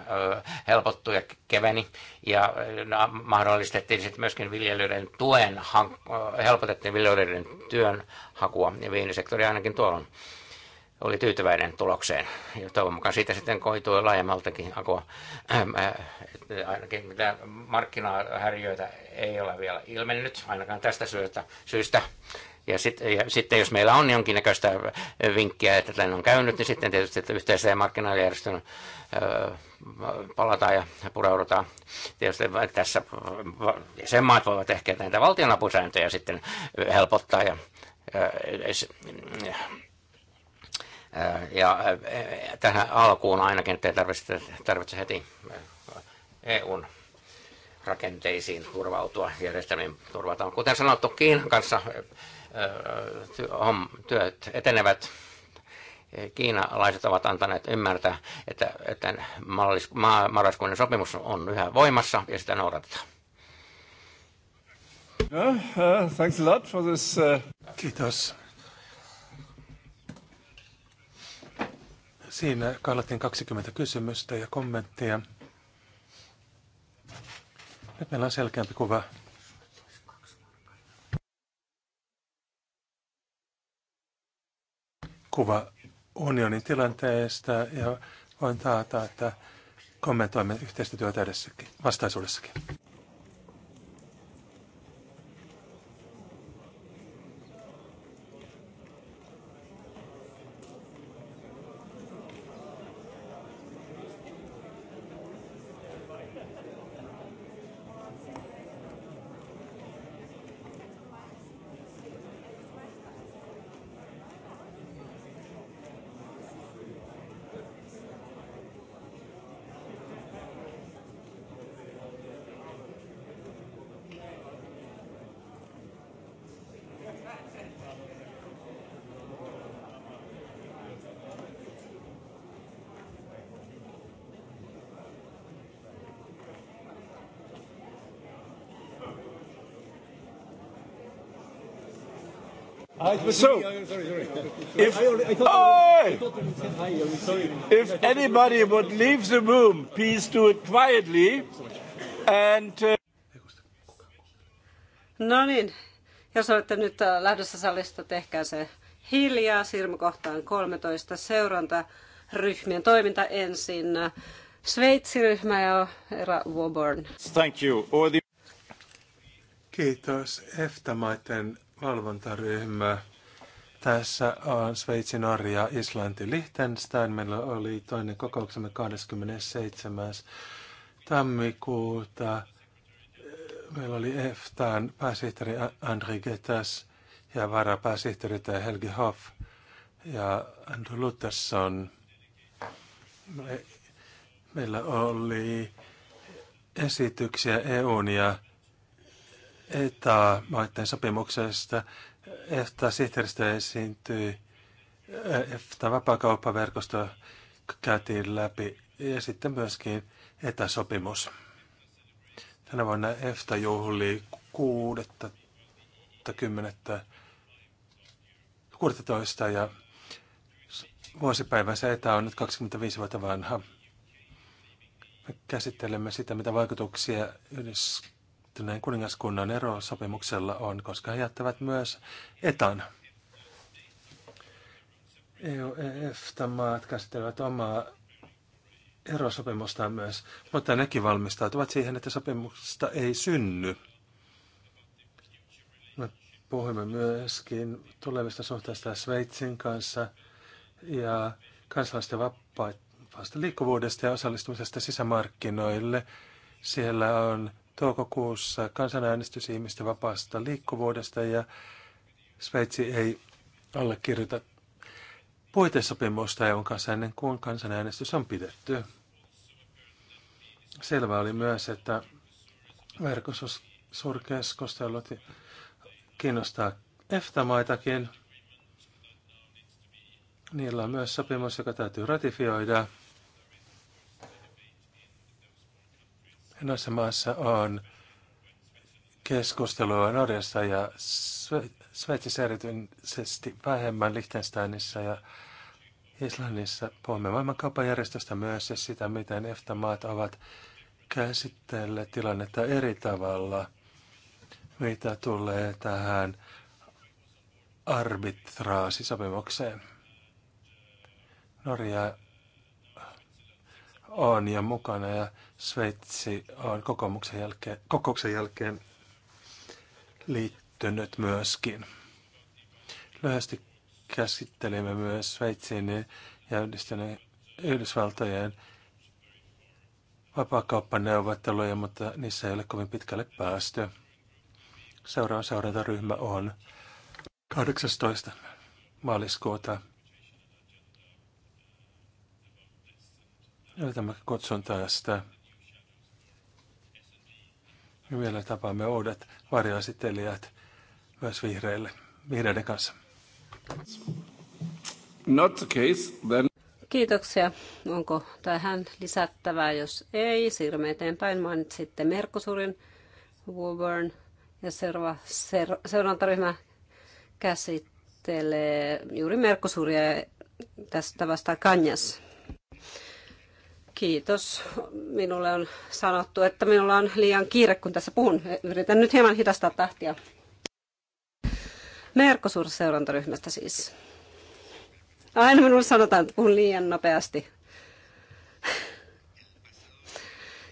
B: helpottui ja keveni ja mahdollistettiin sitten myöskin viljelijöiden tuen, helpotettiin viljelijöiden työn hakua ja viinisektori ainakin tuolla oli tyytyväinen tulokseen. Ja toivon mukaan siitä sitten koitui laajemmaltakin akua. Ähm, äh, ainakin mitään markkinahärjöitä ei ole vielä ilmennyt, ainakaan tästä syystä. syystä. Ja, sit, ja sitten jos meillä on jonkinnäköistä vinkkiä, että tämän on käynyt, niin sitten tietysti että ja markkinajärjestön äh, palataan ja pureudutaan. Tietysti tässä äh, jäsenmaat voivat ehkä näitä valtionapusääntöjä sitten helpottaa ja, ja, ja ja tähän alkuun ainakin, ettei tarvitse, tarvitse heti EUn rakenteisiin turvautua, järjestelmiin turvataan. Kuten sanottu, Kiinan kanssa työt etenevät. Kiinalaiset ovat antaneet ymmärtää, että, että mallis, ma, marraskuinen sopimus on yhä voimassa ja sitä noudatetaan.
C: Yeah, no, uh, thanks a lot for this, uh... Kiitos Siinä kallattiin 20 kysymystä ja kommenttia. Nyt meillä on selkeämpi kuva kuva unionin tilanteesta ja voin taata, että kommentoimme yhteistyötä edessäkin, vastaisuudessakin. So, if, oh,
A: if anybody would leave the room, please do it quietly. And, uh... No niin, jos olette nyt äh, lähdössä salista, tehkää se hiljaa. Siirrymme kohtaan 13 seurantaryhmien toiminta ensin. Sveitsiryhmä ja Era Woburn.
C: Thank you. Kiitos EFTA-maiden valvontaryhmä. Tässä on Sveitsi, Norja, Islanti, Liechtenstein. Meillä oli toinen kokouksemme 27. tammikuuta. Meillä oli EFTAn pääsihteeri Andri Getas ja varapääsihteeri Helge Hoff ja Andrew Luthersson. meillä oli esityksiä EUn ja ETA-maiden sopimuksesta. että sihteeristö esiintyi, että vapaakauppaverkosto käytiin läpi ja sitten myöskin etäsopimus. sopimus Tänä vuonna EFTA juhlii kymmenettä 16 ja vuosipäivänsä etä on nyt 25 vuotta vanha. Me käsittelemme sitä, mitä vaikutuksia yhdessä Yhdistyneen kuningaskunnan erosopimuksella on, koska he jättävät myös etan. EU-EF-maat käsittelevät omaa erosopimustaan myös, mutta nekin valmistautuvat siihen, että sopimusta ei synny. Me puhumme myöskin tulevista suhteista Sveitsin kanssa ja kansalaisten vapaasta liikkuvuudesta ja osallistumisesta sisämarkkinoille. Siellä on toukokuussa kansanäänestys ihmisten vapaasta liikkuvuudesta ja Sveitsi ei allekirjoita puitesopimusta EUn kanssa ennen kuin kansanäänestys on pidetty. Selvä oli myös, että suurkeskustelut kiinnostaa EFTA-maitakin. Niillä on myös sopimus, joka täytyy ratifioida – Noissa maissa on keskustelua Norjassa ja Sveitsissä erityisesti vähemmän Liechtensteinissa ja Islannissa. Puhumme maailmankauppajärjestöstä myös ja sitä, miten EFTA-maat ovat käsitelleet tilannetta eri tavalla, mitä tulee tähän arbitraasisopimukseen. Norja on ja mukana ja Sveitsi on kokouksen jälkeen, kokouksen jälkeen liittynyt myöskin. Lyhyesti käsittelimme myös Sveitsin ja Yhdysvaltojen vapaakauppaneuvotteluja, mutta niissä ei ole kovin pitkälle päästy. Seuraava seurantaryhmä on 18. maaliskuuta mä kutsun tästä. Ja vielä tapaamme uudet varjoesittelijät myös vihreille, vihreiden kanssa.
B: Not the case, then...
A: Kiitoksia. Onko tähän lisättävää? Jos ei, siirrymme eteenpäin. Mainitsitte Merkosurin, Woburn ja seuraava ser- seurantaryhmä käsittelee juuri Merkosuria. Tästä vastaa Kanjas. Kiitos. Minulle on sanottu, että minulla on liian kiire, kun tässä puhun. Yritän nyt hieman hidastaa tahtia. Merkosuurseurantaryhmästä siis. Aina minulle sanotaan, että puhun liian nopeasti.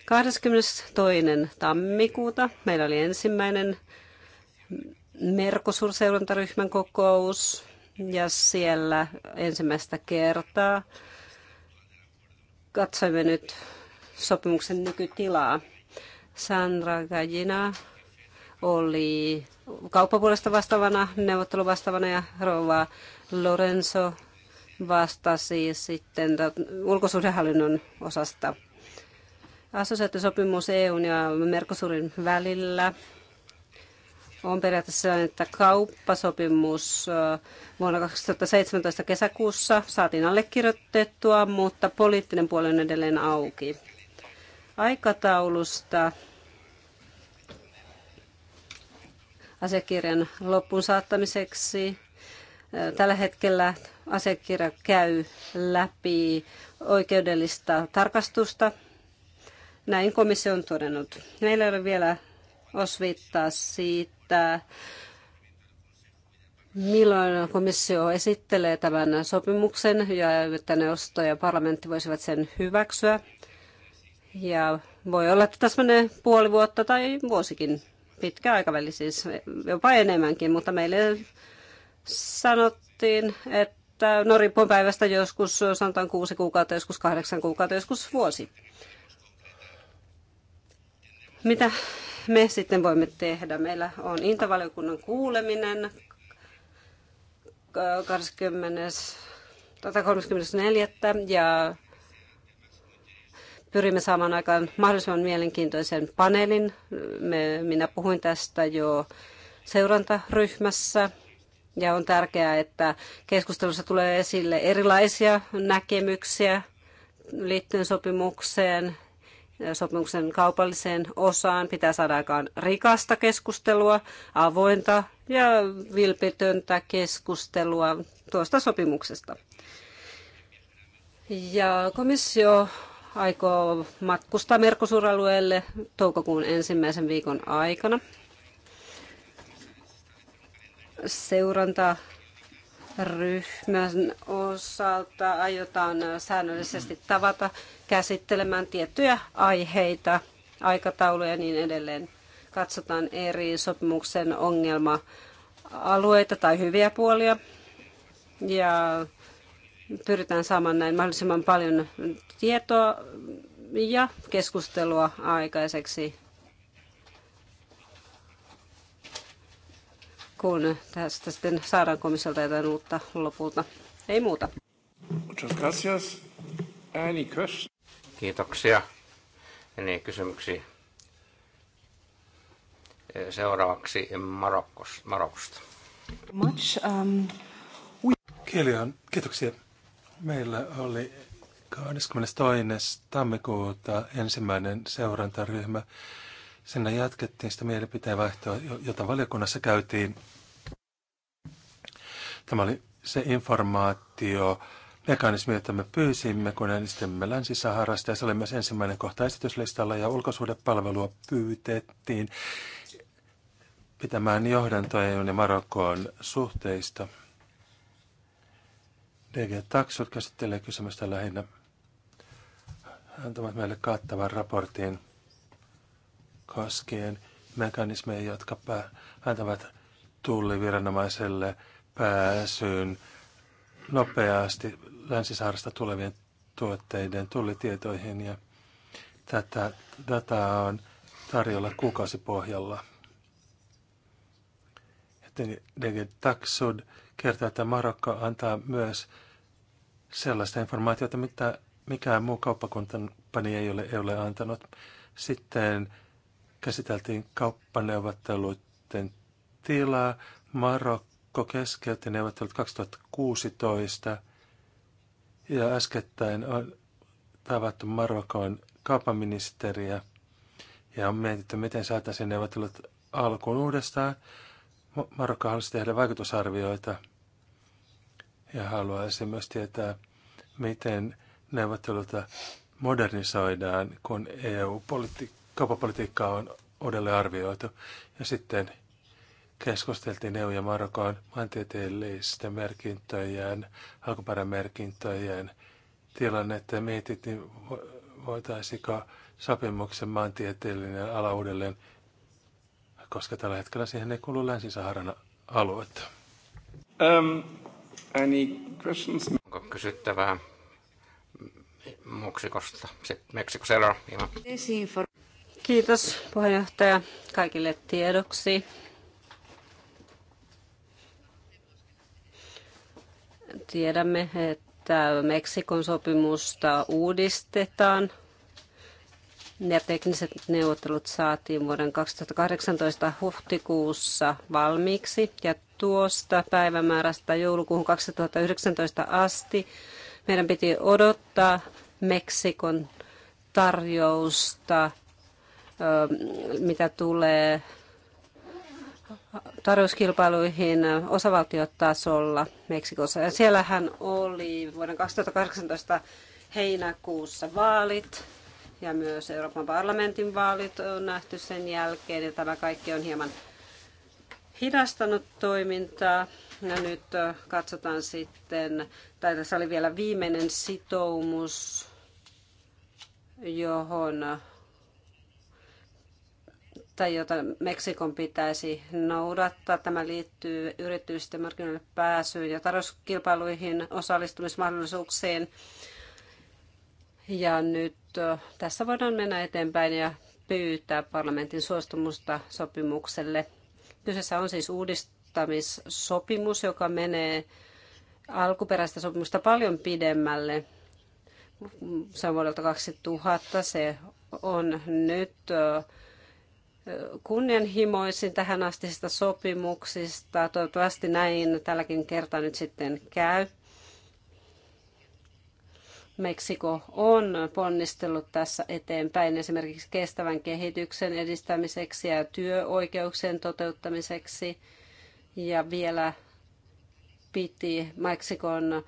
A: 22. tammikuuta meillä oli ensimmäinen Merkosuurseurantaryhmän kokous ja siellä ensimmäistä kertaa katsoimme nyt sopimuksen nykytilaa. Sandra Gajina oli kauppapuolesta vastaavana, vastaavana ja Rova Lorenzo vastasi sitten ulkosuhdehallinnon osasta. Assosiaatiosopimus EUn ja Mercosurin välillä on periaatteessa sellainen, että kauppasopimus vuonna 2017 kesäkuussa saatiin allekirjoitettua, mutta poliittinen puoli on edelleen auki. Aikataulusta asiakirjan loppuun saattamiseksi. Tällä hetkellä asiakirja käy läpi oikeudellista tarkastusta. Näin komissio on todennut. Meillä ei ole vielä osvittaa siitä, milloin komissio esittelee tämän sopimuksen ja että neuvosto ja parlamentti voisivat sen hyväksyä. Ja voi olla, että tässä menee puoli vuotta tai vuosikin, pitkä aikaväli siis, jopa enemmänkin, mutta meille sanottiin, että no riippuen päivästä joskus sanotaan kuusi kuukautta, joskus kahdeksan kuukautta, joskus vuosi. Mitä me sitten voimme tehdä? Meillä on intavaliokunnan kuuleminen 20, 34. ja pyrimme saamaan aikaan mahdollisimman mielenkiintoisen paneelin. Me, minä puhuin tästä jo seurantaryhmässä ja on tärkeää, että keskustelussa tulee esille erilaisia näkemyksiä liittyen sopimukseen sopimuksen kaupalliseen osaan pitää saada aikaan rikasta keskustelua, avointa ja vilpitöntä keskustelua tuosta sopimuksesta. Ja komissio aikoo matkustaa Merkosuralueelle toukokuun ensimmäisen viikon aikana. Seuranta ryhmän osalta aiotaan säännöllisesti tavata käsittelemään tiettyjä aiheita, aikatauluja ja niin edelleen. Katsotaan eri sopimuksen ongelma-alueita tai hyviä puolia ja pyritään saamaan näin mahdollisimman paljon tietoa ja keskustelua aikaiseksi kun tästä sitten saadaan komissiolta jotain uutta lopulta. Ei muuta. Muchas gracias.
B: Any Kiitoksia. Niin, kysymyksiä. Seuraavaksi Marokkos, Marokosta.
A: Much, um, we...
C: Kielian, kiitoksia. Meillä oli 22. tammikuuta ensimmäinen seurantaryhmä Sinne jatkettiin sitä mielipiteenvaihtoa, jota valiokunnassa käytiin. Tämä oli se informaatio, mekanismi, jota me pyysimme, kun äänestimme Länsi-Saharasta, ja se oli myös ensimmäinen kohta esityslistalla, ja ulkosuhdepalvelua pyytettiin pitämään johdantoa EUn ja Marokkoon suhteista. DG Taksut käsittelee kysymystä lähinnä antavat meille kattavan raportin koskien mekanismeja, jotka antavat tulliviranomaiselle pääsyyn nopeasti länsisaaresta tulevien tuotteiden tullitietoihin ja tätä dataa on tarjolla kuukausipohjalla. DG Taksud kertoo, että Marokko antaa myös sellaista informaatiota, mitä mikään muu kauppakuntapani ei ole, ei ole antanut. Sitten käsiteltiin kauppaneuvotteluiden tilaa. Marokko keskeytti neuvottelut 2016 ja äskettäin on tavattu Marokon kauppaministeriä ja on mietitty, miten saataisiin neuvottelut alkuun uudestaan. Marokko halusi tehdä vaikutusarvioita ja haluaisi myös tietää, miten neuvotteluta modernisoidaan, kun EU-politiikka kauppapolitiikkaa on uudelleen arvioitu. Ja sitten keskusteltiin EU ja Marokon maantieteellisten merkintöjen, alkuperämerkintöjen tilannetta ja mietittiin, voitaisiko sopimuksen maantieteellinen ala uudelleen, koska tällä hetkellä siihen ei kuulu Länsi-Saharan
B: aluetta. Um, any questions? Onko kysyttävää Meksikosta? Meksiko Sera,
A: Kiitos puheenjohtaja kaikille tiedoksi. Tiedämme, että Meksikon sopimusta uudistetaan Ne tekniset neuvottelut saatiin vuoden 2018 huhtikuussa valmiiksi ja tuosta päivämäärästä joulukuuhun 2019 asti meidän piti odottaa Meksikon tarjousta mitä tulee tarjouskilpailuihin osavaltiotasolla Meksikossa. Ja siellähän oli vuoden 2018 heinäkuussa vaalit ja myös Euroopan parlamentin vaalit on nähty sen jälkeen. Ja tämä kaikki on hieman hidastanut toimintaa. Ja nyt katsotaan sitten, tai tässä oli vielä viimeinen sitoumus, johon tai jota Meksikon pitäisi noudattaa. Tämä liittyy yritysten markkinoille pääsyyn ja tarjouskilpailuihin, osallistumismahdollisuuksiin. Ja nyt äh, tässä voidaan mennä eteenpäin ja pyytää parlamentin suostumusta sopimukselle. Kyseessä on siis uudistamissopimus, joka menee alkuperäistä sopimusta paljon pidemmälle. Se on vuodelta 2000, se on nyt äh, kunnianhimoisin tähän sitä sopimuksista. Toivottavasti näin tälläkin kertaa nyt sitten käy. Meksiko on ponnistellut tässä eteenpäin esimerkiksi kestävän kehityksen edistämiseksi ja työoikeuksien toteuttamiseksi. Ja vielä piti Meksikon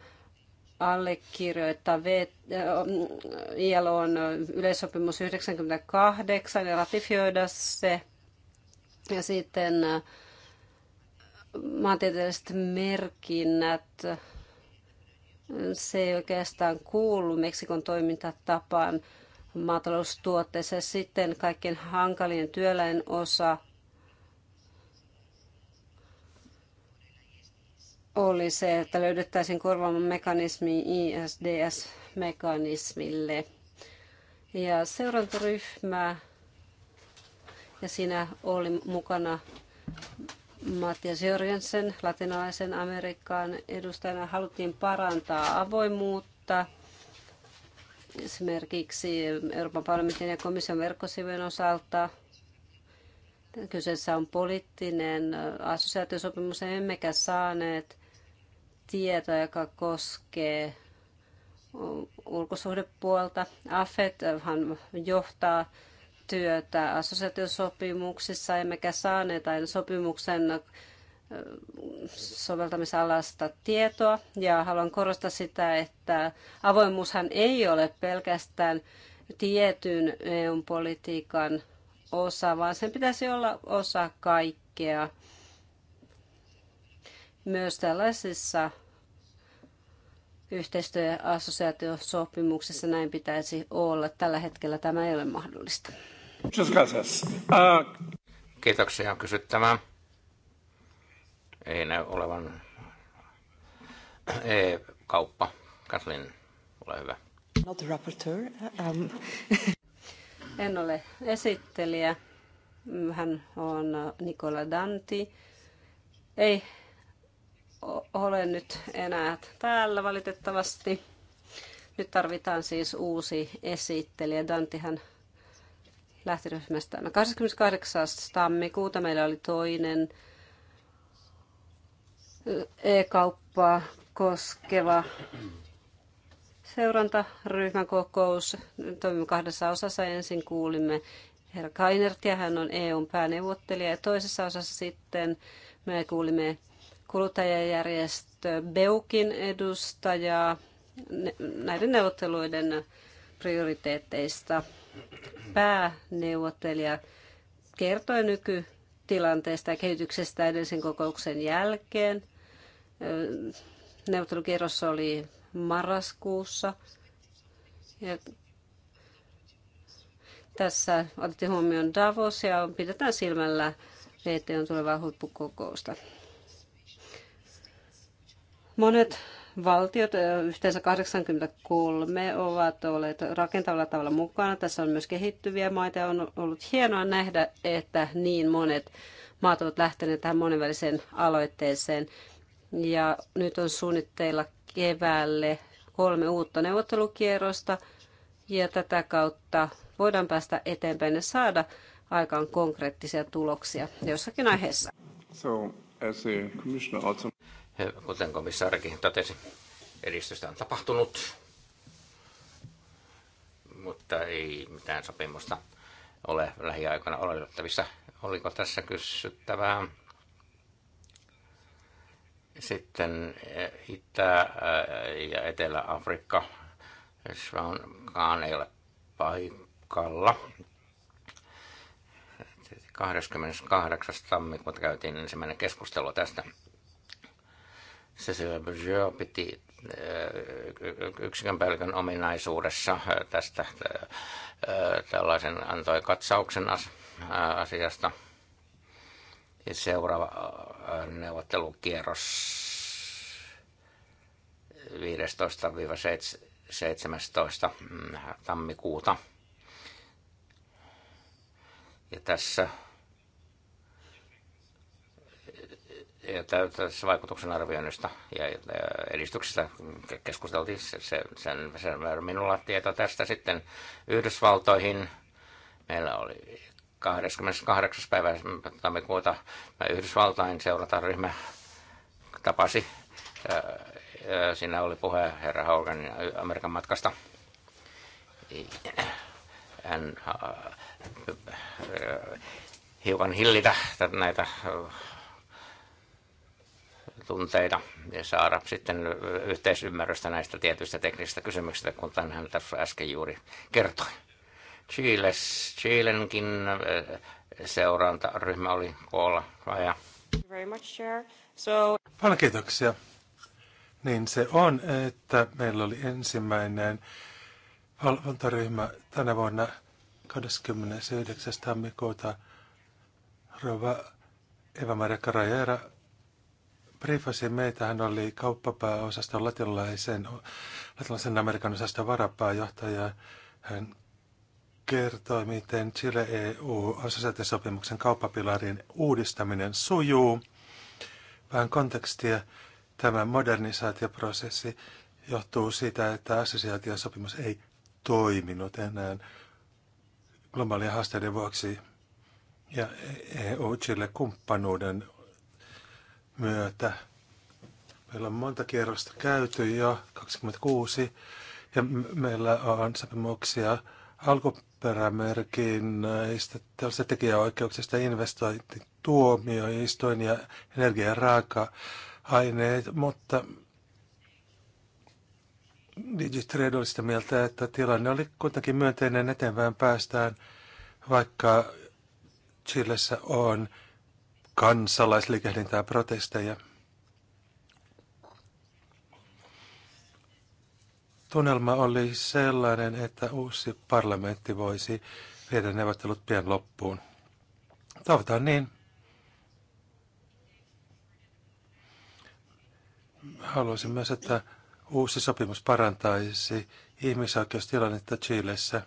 A: allekirjoittaa äh, ILOn yleissopimus 98 ja ratifioida se. Ja sitten äh, maantieteelliset merkinnät, se ei oikeastaan kuulu Meksikon toimintatapaan maataloustuotteessa. Sitten kaikkein hankalin työläin osa oli se, että löydettäisiin korvaamaan mekanismi ISDS-mekanismille. Ja seurantaryhmä, ja siinä oli mukana Mattias Jörgensen latinalaisen Amerikan edustajana. Haluttiin parantaa avoimuutta esimerkiksi Euroopan parlamentin ja komission verkkosivujen osalta. Kyseessä on poliittinen assosiaatiosopimus, emmekä saaneet tieto, joka koskee ulkosuhdepuolta. AFET johtaa työtä assosiaatiosopimuksissa, emmekä saaneet aina sopimuksen soveltamisalasta tietoa. Ja haluan korostaa sitä, että avoimuushan ei ole pelkästään tietyn EU-politiikan osa, vaan sen pitäisi olla osa kaikkea myös tällaisissa yhteistyö- ja assosiaatiosopimuksissa näin pitäisi olla. Tällä hetkellä tämä ei ole mahdollista.
B: Ah. Kiitoksia kysyttämään. Ei näy olevan e-kauppa. Kathleen, ole hyvä.
A: Not the rapporteur. Um. en ole esittelijä. Hän on Nicola Danti. Ei ole nyt enää täällä valitettavasti. Nyt tarvitaan siis uusi esittelijä. Dantihan lähti ryhmästä. 28. tammikuuta meillä oli toinen e-kauppaa koskeva seurantaryhmän kokous. Toimimme kahdessa osassa. Ensin kuulimme herra Kainert ja hän on EUn pääneuvottelija. Ja toisessa osassa sitten me kuulimme kuluttajajärjestö Beukin edustajaa näiden neuvotteluiden prioriteetteista. Pääneuvottelija kertoi nykytilanteesta ja kehityksestä edellisen kokouksen jälkeen. Neuvottelukierros oli marraskuussa. Ja tässä otettiin huomioon Davos ja pidetään silmällä VTOn tulevaa huippukokousta. Monet valtiot, yhteensä 83, ovat olleet rakentavalla tavalla mukana. Tässä on myös kehittyviä maita on ollut hienoa nähdä, että niin monet maat ovat lähteneet tähän monenväliseen aloitteeseen. Ja nyt on suunnitteilla keväälle kolme uutta neuvottelukierrosta ja tätä kautta voidaan päästä eteenpäin ja saada aikaan konkreettisia tuloksia jossakin aiheessa. So, as a commissioner also
B: kuten komissaarikin totesi, edistystä on tapahtunut, mutta ei mitään sopimusta ole lähiaikoina odotettavissa. Oliko tässä kysyttävää? Sitten eh, Itä- eh, ja Etelä-Afrikka. Svankaan ei ole paikalla. 28. tammikuuta käytiin ensimmäinen keskustelu tästä se Bourgeois piti eh, yksikön pelkän ominaisuudessa eh, tästä eh, tällaisen antoi katsauksen asiasta. Ja seuraava neuvottelukierros 15-17 mm, tammikuuta. Ja tässä tässä vaikutuksen arvioinnista ja edistyksestä keskusteltiin. Se, sen, sen, minulla tieto tästä sitten Yhdysvaltoihin. Meillä oli 28. päivä tammikuuta Yhdysvaltain seurantaryhmä tapasi. Siinä oli puhe herra Hoganin Amerikan matkasta. Hän hiukan hillitä näitä tunteita ja saada sitten yhteisymmärrystä näistä tietyistä teknisistä kysymyksistä, kun hän tässä äsken juuri kertoi. Chiles, Chilenkin seurantaryhmä oli koolla. Raja.
A: Very much, Chair. So... Paljon
C: kiitoksia. Niin se on, että meillä oli ensimmäinen valvontaryhmä tänä vuonna 29. tammikuuta. Rova Eva-Maria Carajera briefasi meitä, hän oli kauppapääosaston latinalaisen, latinalaisen Amerikan osaston varapääjohtaja. Hän kertoi, miten Chile EU sopimuksen kauppapilarin uudistaminen sujuu. Vähän kontekstia. Tämä modernisaatioprosessi johtuu siitä, että sopimus ei toiminut enää globaalien haasteiden vuoksi ja EU-Chile kumppanuuden myötä. Meillä on monta kierrosta käyty jo, 26, ja meillä on sopimuksia alkuperämerkinnöistä, tällaista tekijäoikeuksista, investointituomioistuin ja energia- ja raaka-aineet, mutta Digitred oli sitä mieltä, että tilanne oli kuitenkin myönteinen eteenpäin päästään, vaikka Chilessä on kansalaisliikehdintää protesteja. Tunnelma oli sellainen, että uusi parlamentti voisi viedä neuvottelut pian loppuun. Toivotaan niin. Haluaisin myös, että uusi sopimus parantaisi ihmisoikeustilannetta Chilessä,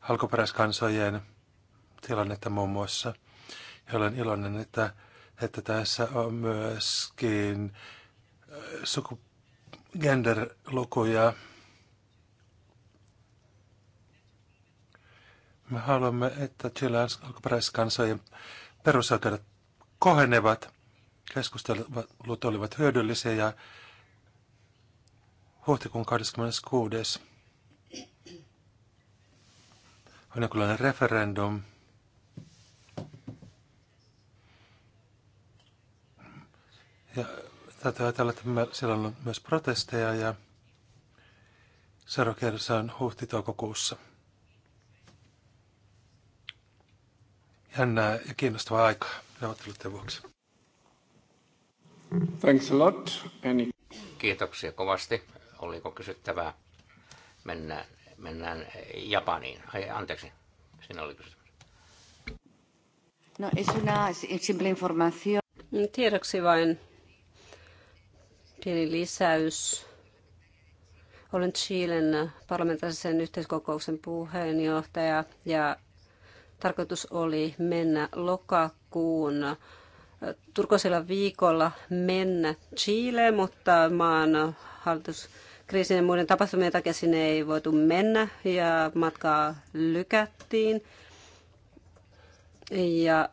C: alkuperäiskansojen tilannetta muun muassa – ja olen iloinen, että, että tässä on myöskin äh, suku, lukuja Me haluamme, että Chilean alkuperäiskansojen perusoikeudet kohenevat. Keskustelut olivat hyödyllisiä ja huhtikuun 26. on jokinlainen referendum – Ja täytyy ajatella, että siellä on myös protesteja ja Sarokersa on huhti-toukokuussa. Jännää ja kiinnostavaa aikaa neuvotteluiden vuoksi.
B: Thanks a lot. Any... Kiitoksia kovasti. Oliko kysyttävää? Mennään, mennään Japaniin. Ai, anteeksi, sinä oli kysymys.
A: No, es una simple información. Tiedoksi vain pieni lisäys. Olen Chilen parlamentaarisen yhteiskokouksen puheenjohtaja ja tarkoitus oli mennä lokakuun äh, turkoisella viikolla mennä Chileen, mutta maan hallitus kriisin ja muiden tapahtumien takia sinne ei voitu mennä ja matkaa lykättiin. Ja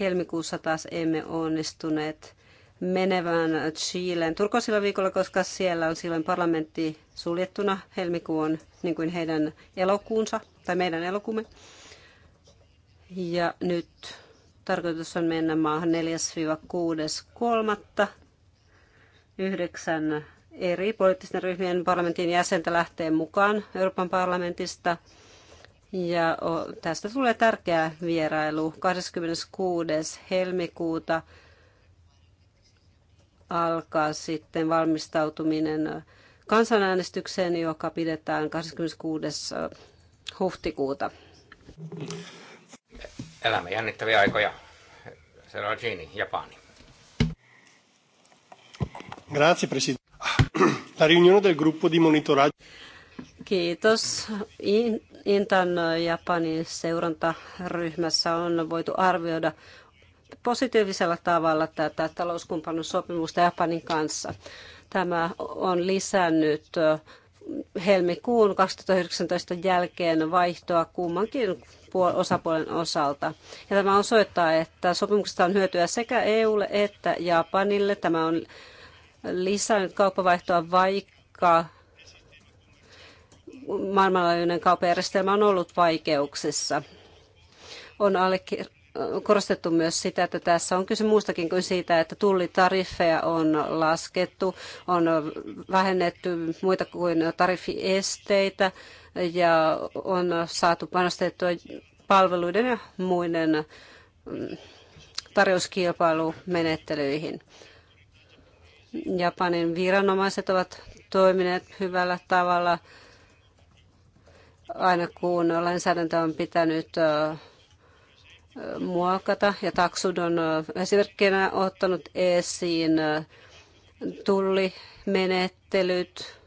A: helmikuussa taas emme onnistuneet menevän Chileen turkoisilla viikolla, koska siellä on silloin parlamentti suljettuna. helmikuun niin kuin heidän elokuunsa, tai meidän elokuumme. Ja nyt tarkoitus on mennä maahan 4-6.3. Yhdeksän eri poliittisten ryhmien parlamentin jäsentä lähtee mukaan Euroopan parlamentista. Ja tästä tulee tärkeä vierailu 26. helmikuuta alkaa sitten valmistautuminen kansanäänestykseen, joka pidetään 26. huhtikuuta.
B: Elämme jännittäviä aikoja. Seuraava Gini, Japani.
C: Grazie, Presidente. La riunione del gruppo di monitoraggio.
A: Kiitos. Intan Japanin seurantaryhmässä on voitu arvioida, positiivisella tavalla tätä talouskumppanuussopimusta Japanin kanssa. Tämä on lisännyt helmikuun 2019 jälkeen vaihtoa kummankin osapuolen osalta. Ja tämä osoittaa, että sopimuksesta on hyötyä sekä EUlle että Japanille. Tämä on lisännyt kauppavaihtoa, vaikka maailmanlaajuinen kauppajärjestelmä on ollut vaikeuksissa. On allekir- korostettu myös sitä, että tässä on kyse muustakin kuin siitä, että tullitariffeja on laskettu, on vähennetty muita kuin tariffiesteitä ja on saatu panostettua palveluiden ja muiden mm, tarjouskilpailumenettelyihin. Japanin viranomaiset ovat toimineet hyvällä tavalla aina kun lainsäädäntö on pitänyt muokata. Ja Taksud on esimerkkinä ottanut esiin tullimenettelyt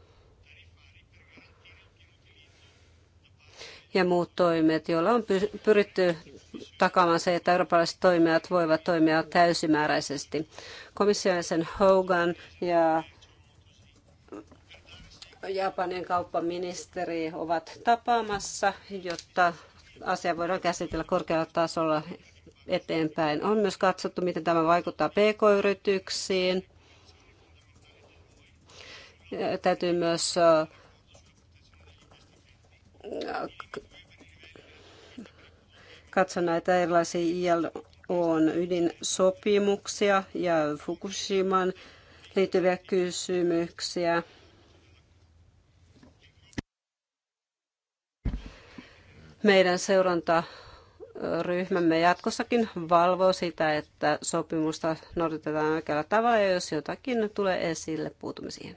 A: ja muut toimet, joilla on pyritty takaamaan se, että eurooppalaiset toimijat voivat toimia täysimääräisesti. Komission jäsen Hogan ja Japanin kauppaministeri ovat tapaamassa, jotta asia voidaan käsitellä korkealla tasolla eteenpäin. On myös katsottu, miten tämä vaikuttaa pk-yrityksiin. Täytyy myös katsoa näitä erilaisia ILOn ydinsopimuksia ja Fukushiman liittyviä kysymyksiä. Meidän seurantaryhmämme jatkossakin valvoo sitä, että sopimusta noudatetaan oikealla tavalla ja jos jotakin tulee esille, puutumme siihen.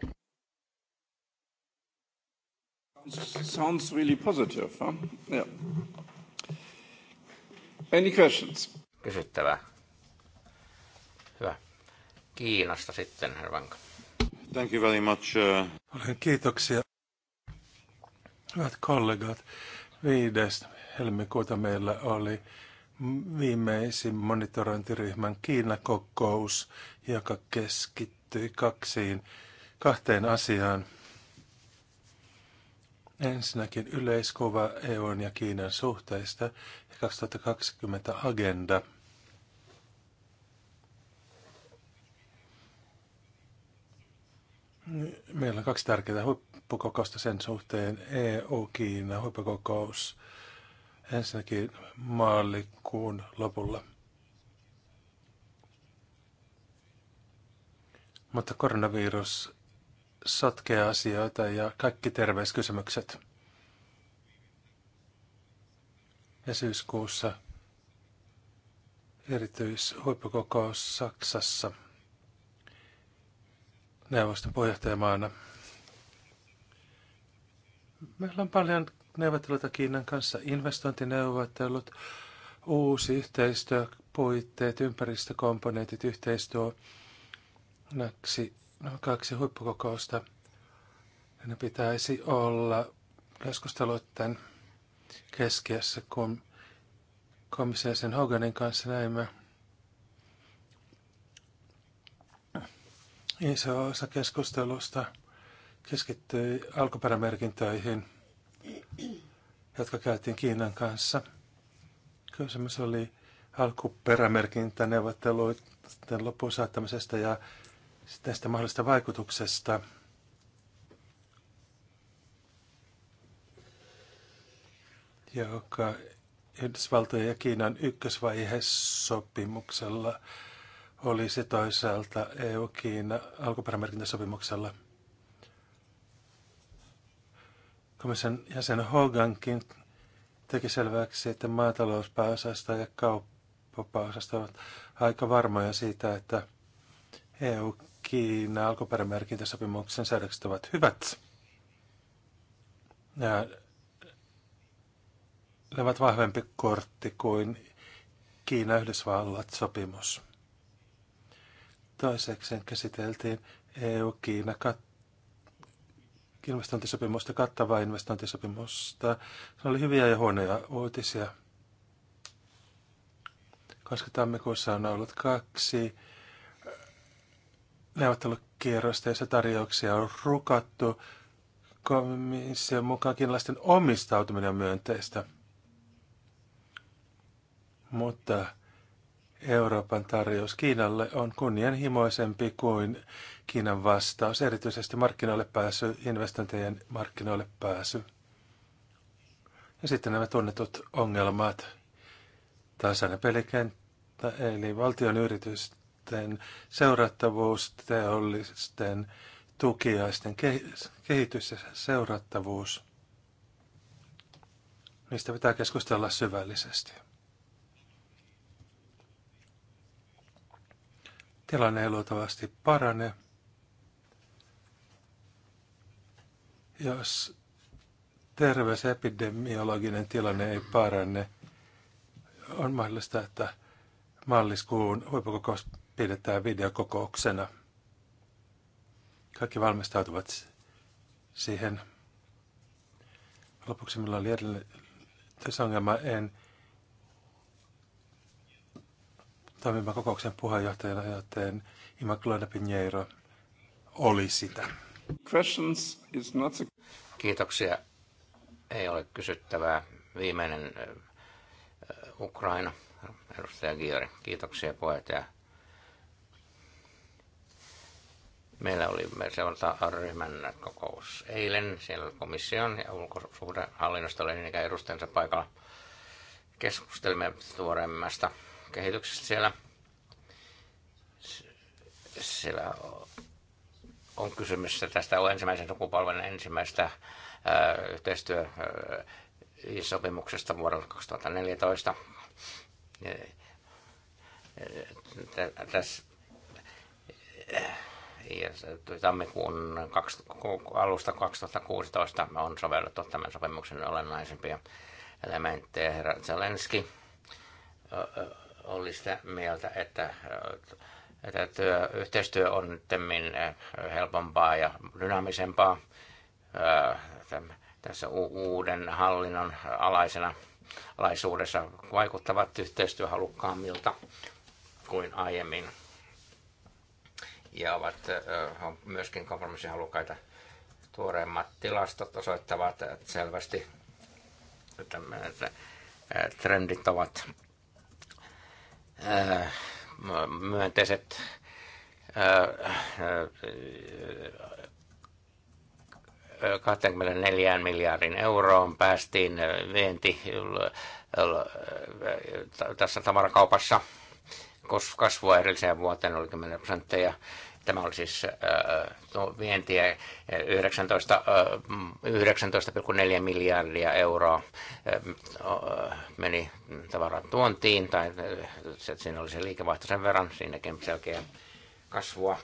A: Sounds really positive, huh? yeah. Any questions?
B: Kysyttävää. Hyvä. Kiinasta sitten, herra Vanka. Thank you very much. Uh,
C: Olen kiitoksia. Hyvät kollegat, 5. helmikuuta meillä oli viimeisin monitorointiryhmän Kiinakokous, joka keskittyi kaksiin, kahteen asiaan. Ensinnäkin yleiskuva EUn ja Kiinan suhteista ja 2020 agenda. Meillä on kaksi tärkeää huippukokousta sen suhteen EU-Kiina huippukokous ensinnäkin maalikuun lopulla. Mutta koronavirus sotkee asioita ja kaikki terveyskysymykset. Ja syyskuussa erityishuippukokous Saksassa neuvoston puheenjohtajamaana – Meillä on paljon neuvotteluita Kiinan kanssa, investointineuvottelut, uusi yhteistyö, puitteet, ympäristökomponentit, yhteistyö. Näksi, no kaksi huippukokousta. Ja ne pitäisi olla keskusteluiden keskiössä, kun sen Hoganin kanssa näimme iso osa keskustelusta – keskittyi alkuperämerkintöihin, jotka käytiin Kiinan kanssa. Kysymys oli alkuperämerkintä neuvotteluiden loppuun saattamisesta ja tästä mahdollisesta vaikutuksesta. joka Yhdysvaltojen ja Kiinan ykkösvaihe sopimuksella olisi toisaalta EU-Kiina alkuperämerkintäsopimuksella – Komission jäsen Hogankin teki selväksi, että maatalouspääosasta ja kauppapääosasta ovat aika varmoja siitä, että EU-Kiina alkuperämerkintäsopimuksen säädökset ovat hyvät. Ja ne ovat vahvempi kortti kuin Kiina-Yhdysvallat sopimus. Toiseksi käsiteltiin EU-Kiina katto investointisopimusta, kattavaa investointisopimusta. Se oli hyviä ja huonoja uutisia. 20. tammikuussa on ollut kaksi äh, neuvottelukierrosta, joissa tarjouksia on rukattu. Komission mukaan kiinalaisten omistautuminen on myönteistä. Mutta Euroopan tarjous Kiinalle on kunnianhimoisempi kuin Kiinan vastaus, erityisesti markkinoille pääsy, investointien markkinoille pääsy. Ja sitten nämä tunnetut ongelmat. Tasainen pelikenttä, eli valtion yritysten seurattavuus, teollisten tukiaisten kehitys ja seurattavuus. Niistä pitää keskustella syvällisesti. Tilanne ei luultavasti parane. Jos terveysepidemiologinen tilanne ei parane, on mahdollista, että maaliskuun huippukokous pidetään videokokouksena. Kaikki valmistautuvat siihen. Lopuksi meillä oli edellinen ongelma. En toimimaan kokouksen puheenjohtajana, joten Immaculada Pinheiro
B: oli sitä. Kiitoksia. Ei ole kysyttävää. Viimeinen Ukraina, edustaja Giori. Kiitoksia puheenjohtaja. Meillä oli seurantaryhmän kokous eilen. Siellä komission ja ulkosuhdehallinnosta oli niin edustajansa paikalla. Keskustelimme tuoreimmasta kehityksestä siellä. Siellä on kysymys tästä ensimmäisen sukupolven ensimmäistä äh, yhteistyösopimuksesta äh, vuodelta 2014. Tässä ja äh, tammikuun alusta 2016 on sovellettu tämän sopimuksen olennaisempia elementtejä. Herra Zelenski oli sitä mieltä, että, että työ, yhteistyö on temmin äh, helpompaa ja dynaamisempaa äh, tässä uuden hallinnon alaisena alaisuudessa vaikuttavat yhteistyöhalukkaammilta kuin aiemmin. Ja ovat äh, myöskin kompromissihalukkaita. Tuoreimmat tilastot osoittavat selvästi, että trendit ovat Äh, myönteiset äh, 24 äh, miljardin euroon päästiin äh, vienti tässä tavarakaupassa, koska kasvua edelliseen vuoteen oli 10 prosenttia. Tämä oli siis äh, vientiä 19,4 äh, äh, miljardia euroa meni tavaran tuontiin, tai siinä oli se liikevaihto sen verran, siinäkin selkeä kasvua.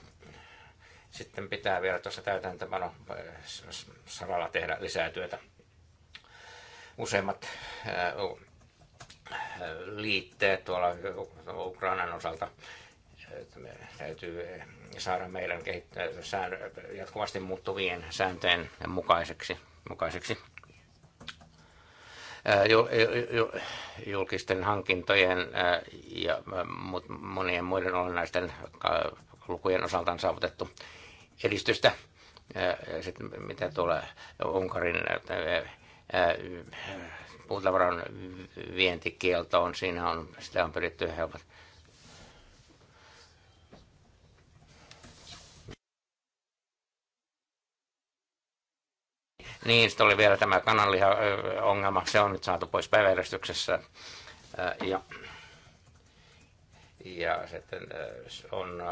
B: Sitten pitää vielä tuossa täytäntöpano saralla tehdä lisää työtä. Useimmat liitteet tuolla Ukrainan osalta täytyy saada meidän jatkuvasti muuttuvien sääntöjen mukaiseksi. mukaiseksi. Julkisten hankintojen ja monien muiden olennaisten lukujen osalta on saavutettu edistystä. Sitten mitä tulee Unkarin puutavaran vientikieltoon, siinä on, sitä on pyritty helpottamaan Niin, sitten oli vielä tämä kananliha-ongelma. Se on nyt saatu pois päiväjärjestyksessä. Ja, ja sitten on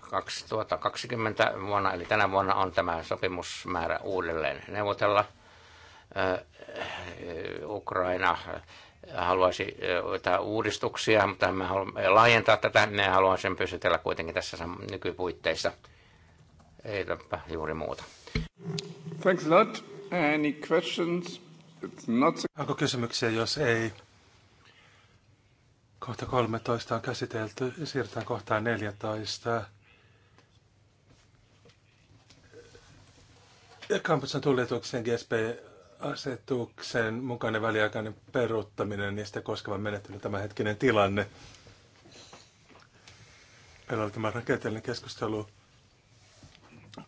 B: 2020 vuonna, eli tänä vuonna on tämä sopimusmäärä uudelleen neuvotella. Ukraina haluaisi jotain uudistuksia, mutta me haluamme laajentaa tätä. Me haluamme sen pysytellä kuitenkin tässä nykypuitteissa – Eipä juuri muuta.
C: Thanks a lot. Any questions? It's not... Onko kysymyksiä, jos ei? Kohta 13 on käsitelty. Siirrytään kohtaan 14. Kampuksen tuljetuksen GSP-asetuksen mukainen väliaikainen peruuttaminen ja sitä koskevan menettelyn tämänhetkinen tilanne. Meillä oli tämä rakenteellinen keskustelu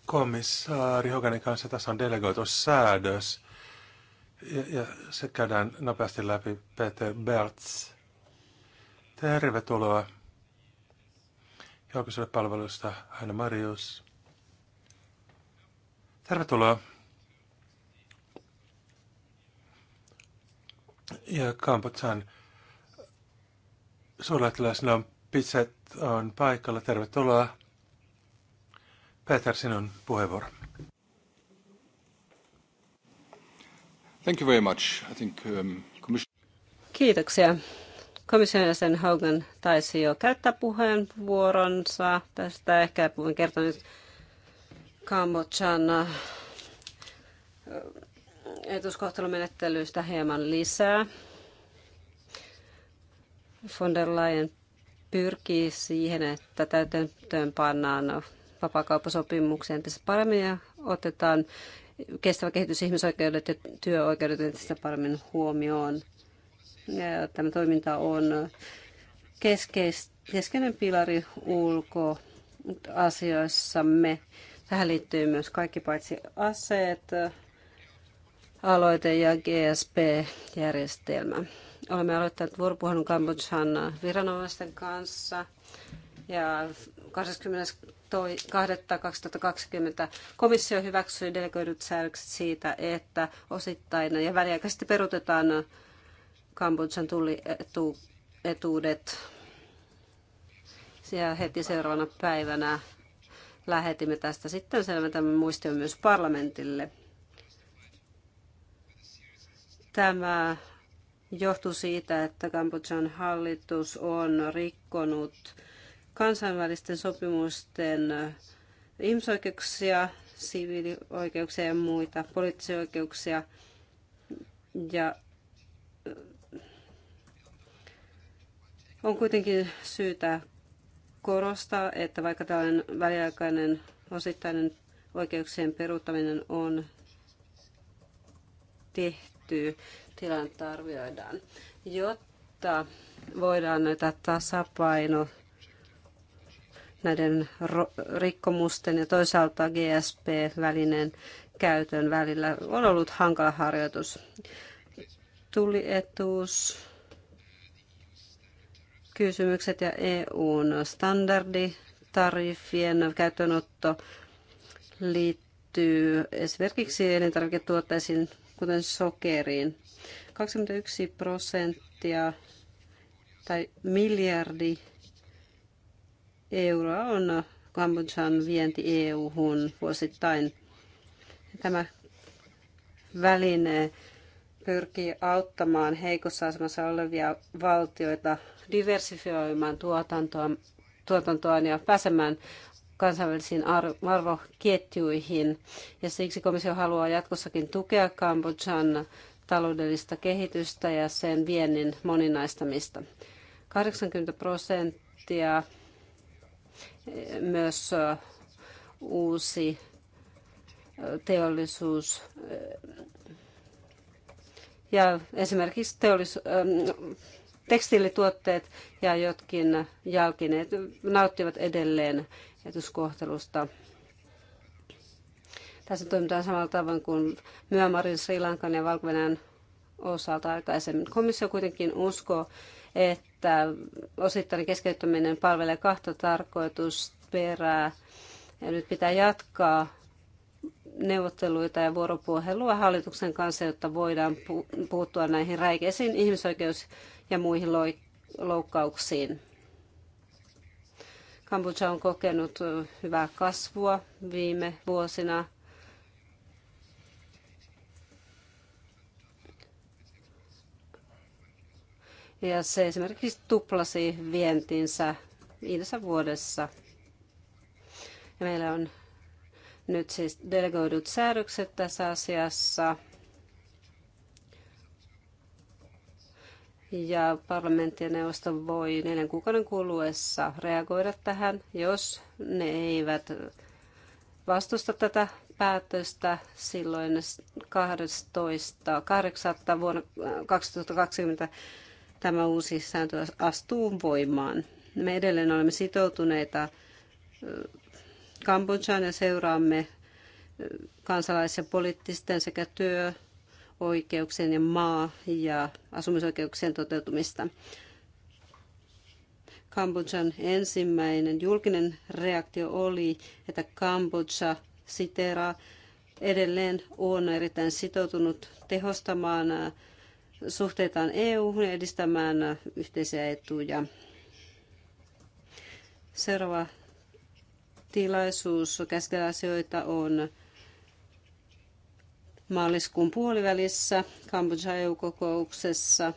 C: komissaari Hoganin kanssa. Tässä on delegoitu säädös ja, ja se käydään nopeasti läpi. Peter Bertz. Tervetuloa julkiselle palvelusta Hanna Marius. Tervetuloa. Ja Kampotsan suurlähettiläisenä on Pitset on paikalla. Tervetuloa. Peter, sinun puheenvuoro. Thank you very much. I think, um, commission...
A: Kiitoksia. Komission jäsen Hogan taisi jo käyttää puheenvuoronsa tästä. Ehkä olen kertonut Kambodjan äh, etuskohtelumenettelyistä hieman lisää. Von der Leyen pyrkii siihen, että täytäntöön pannaan vapaakauppasopimukseen entistä paremmin ja otetaan kestävä kehitys, ihmisoikeudet ja työoikeudet entistä paremmin huomioon. Ja tämä toiminta on keskeis, keskeinen pilari ulkoasioissamme. Tähän liittyy myös kaikki paitsi aseet, aloite ja GSP-järjestelmä. Olemme aloittaneet vuoropuhelun Kambodžan viranomaisten kanssa ja 20. 2020 komissio hyväksyi delegoidut säädökset siitä, että osittain ja väliaikaisesti perutetaan Kambodjan tullietuudet. Ja heti seuraavana päivänä lähetimme tästä sitten selventämme muistion myös parlamentille. Tämä johtuu siitä, että Kambodjan hallitus on rikkonut kansainvälisten sopimusten ihmisoikeuksia, siviilioikeuksia ja muita, poliittisia oikeuksia. Ja on kuitenkin syytä korostaa, että vaikka tällainen väliaikainen osittainen oikeuksien peruuttaminen on tehty, tilannetta arvioidaan, jotta voidaan näitä tasapaino näiden rikkomusten ja toisaalta GSP-välinen käytön välillä on ollut hankala harjoitus. tuli etuus, kysymykset ja EUn standarditariffien käyttöönotto liittyy esimerkiksi elintarviketuotteisiin, kuten sokeriin. 21 prosenttia tai miljardi euroa on Kambodžan vienti EU-hun vuosittain. Tämä väline pyrkii auttamaan heikossa asemassa olevia valtioita diversifioimaan tuotantoa, tuotantoaan ja pääsemään kansainvälisiin arvoketjuihin. Ja siksi komissio haluaa jatkossakin tukea Kambodžan taloudellista kehitystä ja sen viennin moninaistamista. 80 prosenttia myös uusi teollisuus ja esimerkiksi teollis, tekstiilituotteet ja jotkin jalkineet nauttivat edelleen etuskohtelusta. Tässä toimitaan samalla tavoin kuin Myanmarin, Sri Lankan ja valko osalta aikaisemmin. Komissio kuitenkin uskoo, että että osittainen keskeyttäminen palvelee kahta tarkoitusperää ja nyt pitää jatkaa neuvotteluita ja vuoropuhelua hallituksen kanssa, jotta voidaan puuttua näihin räikeisiin ihmisoikeus- ja muihin loukkauksiin. Kambodža on kokenut hyvää kasvua viime vuosina – ja se esimerkiksi tuplasi vientinsä viidessä vuodessa. Ja meillä on nyt siis delegoidut säädökset tässä asiassa. Ja parlamentti ja neuvosto voi neljän kuukauden kuluessa reagoida tähän, jos ne eivät vastusta tätä päätöstä silloin 12.8. vuonna 2020 tämä uusi sääntö astuu voimaan. Me edelleen olemme sitoutuneita Kambodžaan ja seuraamme kansalais- ja poliittisten sekä työoikeuksien ja maa- ja asumisoikeuksien toteutumista. Kambodžan ensimmäinen julkinen reaktio oli, että Kambodža sitera edelleen on erittäin sitoutunut tehostamaan suhteitaan EU-hun ja edistämään yhteisiä etuja. Seuraava tilaisuus käsitellä asioita on maaliskuun puolivälissä Kambodža EU-kokouksessa.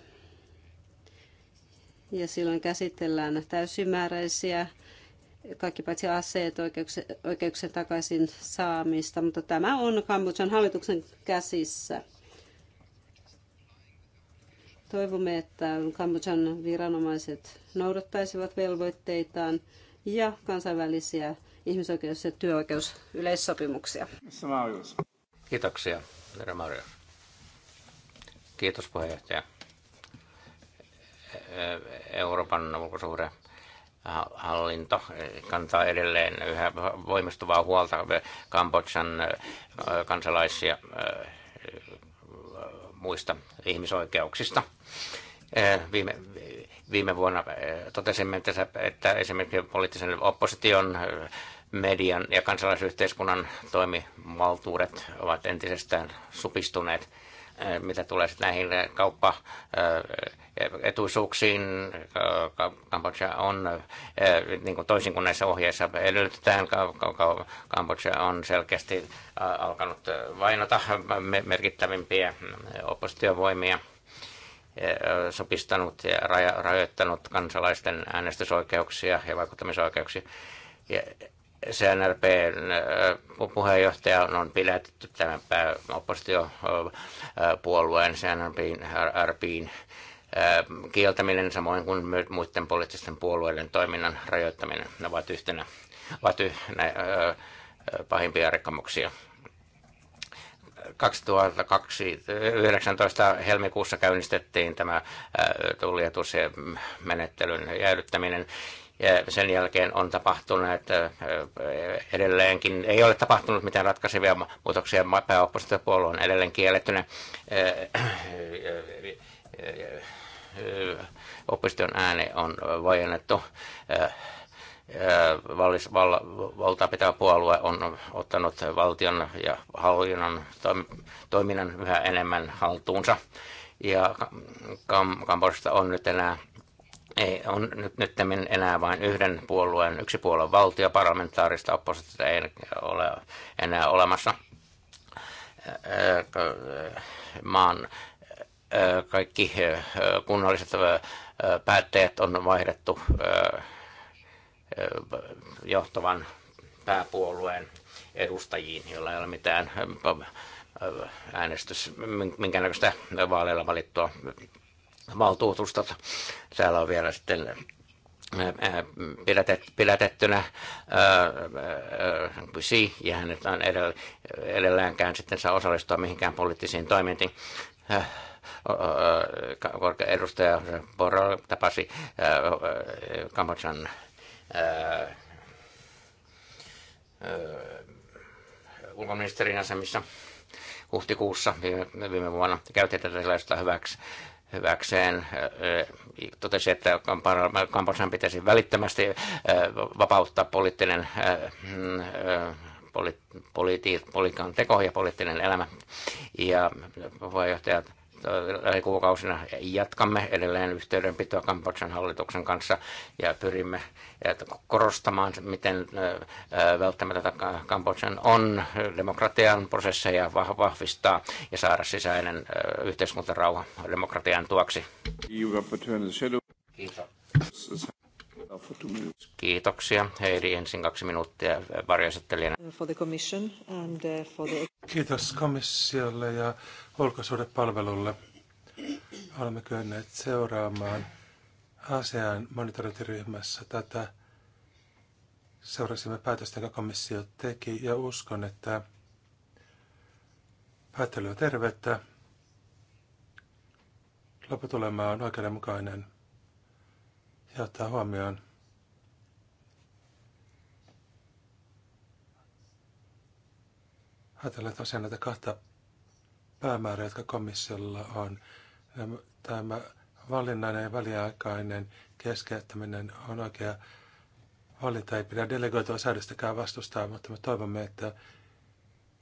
A: Ja silloin käsitellään täysimääräisiä kaikki paitsi aseet, oikeuksien, oikeuksien takaisin saamista, mutta tämä on Kambodžan hallituksen käsissä. Toivomme, että Kambodjan viranomaiset noudattaisivat velvoitteitaan ja kansainvälisiä ihmisoikeus- ja työoikeusyleissopimuksia.
B: Kiitoksia, herra Mario. Kiitos puheenjohtaja. Euroopan ulkosuhde hallinto kantaa edelleen yhä voimistuvaa huolta Kambodjan kansalaisia muista ihmisoikeuksista. Eh, viime, viime vuonna eh, totesimme, tässä että esimerkiksi poliittisen opposition, eh, median ja kansalaisyhteiskunnan toimivaltuudet ovat entisestään supistuneet – Äh, mitä tulee sitten näihin äh, kauppaetuisuuksiin, äh, Kambodža on, niin kuin toisin kuin näissä ohjeissa edellytetään, Kambodža on selkeästi alkanut vainota merkittävimpiä oppositiovoimia sopistanut ja rajoittanut kansalaisten äänestysoikeuksia ja vaikuttamisoikeuksia. Ja, CNRPn äh, puheenjohtaja on pidätetty tämän oppositiopuolueen CNRPin RPin, äh, kieltäminen samoin kuin muiden poliittisten puolueiden toiminnan rajoittaminen ne ovat yhtenä ovat yhtenä, äh, pahimpia rikkomuksia 2019 helmikuussa käynnistettiin tämä menettelyn jäädyttäminen ja sen jälkeen on tapahtunut edelleenkin, ei ole tapahtunut mitään ratkaisevia muutoksia, pääoppositiopuolue on edelleen kiellettynä opposition ääni on vajennettu. Vallis, val, valtaa pitävä puolue on ottanut valtion ja hallinnon toiminnan yhä enemmän haltuunsa. Ja Kam, Kambosta on nyt enää ei on nyt, nyt enää vain yhden puolueen, yksi puolueen valtio, parlamentaarista oppositiota ei ole enää olemassa. Maan kaikki kunnalliset päättäjät on vaihdettu johtavan pääpuolueen edustajiin, joilla ei ole mitään äänestys, minkäännäköistä vaaleilla valittua valtuutustot. Täällä on vielä sitten pidätet, pidätettynä Xi, ja hänet on edelläänkään sitten saa osallistua mihinkään poliittisiin toimintiin. Äh, korkea edustaja Borrell tapasi Kambodjan ulkoministerin asemissa huhtikuussa viime, viime vuonna. Käytiin tätä sellaista hyväksi hyväkseen. Totesi, että Kamposan pitäisi välittömästi vapauttaa poliittinen mm, poli, poli, poli, teko ja poliittinen elämä. Ja puheenjohtajat Äh, lähikuukausina jatkamme edelleen yhteydenpitoa Kambodjan hallituksen kanssa ja pyrimme äh, korostamaan, miten äh, välttämätöntä Kambodjan on demokratian prosesseja vahvistaa ja saada sisäinen yhteiskuntarauha demokratian tuoksi. Kiitos. Kiitoksia. Heidi ensin kaksi minuuttia varjoesittelijänä.
A: Uh, Kiitos
C: komissiolle ja ulkosuhdepalvelulle. Olemme kyenneet seuraamaan ASEAN monitorointiryhmässä tätä. Seurasimme päätöstä, jonka komissio teki ja uskon, että päättely on tervettä. Lopputulema on oikeudenmukainen ja ottaa huomioon ajatellaan tosiaan näitä kahta päämäärää, jotka komissiolla on. Ehm, tämä valinnainen ja väliaikainen keskeyttäminen on oikea valinta. Ei pidä delegoitua säädöstäkään vastustaa, mutta me toivomme, että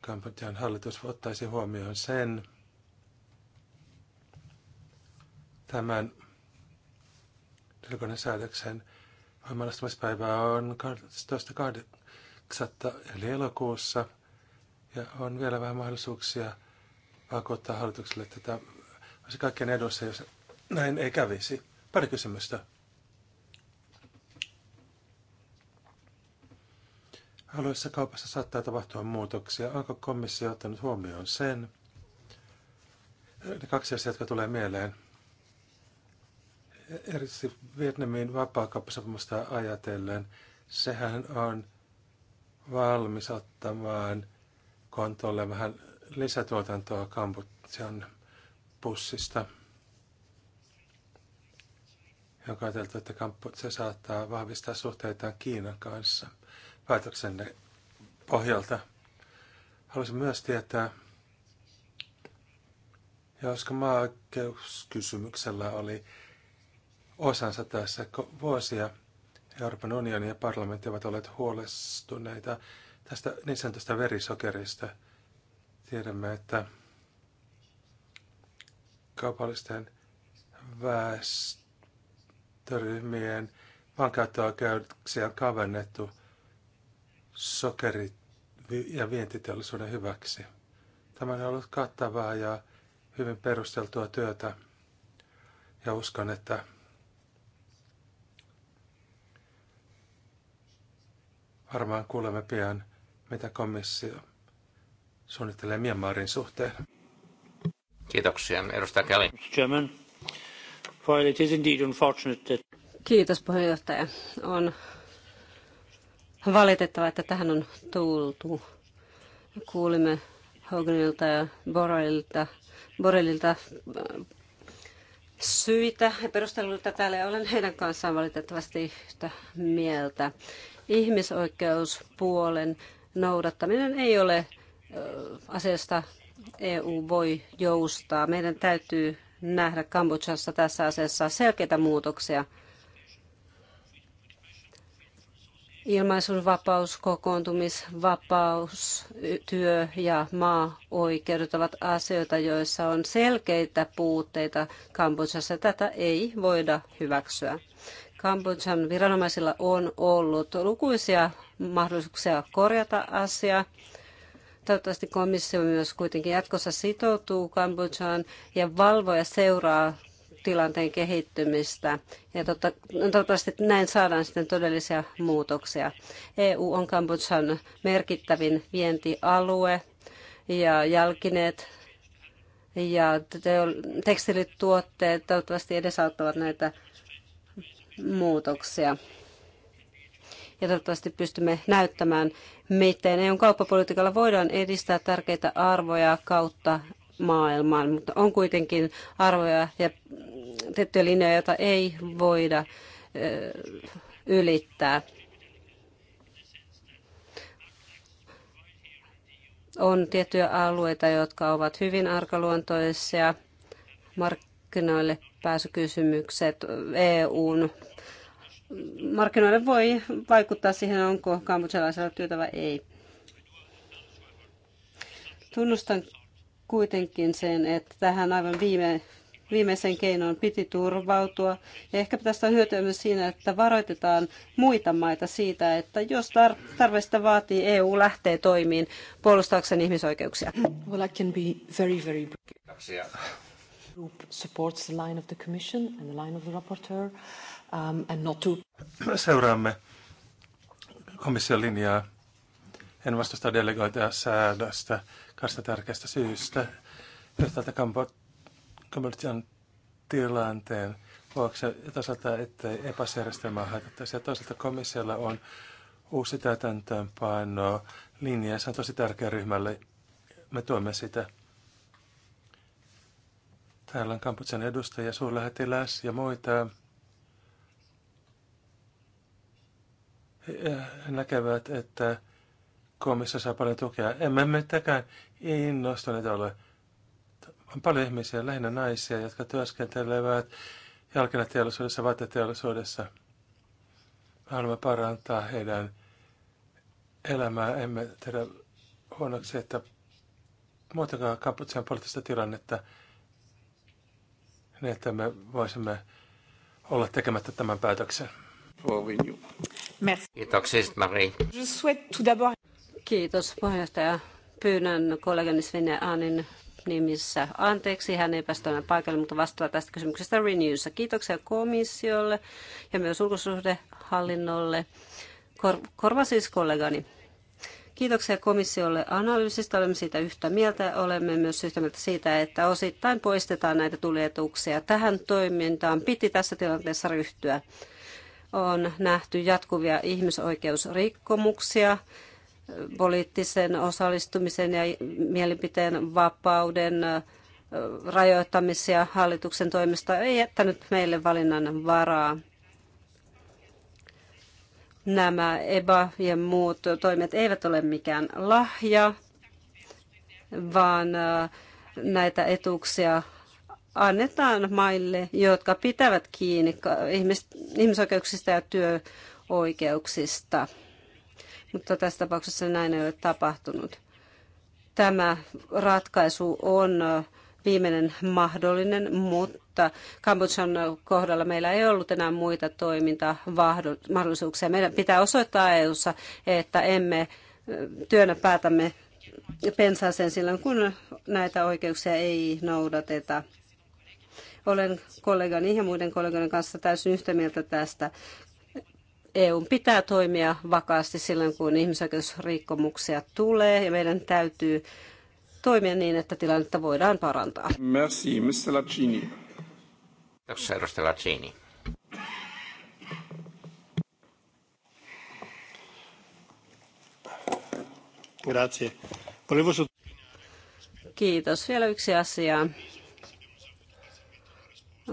C: Kampanjan hallitus ottaisi huomioon sen tämän Rikonen säädöksen voimaanastamispäivä on 12.8. eli elokuussa. Ja on vielä vähän mahdollisuuksia vakuuttaa hallitukselle tätä. Olisi kaikkien edussa, jos näin ei kävisi. Pari kysymystä. Alueessa kaupassa saattaa tapahtua muutoksia. Onko komissio ottanut huomioon sen? Ne kaksi asiaa, jotka tulee mieleen erityisesti Vietnamin vapaakauppasopimusta ajatellen, sehän on valmis ottamaan kontolle vähän lisätuotantoa Kambodjan pussista. Joka ajateltu, että Kambodja saattaa vahvistaa suhteitaan Kiinan kanssa päätöksenne pohjalta. Haluaisin myös tietää, ja koska maa-oikeuskysymyksellä oli osansa tässä. Vuosia Euroopan unioni ja parlamentti ovat olleet huolestuneita tästä niin sanotusta verisokerista. Tiedämme, että kaupallisten väestöryhmien vankäyttöoikeuksia on kavennettu sokeri- ja vientiteollisuuden hyväksi. Tämä on ollut kattavaa ja hyvin perusteltua työtä ja uskon, että Varmaan kuulemme pian, mitä komissio suunnittelee Myanmarin
B: suhteen. Kiitoksia. Edustaja Kelly. German. While it is indeed unfortunate that...
A: Kiitos puheenjohtaja. On valitettavaa, että tähän on tultu. Kuulimme Hoganilta ja Borrellilta, Borrellilta syitä ja perusteluita täällä olen heidän kanssaan valitettavasti yhtä mieltä ihmisoikeuspuolen noudattaminen ei ole asiasta EU voi joustaa. Meidän täytyy nähdä Kambodžassa tässä asiassa selkeitä muutoksia. Ilmaisunvapaus, kokoontumisvapaus, työ ja maa-oikeudet ovat asioita, joissa on selkeitä puutteita Kambodžassa. Tätä ei voida hyväksyä. Kambodjan viranomaisilla on ollut lukuisia mahdollisuuksia korjata asia. Toivottavasti komissio myös kuitenkin jatkossa sitoutuu Kambodžaan ja valvoo ja seuraa tilanteen kehittymistä. Ja totta, toivottavasti näin saadaan sitten todellisia muutoksia. EU on Kambodžan merkittävin vientialue ja jalkineet ja tekstiilituotteet toivottavasti edesauttavat näitä muutoksia. Ja toivottavasti pystymme näyttämään, miten EUn kauppapolitiikalla voidaan edistää tärkeitä arvoja kautta maailmaan, mutta on kuitenkin arvoja ja tiettyjä linjoja, joita ei voida ylittää. On tiettyjä alueita, jotka ovat hyvin arkaluontoisia. Markkinoille pääsykysymykset, EUn markkinoille voi vaikuttaa siihen, onko kambodjalaisella työtä vai ei. Tunnustan kuitenkin sen, että tähän aivan viime, viimeisen keinoon piti turvautua. Ja ehkä tästä on hyötyä myös siinä, että varoitetaan muita maita siitä, että jos tar- tarve sitä vaatii, EU lähtee toimiin puolustaakseen ihmisoikeuksia. Well, I can be very, very... Kiitoksia. Group supports the line of the Commission and the line of the rapporteur. Um,
C: seuraamme komission linjaa. En vastusta delegoitaa säädöstä kahdesta tärkeästä syystä. Yhtäältä Kambodjan tilanteen vuoksi ja toisaalta, ettei epäsjärjestelmää haitattaisi. Ja toisaalta komissiolla on uusi täytäntöönpano linja. Se on tosi tärkeä ryhmälle. Me tuomme sitä. Täällä on Kamputsen edustajia, suurlähettiläs ja muita näkevät, että komissa saa paljon tukea. Emme me tekään innostuneita ole. On paljon ihmisiä, lähinnä naisia, jotka työskentelevät jalkinateollisuudessa, vaateteollisuudessa. Me haluamme parantaa heidän elämää. Emme tehdä huonoksi, että muutakaan Kamputsian poliittista tilannetta, niin että me voisimme olla tekemättä tämän päätöksen.
A: Merci.
B: Kiitoksia, Marie.
A: Je souhaite tout d'abord... Kiitos puheenjohtaja. Pyynnän kollegani Svenja Aanin nimissä anteeksi. Hän ei päästä tänne paikalle, mutta vastaa tästä kysymyksestä Renewssä. Kiitoksia komissiolle ja myös ulkosuhdehallinnolle. Kor- korva siis kollegani. Kiitoksia komissiolle analyysistä. Olemme siitä yhtä mieltä. Olemme myös yhtä mieltä siitä, että osittain poistetaan näitä tulietuuksia. Tähän toimintaan piti tässä tilanteessa ryhtyä on nähty jatkuvia ihmisoikeusrikkomuksia poliittisen osallistumisen ja mielipiteen vapauden rajoittamisia hallituksen toimesta ei jättänyt meille valinnan varaa. Nämä EBA ja muut toimet eivät ole mikään lahja, vaan näitä etuuksia annetaan maille, jotka pitävät kiinni ihmisoikeuksista ja työoikeuksista. Mutta tässä tapauksessa näin ei ole tapahtunut. Tämä ratkaisu on viimeinen mahdollinen, mutta Kambodjan kohdalla meillä ei ollut enää muita toimintamahdollisuuksia. Meidän pitää osoittaa EU:ssa, että emme työnä päätämme pensaaseen silloin, kun näitä oikeuksia ei noudateta. Olen kollegani ja muiden kollegojen kanssa täysin yhtä mieltä tästä. EUn pitää toimia vakaasti silloin, kun ihmisoikeusrikkomuksia tulee ja meidän täytyy toimia niin, että tilannetta voidaan parantaa.
B: Merci, Mr. Lacini. Kiitos, edustaja Lacini. Grazie.
A: Kiitos. Vielä yksi asia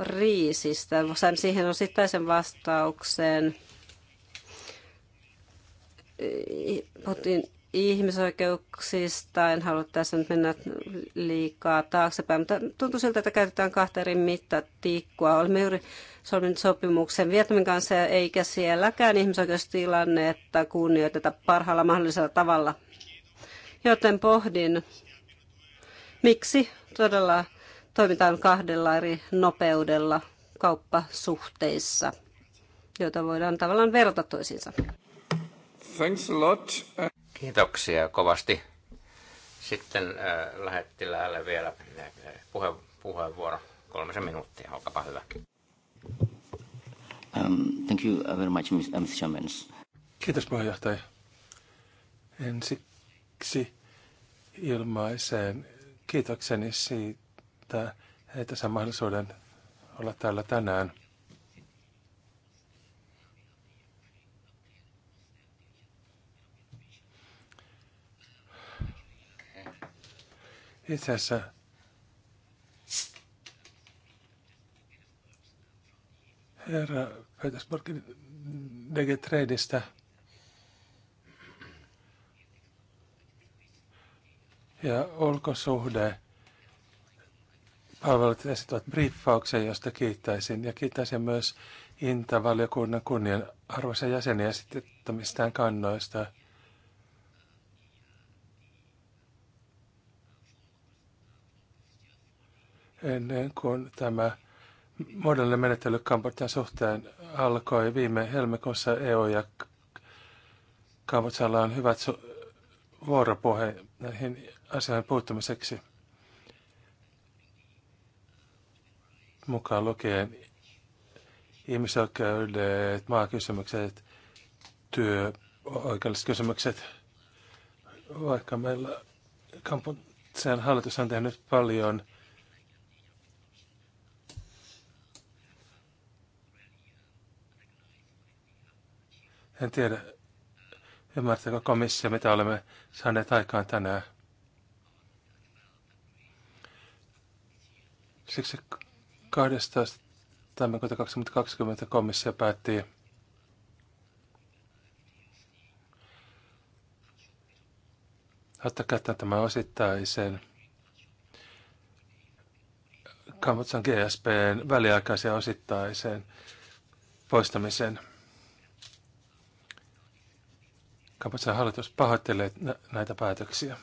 A: riisistä. Sain siihen osittaisen vastauksen. Puhuttiin ihmisoikeuksista, en halua tässä nyt mennä liikaa taaksepäin, mutta tuntuu siltä, että käytetään kahta eri mittatikkua. Olemme juuri solminut sopimuksen Vietnamin kanssa, eikä sielläkään ihmisoikeustilannetta kunnioiteta parhaalla mahdollisella tavalla. Joten pohdin, miksi todella toimitaan kahdella eri nopeudella kauppasuhteissa, joita voidaan tavallaan verrata toisiinsa.
B: Thanks a lot. Kiitoksia kovasti. Sitten äh, lähettiläälle vielä äh, puhe, puheenvuoro. Kolmisen minuuttia, olkapa hyvä. Um, thank you very much, Mr. Uh, Chairman.
C: Kiitos puheenjohtaja. Ensiksi ilmaiseen kiitokseni siitä, että heitä tässä mahdollisuuden olla täällä tänään. Itse asiassa herra Petersburgin Degetradeista ja ulkosuhde palvelut esittävät briefauksen, josta kiittäisin. Ja kiittäisin myös Inta-valiokunnan kunnian arvoisia jäseniä esittämistään kannoista. Ennen kuin tämä muodollinen menettely Kambodjan suhteen alkoi viime helmikuussa EU ja Kambodjalla on hyvät vuoropuhe näihin asioihin puuttumiseksi. mukaan lukee ihmisoikeudet, maakysymykset, työoikeudelliset kysymykset. Vaikka meillä Kampotsen hallitus on tehnyt paljon En tiedä, ymmärtääkö komissio, mitä olemme saaneet aikaan tänään. Siksi 12. tammikuuta 2020 komissio päätti ottaa käyttöön tämän osittaisen Kambotsan GSPn väliaikaisen osittaisen poistamisen. Kambotsan hallitus pahoittelee näitä päätöksiä.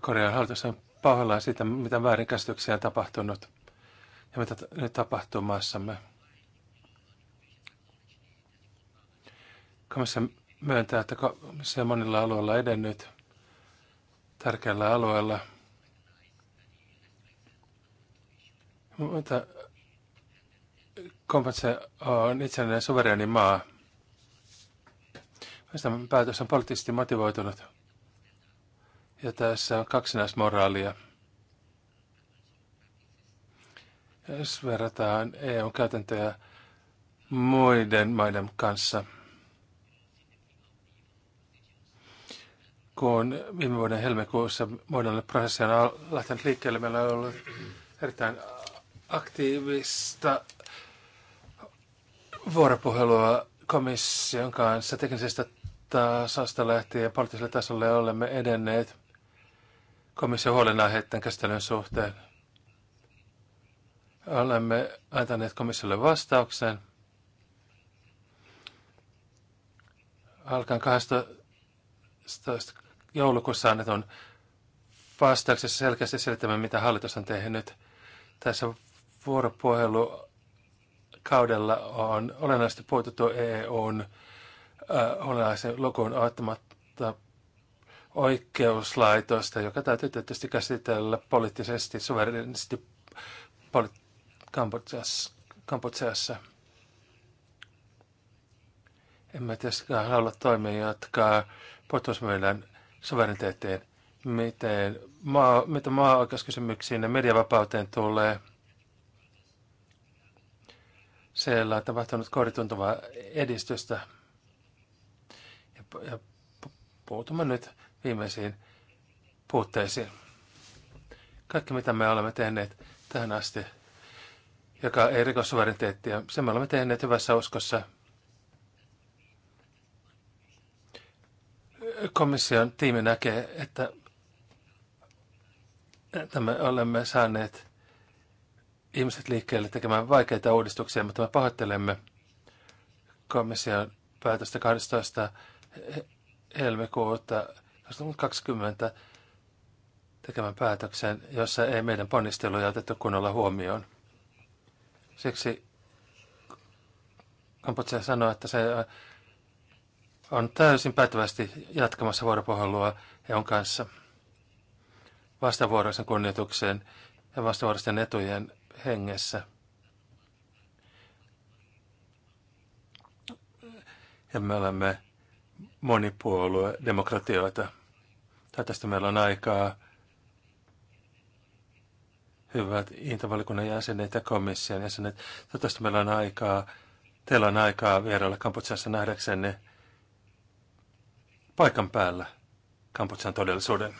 C: Korean hallitus on pahoillaan siitä, mitä väärinkäsityksiä on tapahtunut ja mitä nyt tapahtuu maassamme. Komissio myöntää, että komissio monilla alueilla edennyt tärkeällä alueella. Mutta Kompatse on itsenäinen suvereeni maa. Päätös on poliittisesti motivoitunut. Ja tässä on kaksinaismoraalia. Jos verrataan EUn käytäntöjä muiden maiden kanssa, kun viime vuoden helmikuussa muodollinen prosessi on lähtenyt liikkeelle, meillä on ollut erittäin aktiivista vuoropuhelua komission kanssa teknisestä tasosta lähtien poliittiselle tasolle olemme edenneet komission huolenaiheiden käsittelyn suhteen. Olemme antaneet komissiolle vastauksen. Alkan 12. joulukuussa annetun vastauksessa selkeästi selittämään, mitä hallitus on tehnyt. Tässä vuoropuhelukaudella on olennaisesti puututtu EUn äh, olennaisen lukuun ottamatta oikeuslaitosta, joka täytyy tietysti käsitellä poliittisesti suverenisti poli- Kambodžassa. Emme tietysti halua toimia, jotka potusmyydään suvereniteettiin, miten maa, mitä maa-oikeuskysymyksiin ja mediavapauteen tulee. Siellä on tapahtunut kohdituntuvaa edistystä. Ja, ja puutumme nyt viimeisiin puutteisiin. Kaikki mitä me olemme tehneet tähän asti, joka ei riko se me olemme tehneet hyvässä uskossa komission tiimi näkee, että, että me olemme saaneet ihmiset liikkeelle tekemään vaikeita uudistuksia, mutta me pahoittelemme komission päätöstä 12. helmikuuta 2020 tekemään päätöksen, jossa ei meidän ponnisteluja otettu kunnolla huomioon. Siksi Kampotsia sanoi, että se äh, on täysin päättävästi jatkamassa vuoropuhelua EUn kanssa vastavuoroisen kunnioituksen ja vastavuoroisten etujen hengessä. Ja me olemme monipuolue demokratioita tästä meillä on aikaa. Hyvät intavalikunnan jäsenet ja komission jäsenet, toivottavasti meillä on aikaa. Teillä on aikaa vierailla Kamputsassa nähdäksenne paikan päällä Kamputsan todellisuuden.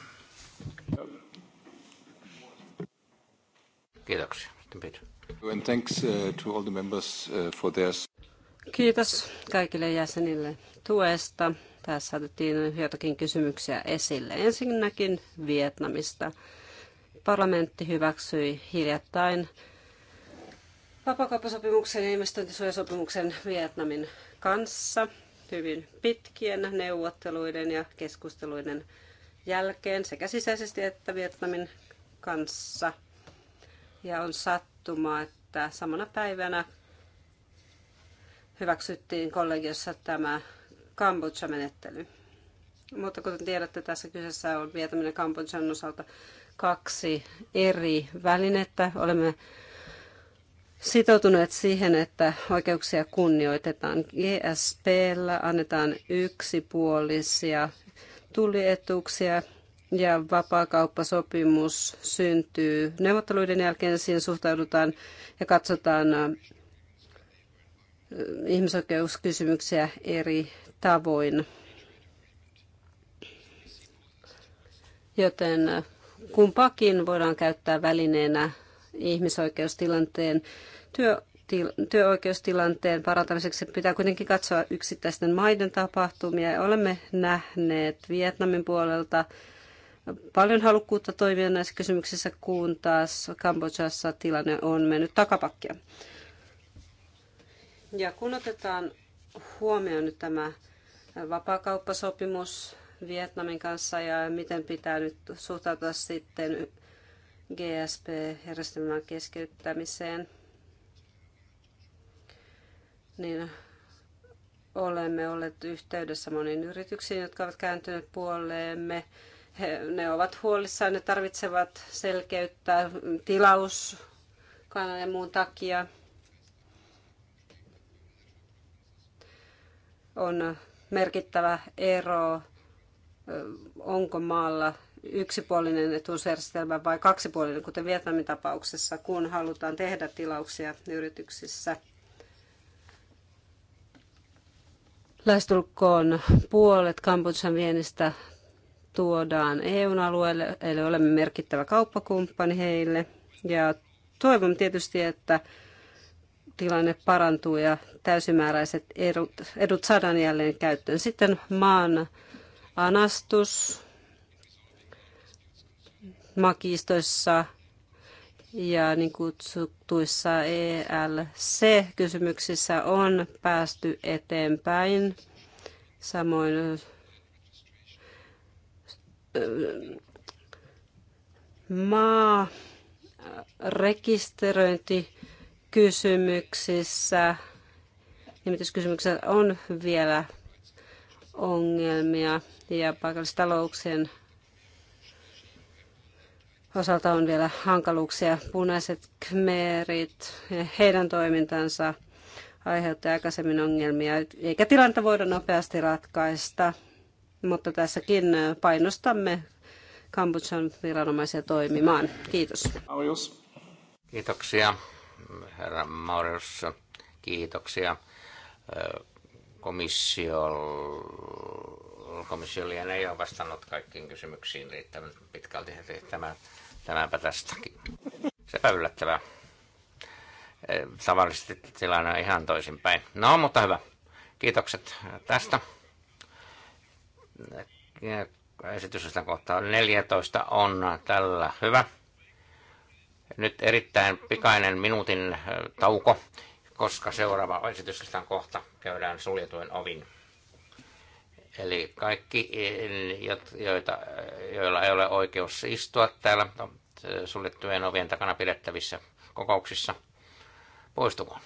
B: Kiitoksia. And thanks uh, to all the members uh,
A: for their... Kiitos kaikille jäsenille tuesta. Tässä otettiin joitakin kysymyksiä esille. Ensinnäkin Vietnamista. Parlamentti hyväksyi hiljattain vapakauppasopimuksen ja investointisuojasopimuksen Vietnamin kanssa hyvin pitkien neuvotteluiden ja keskusteluiden jälkeen sekä sisäisesti että Vietnamin kanssa. Ja on sattumaa, että samana päivänä hyväksyttiin kollegiossa tämä Kambodža-menettely. Mutta kuten tiedätte, tässä kyseessä on vietäminen Kambodžan osalta kaksi eri välinettä. Olemme sitoutuneet siihen, että oikeuksia kunnioitetaan. GSPllä annetaan yksipuolisia tullietuuksia ja vapaakauppasopimus syntyy neuvotteluiden jälkeen. Siihen suhtaudutaan ja katsotaan ihmisoikeuskysymyksiä eri tavoin. Joten kumpakin voidaan käyttää välineenä ihmisoikeustilanteen työ, til, työoikeustilanteen parantamiseksi. Pitää kuitenkin katsoa yksittäisten maiden tapahtumia. Olemme nähneet Vietnamin puolelta paljon halukkuutta toimia näissä kysymyksissä, kun taas Kambodžassa tilanne on mennyt takapakkia. Ja kun otetaan huomioon nyt tämä vapaakauppasopimus Vietnamin kanssa ja miten pitää nyt suhtautua sitten GSP-järjestelmän keskeyttämiseen, niin olemme olleet yhteydessä moniin yrityksiin, jotka ovat kääntyneet puoleemme. He, ne ovat huolissaan, ne tarvitsevat selkeyttä tilauskanan ja muun takia. On merkittävä ero, onko maalla yksipuolinen etuusjärjestelmä vai kaksipuolinen, kuten Vietnamin tapauksessa, kun halutaan tehdä tilauksia yrityksissä. Lähestulkoon puolet Kambodjan viennistä tuodaan EUn alueelle, eli olemme merkittävä kauppakumppani heille. Ja toivon tietysti, että tilanne parantuu ja täysimääräiset edut, edut saadaan jälleen käyttöön. Sitten maan anastus makistoissa ja niin kutsuttuissa ELC-kysymyksissä on päästy eteenpäin. Samoin öö, maa rekisteröinti kysymyksissä, nimityskysymyksissä on vielä ongelmia ja paikallistalouksien osalta on vielä hankaluuksia. Punaiset ja heidän toimintansa aiheutti aikaisemmin ongelmia, eikä tilannetta voida nopeasti ratkaista, mutta tässäkin painostamme Kambodjan viranomaisia toimimaan. Kiitos.
B: Kiitoksia herra Maurius. Kiitoksia komissiolle. komissio ei ole vastannut kaikkiin kysymyksiin riittävän pitkälti tämän, tämänpä tästäkin. Sepä yllättävää. Tavallisesti tilanne on ihan toisinpäin. No, mutta hyvä. Kiitokset tästä. Esitys kohtaa 14 on tällä hyvä. Nyt erittäin pikainen minuutin äh, tauko, koska seuraava esityslistan kohta käydään suljetuin ovin. Eli kaikki, eh, joita, eh, joilla ei ole oikeus istua täällä eh, suljettujen ovien takana pidettävissä kokouksissa, poistukoon.